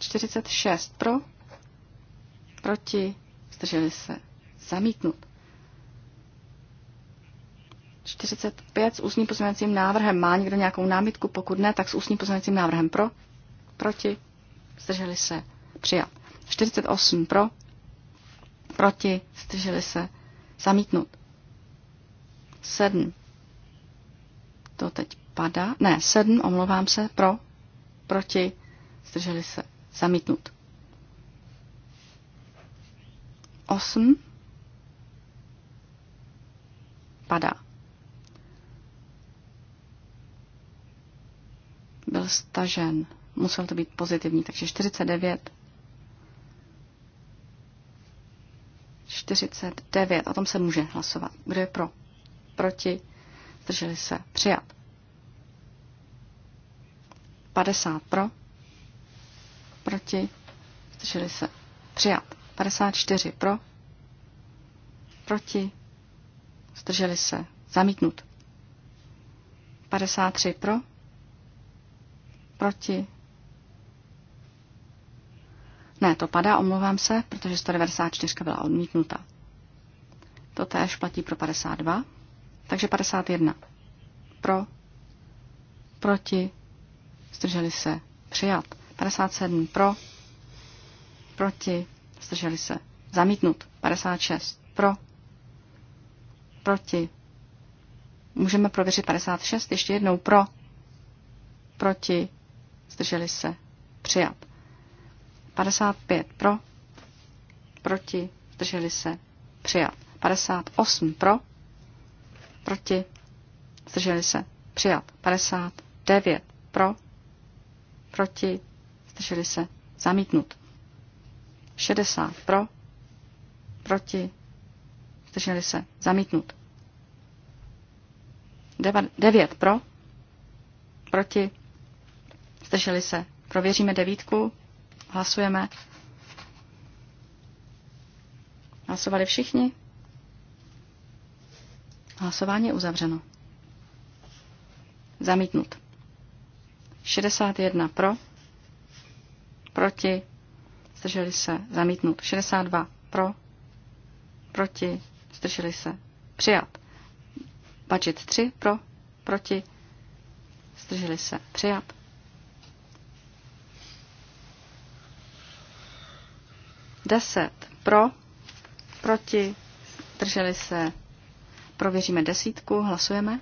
46 pro, proti, zdrželi se, zamítnut. 45 s ústním pozměňovacím návrhem. Má někdo nějakou námitku? Pokud ne, tak s ústním pozměňovacím návrhem pro, proti, zdrželi se, přijat. 48 pro, proti, zdrželi se, zamítnut sedm To teď padá. Ne, sedm omlouvám se, pro, proti, zdrželi se, zamítnut. osm Padá. Byl stažen. Musel to být pozitivní, takže 49. 49. O tom se může hlasovat. Kdo je pro? proti, zdrželi se, přijat. 50 pro, proti, zdrželi se, přijat. 54 pro, proti, zdrželi se, zamítnut. 53 pro, proti, ne, to padá, omlouvám se, protože 194 byla odmítnuta. To též platí pro 52. Takže 51. Pro, proti, zdrželi se, přijat. 57. Pro, proti, zdrželi se, zamítnut. 56. Pro, proti. Můžeme prověřit 56, ještě jednou pro, proti, zdrželi se, přijat. 55 pro, proti, zdrželi se, přijat. 58 pro, Proti. Zdrželi se. Přijat. 59. Pro. Proti. Zdrželi se. Zamítnut. 60. Pro. Proti. Zdrželi se. Zamítnut. 9. Pro. Proti. Zdrželi se. Prověříme devítku. Hlasujeme. Hlasovali všichni? Hlasování je uzavřeno. Zamítnut. 61 pro, proti, zdrželi se, zamítnut. 62 pro, proti, zdrželi se, přijat. Budget 3 pro, proti, zdrželi se, přijat. Deset pro, proti, drželi se, Prověříme desítku, hlasujeme.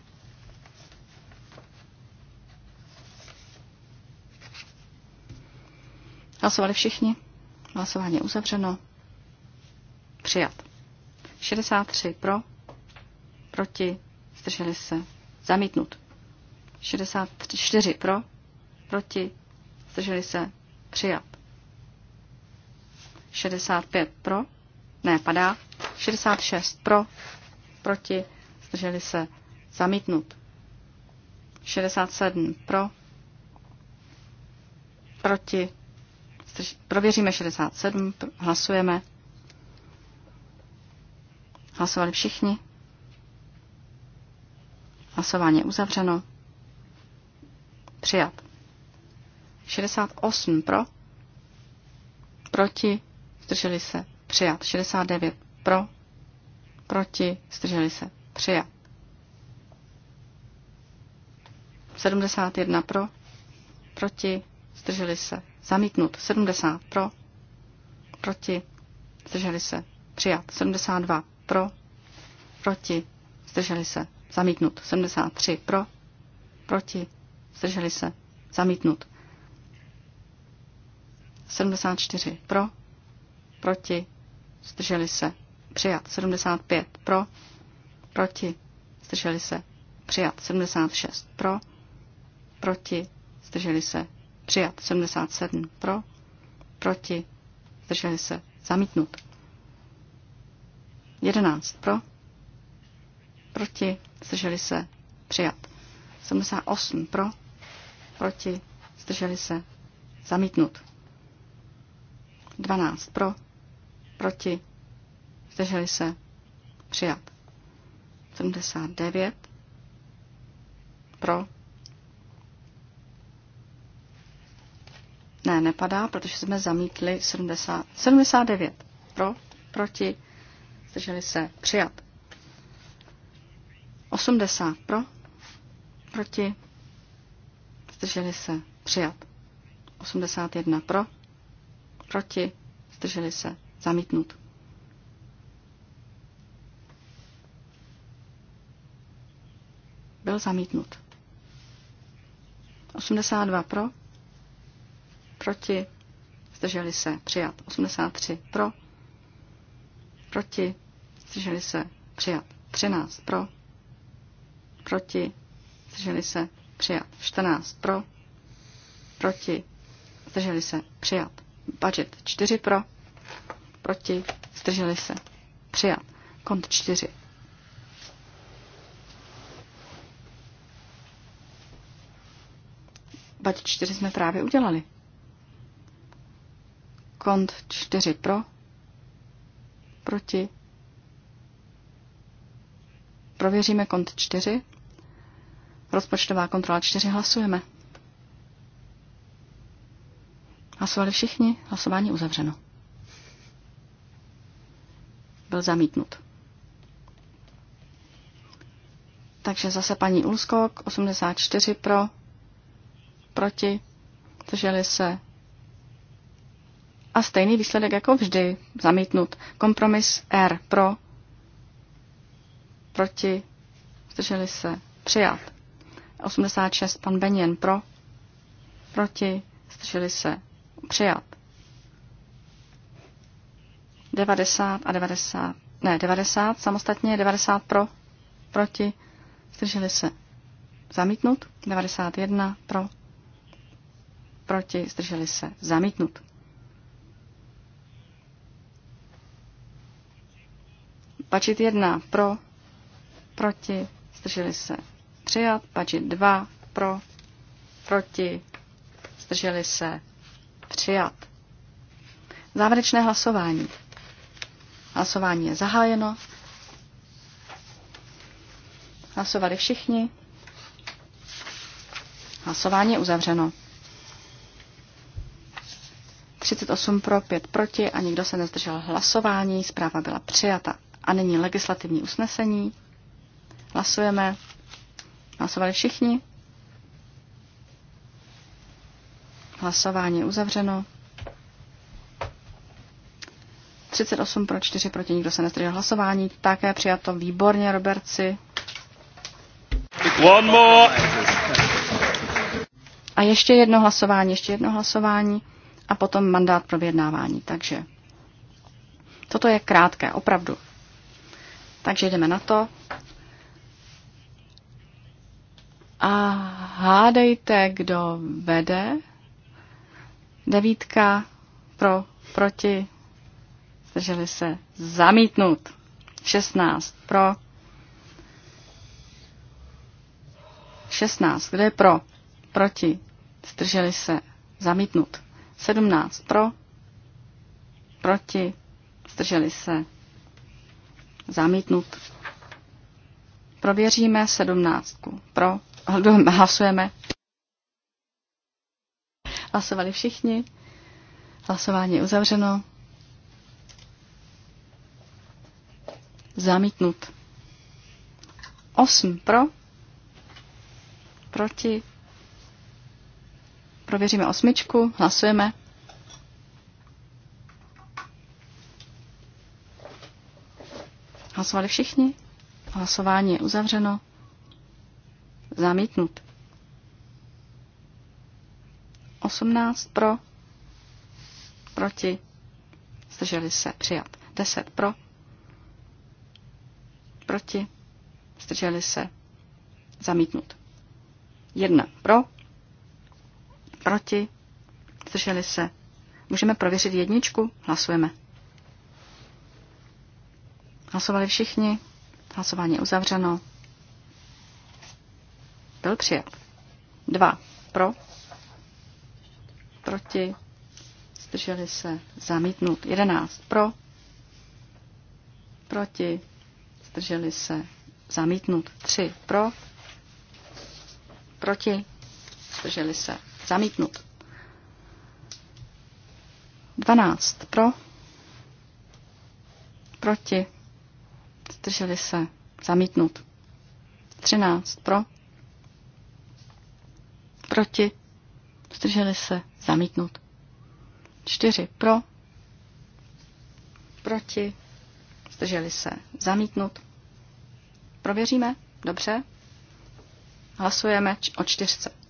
Hlasovali všichni? Hlasování uzavřeno. Přijat. 63 pro, proti, zdrželi se, zamítnut. 64 pro, proti, zdrželi se, přijat. 65 pro, ne, padá. 66 pro, proti, zdrželi se, zamítnut. 67 pro, proti, zdrž, prověříme 67, hlasujeme. Hlasovali všichni. Hlasování je uzavřeno. Přijat. 68 pro, proti, zdrželi se, přijat. 69 pro, proti, zdrželi se, přijat. 71 pro, proti, zdrželi se, zamítnut. 70 pro, proti, zdrželi se, přijat. 72 pro, proti, zdrželi se, zamítnut. 73 pro, proti, zdrželi se, zamítnut. 74 pro, proti, zdrželi se, přijat 75 pro, proti, zdrželi se, přijat 76 pro, proti, zdrželi se, přijat 77 pro, proti, zdrželi se, zamítnut. 11 pro, proti, zdrželi se, přijat. 78 pro, proti, zdrželi se, zamítnut. 12 pro, proti, Zdrželi se. Přijat. 79. Pro. Ne, nepadá, protože jsme zamítli 70, 79. Pro, proti, zdrželi se, přijat. 80 pro, proti, zdrželi se, přijat. 81 pro, proti, zdrželi se, zamítnut. Byl zamítnut. 82 pro, proti, zdrželi se, přijat. 83 pro, proti, zdrželi se, přijat. 13 pro, proti, zdrželi se, přijat. 14 pro, proti, zdrželi se, přijat. Budget 4 pro, proti, zdrželi se, přijat. Kont 4 Bať 4 jsme právě udělali. Kont 4 pro, proti. Prověříme kont 4. Rozpočtová kontrola 4 hlasujeme. Hlasovali všichni, hlasování uzavřeno. Byl zamítnut. Takže zase paní Ulskok, 84 pro, proti, drželi se. A stejný výsledek jako vždy, zamítnut. Kompromis R pro, proti, drželi se, přijat. 86 pan Benjen pro, proti, drželi se, přijat. 90 a 90, ne, 90 samostatně, 90 pro, proti, zdrželi se, zamítnut, 91 pro, proti, zdrželi se, zamítnut. Pačit jedna pro, proti, zdrželi se, přijat. Pačit dva pro, proti, zdrželi se, přijat. Závěrečné hlasování. Hlasování je zahájeno. Hlasovali všichni. Hlasování je uzavřeno. 38 pro, 5 proti a nikdo se nezdržel hlasování. Zpráva byla přijata. A nyní legislativní usnesení. Hlasujeme. Hlasovali všichni. Hlasování je uzavřeno. 38 pro 4 proti, nikdo se nezdržel hlasování. Také přijato výborně, Robertci. A ještě jedno hlasování, ještě jedno hlasování a potom mandát pro vyjednávání. Takže toto je krátké, opravdu. Takže jdeme na to. A hádejte, kdo vede. Devítka pro, proti, zdrželi se, zamítnut. 16 pro. 16, kde je pro, proti, zdrželi se, zamítnut. 17 pro, proti, zdrželi se, zamítnut. Prověříme 17. Pro, hlasujeme. Hlasovali všichni. Hlasování je uzavřeno. Zamítnut. 8 pro, proti, Prověříme osmičku, hlasujeme. Hlasovali všichni? Hlasování je uzavřeno. Zamítnut. 18 pro, proti, zdrželi se, přijat. 10 pro, proti, zdrželi se, zamítnut. 1 pro, Proti? Zdrželi se? Můžeme prověřit jedničku? Hlasujeme. Hlasovali všichni? Hlasování uzavřeno. Byl přijat. Dva. Pro? Proti? Zdrželi se? Zamítnut. Jedenáct. Pro? Proti? Zdrželi se? Zamítnut. Tři. Pro? Proti? Zdrželi se? Zamítnut. 12 pro. Proti. Zdrželi se. Zamítnut. 13 pro. Proti. Zdrželi se. Zamítnut. 4 pro. Proti. Zdrželi se. Zamítnut. Prověříme. Dobře. Hlasujeme o čtyřce.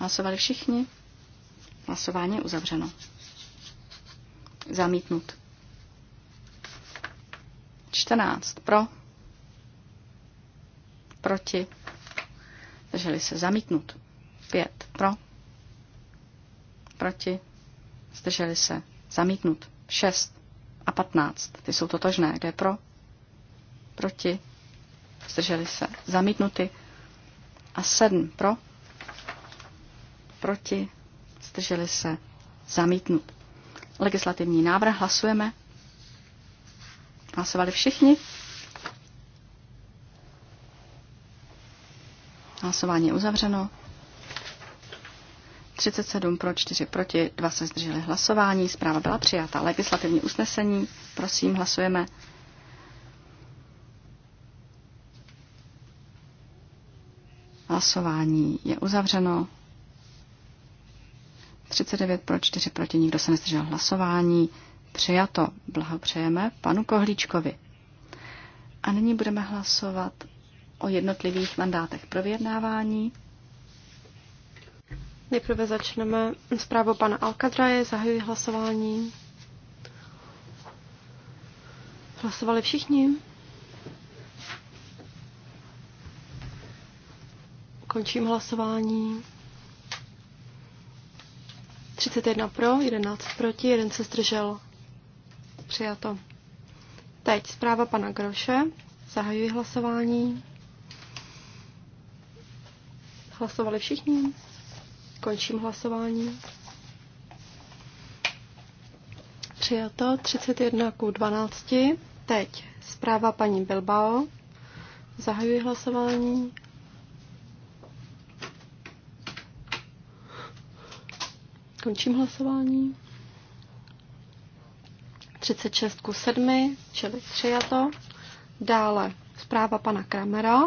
Hlasovali všichni? Hlasování je uzavřeno. Zamítnut. 14 pro. Proti. Zdrželi se zamítnut. 5 pro. Proti. Zdrželi se zamítnut. 6 a 15. Ty jsou totožné. Kde pro? Proti. Zdrželi se zamítnuty. A 7 pro Proti? Zdrželi se? Zamítnut. Legislativní návrh hlasujeme. Hlasovali všichni? Hlasování je uzavřeno. 37 pro, 4 proti, 2 se zdrželi hlasování. Zpráva byla přijata. Legislativní usnesení, prosím, hlasujeme. Hlasování je uzavřeno. 39 pro, 4 proti, nikdo se nezdržel hlasování. Přijato. Blahopřejeme panu Kohlíčkovi. A nyní budeme hlasovat o jednotlivých mandátech pro vyjednávání. Nejprve začneme zprávu pana Alkadraje, zahajuji hlasování. Hlasovali všichni? Končím hlasování. 31 pro, 11 proti, jeden se zdržel. Přijato. Teď zpráva pana Groše. Zahajuji hlasování. Hlasovali všichni. Končím hlasování. Přijato 31 k 12. Teď zpráva paní Bilbao. Zahajuji hlasování. Končím hlasování. 36 ku 7, čili přijato. Dále zpráva pana Kramera.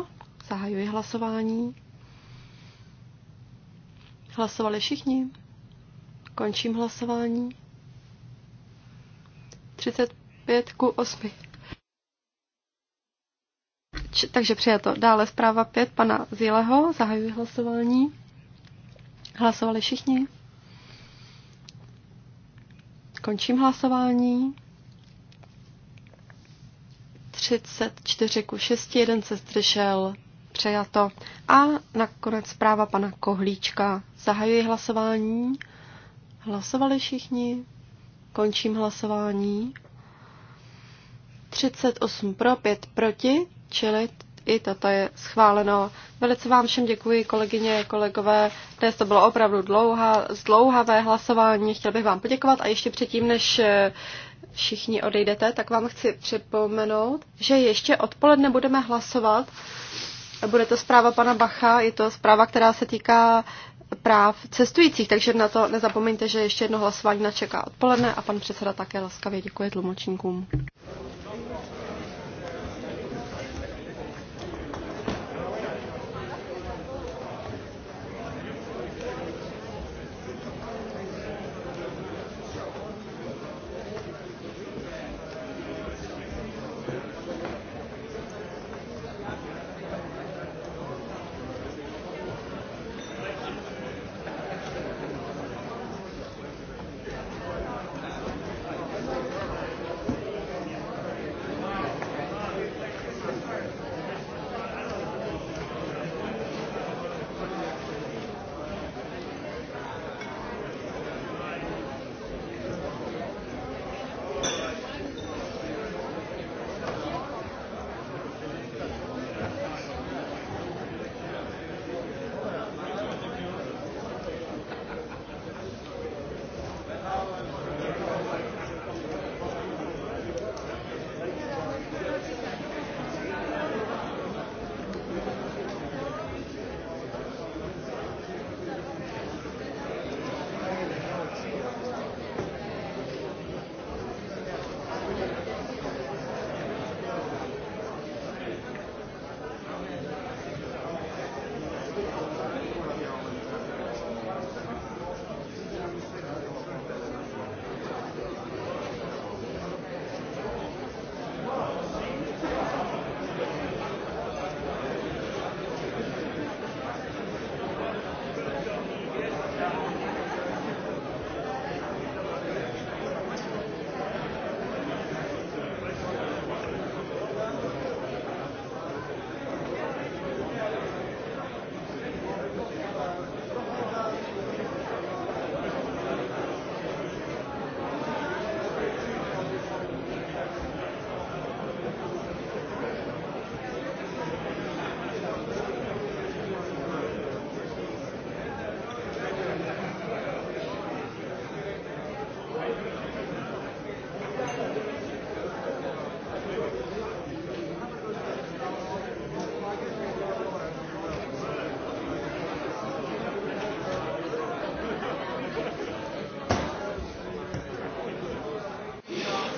Zahajuji hlasování. Hlasovali všichni. Končím hlasování. 35 ku 8. Č- takže přijato. Dále zpráva 5 pana Zileho. Zahajuji hlasování. Hlasovali všichni. Končím hlasování. 34 ku 6, jeden se zdržel, přejato. A nakonec zpráva pana Kohlíčka. Zahajuji hlasování. Hlasovali všichni. Končím hlasování. 38 pro, 5 proti, čili i toto je schváleno. Velice vám všem děkuji, kolegyně, kolegové. Dnes to bylo opravdu dlouhá, zdlouhavé hlasování. Chtěl bych vám poděkovat a ještě předtím, než eh, všichni odejdete, tak vám chci připomenout, že ještě odpoledne budeme hlasovat. Bude to zpráva pana Bacha, je to zpráva, která se týká práv cestujících, takže na to nezapomeňte, že ještě jedno hlasování načeká odpoledne a pan předseda také laskavě děkuje tlumočníkům.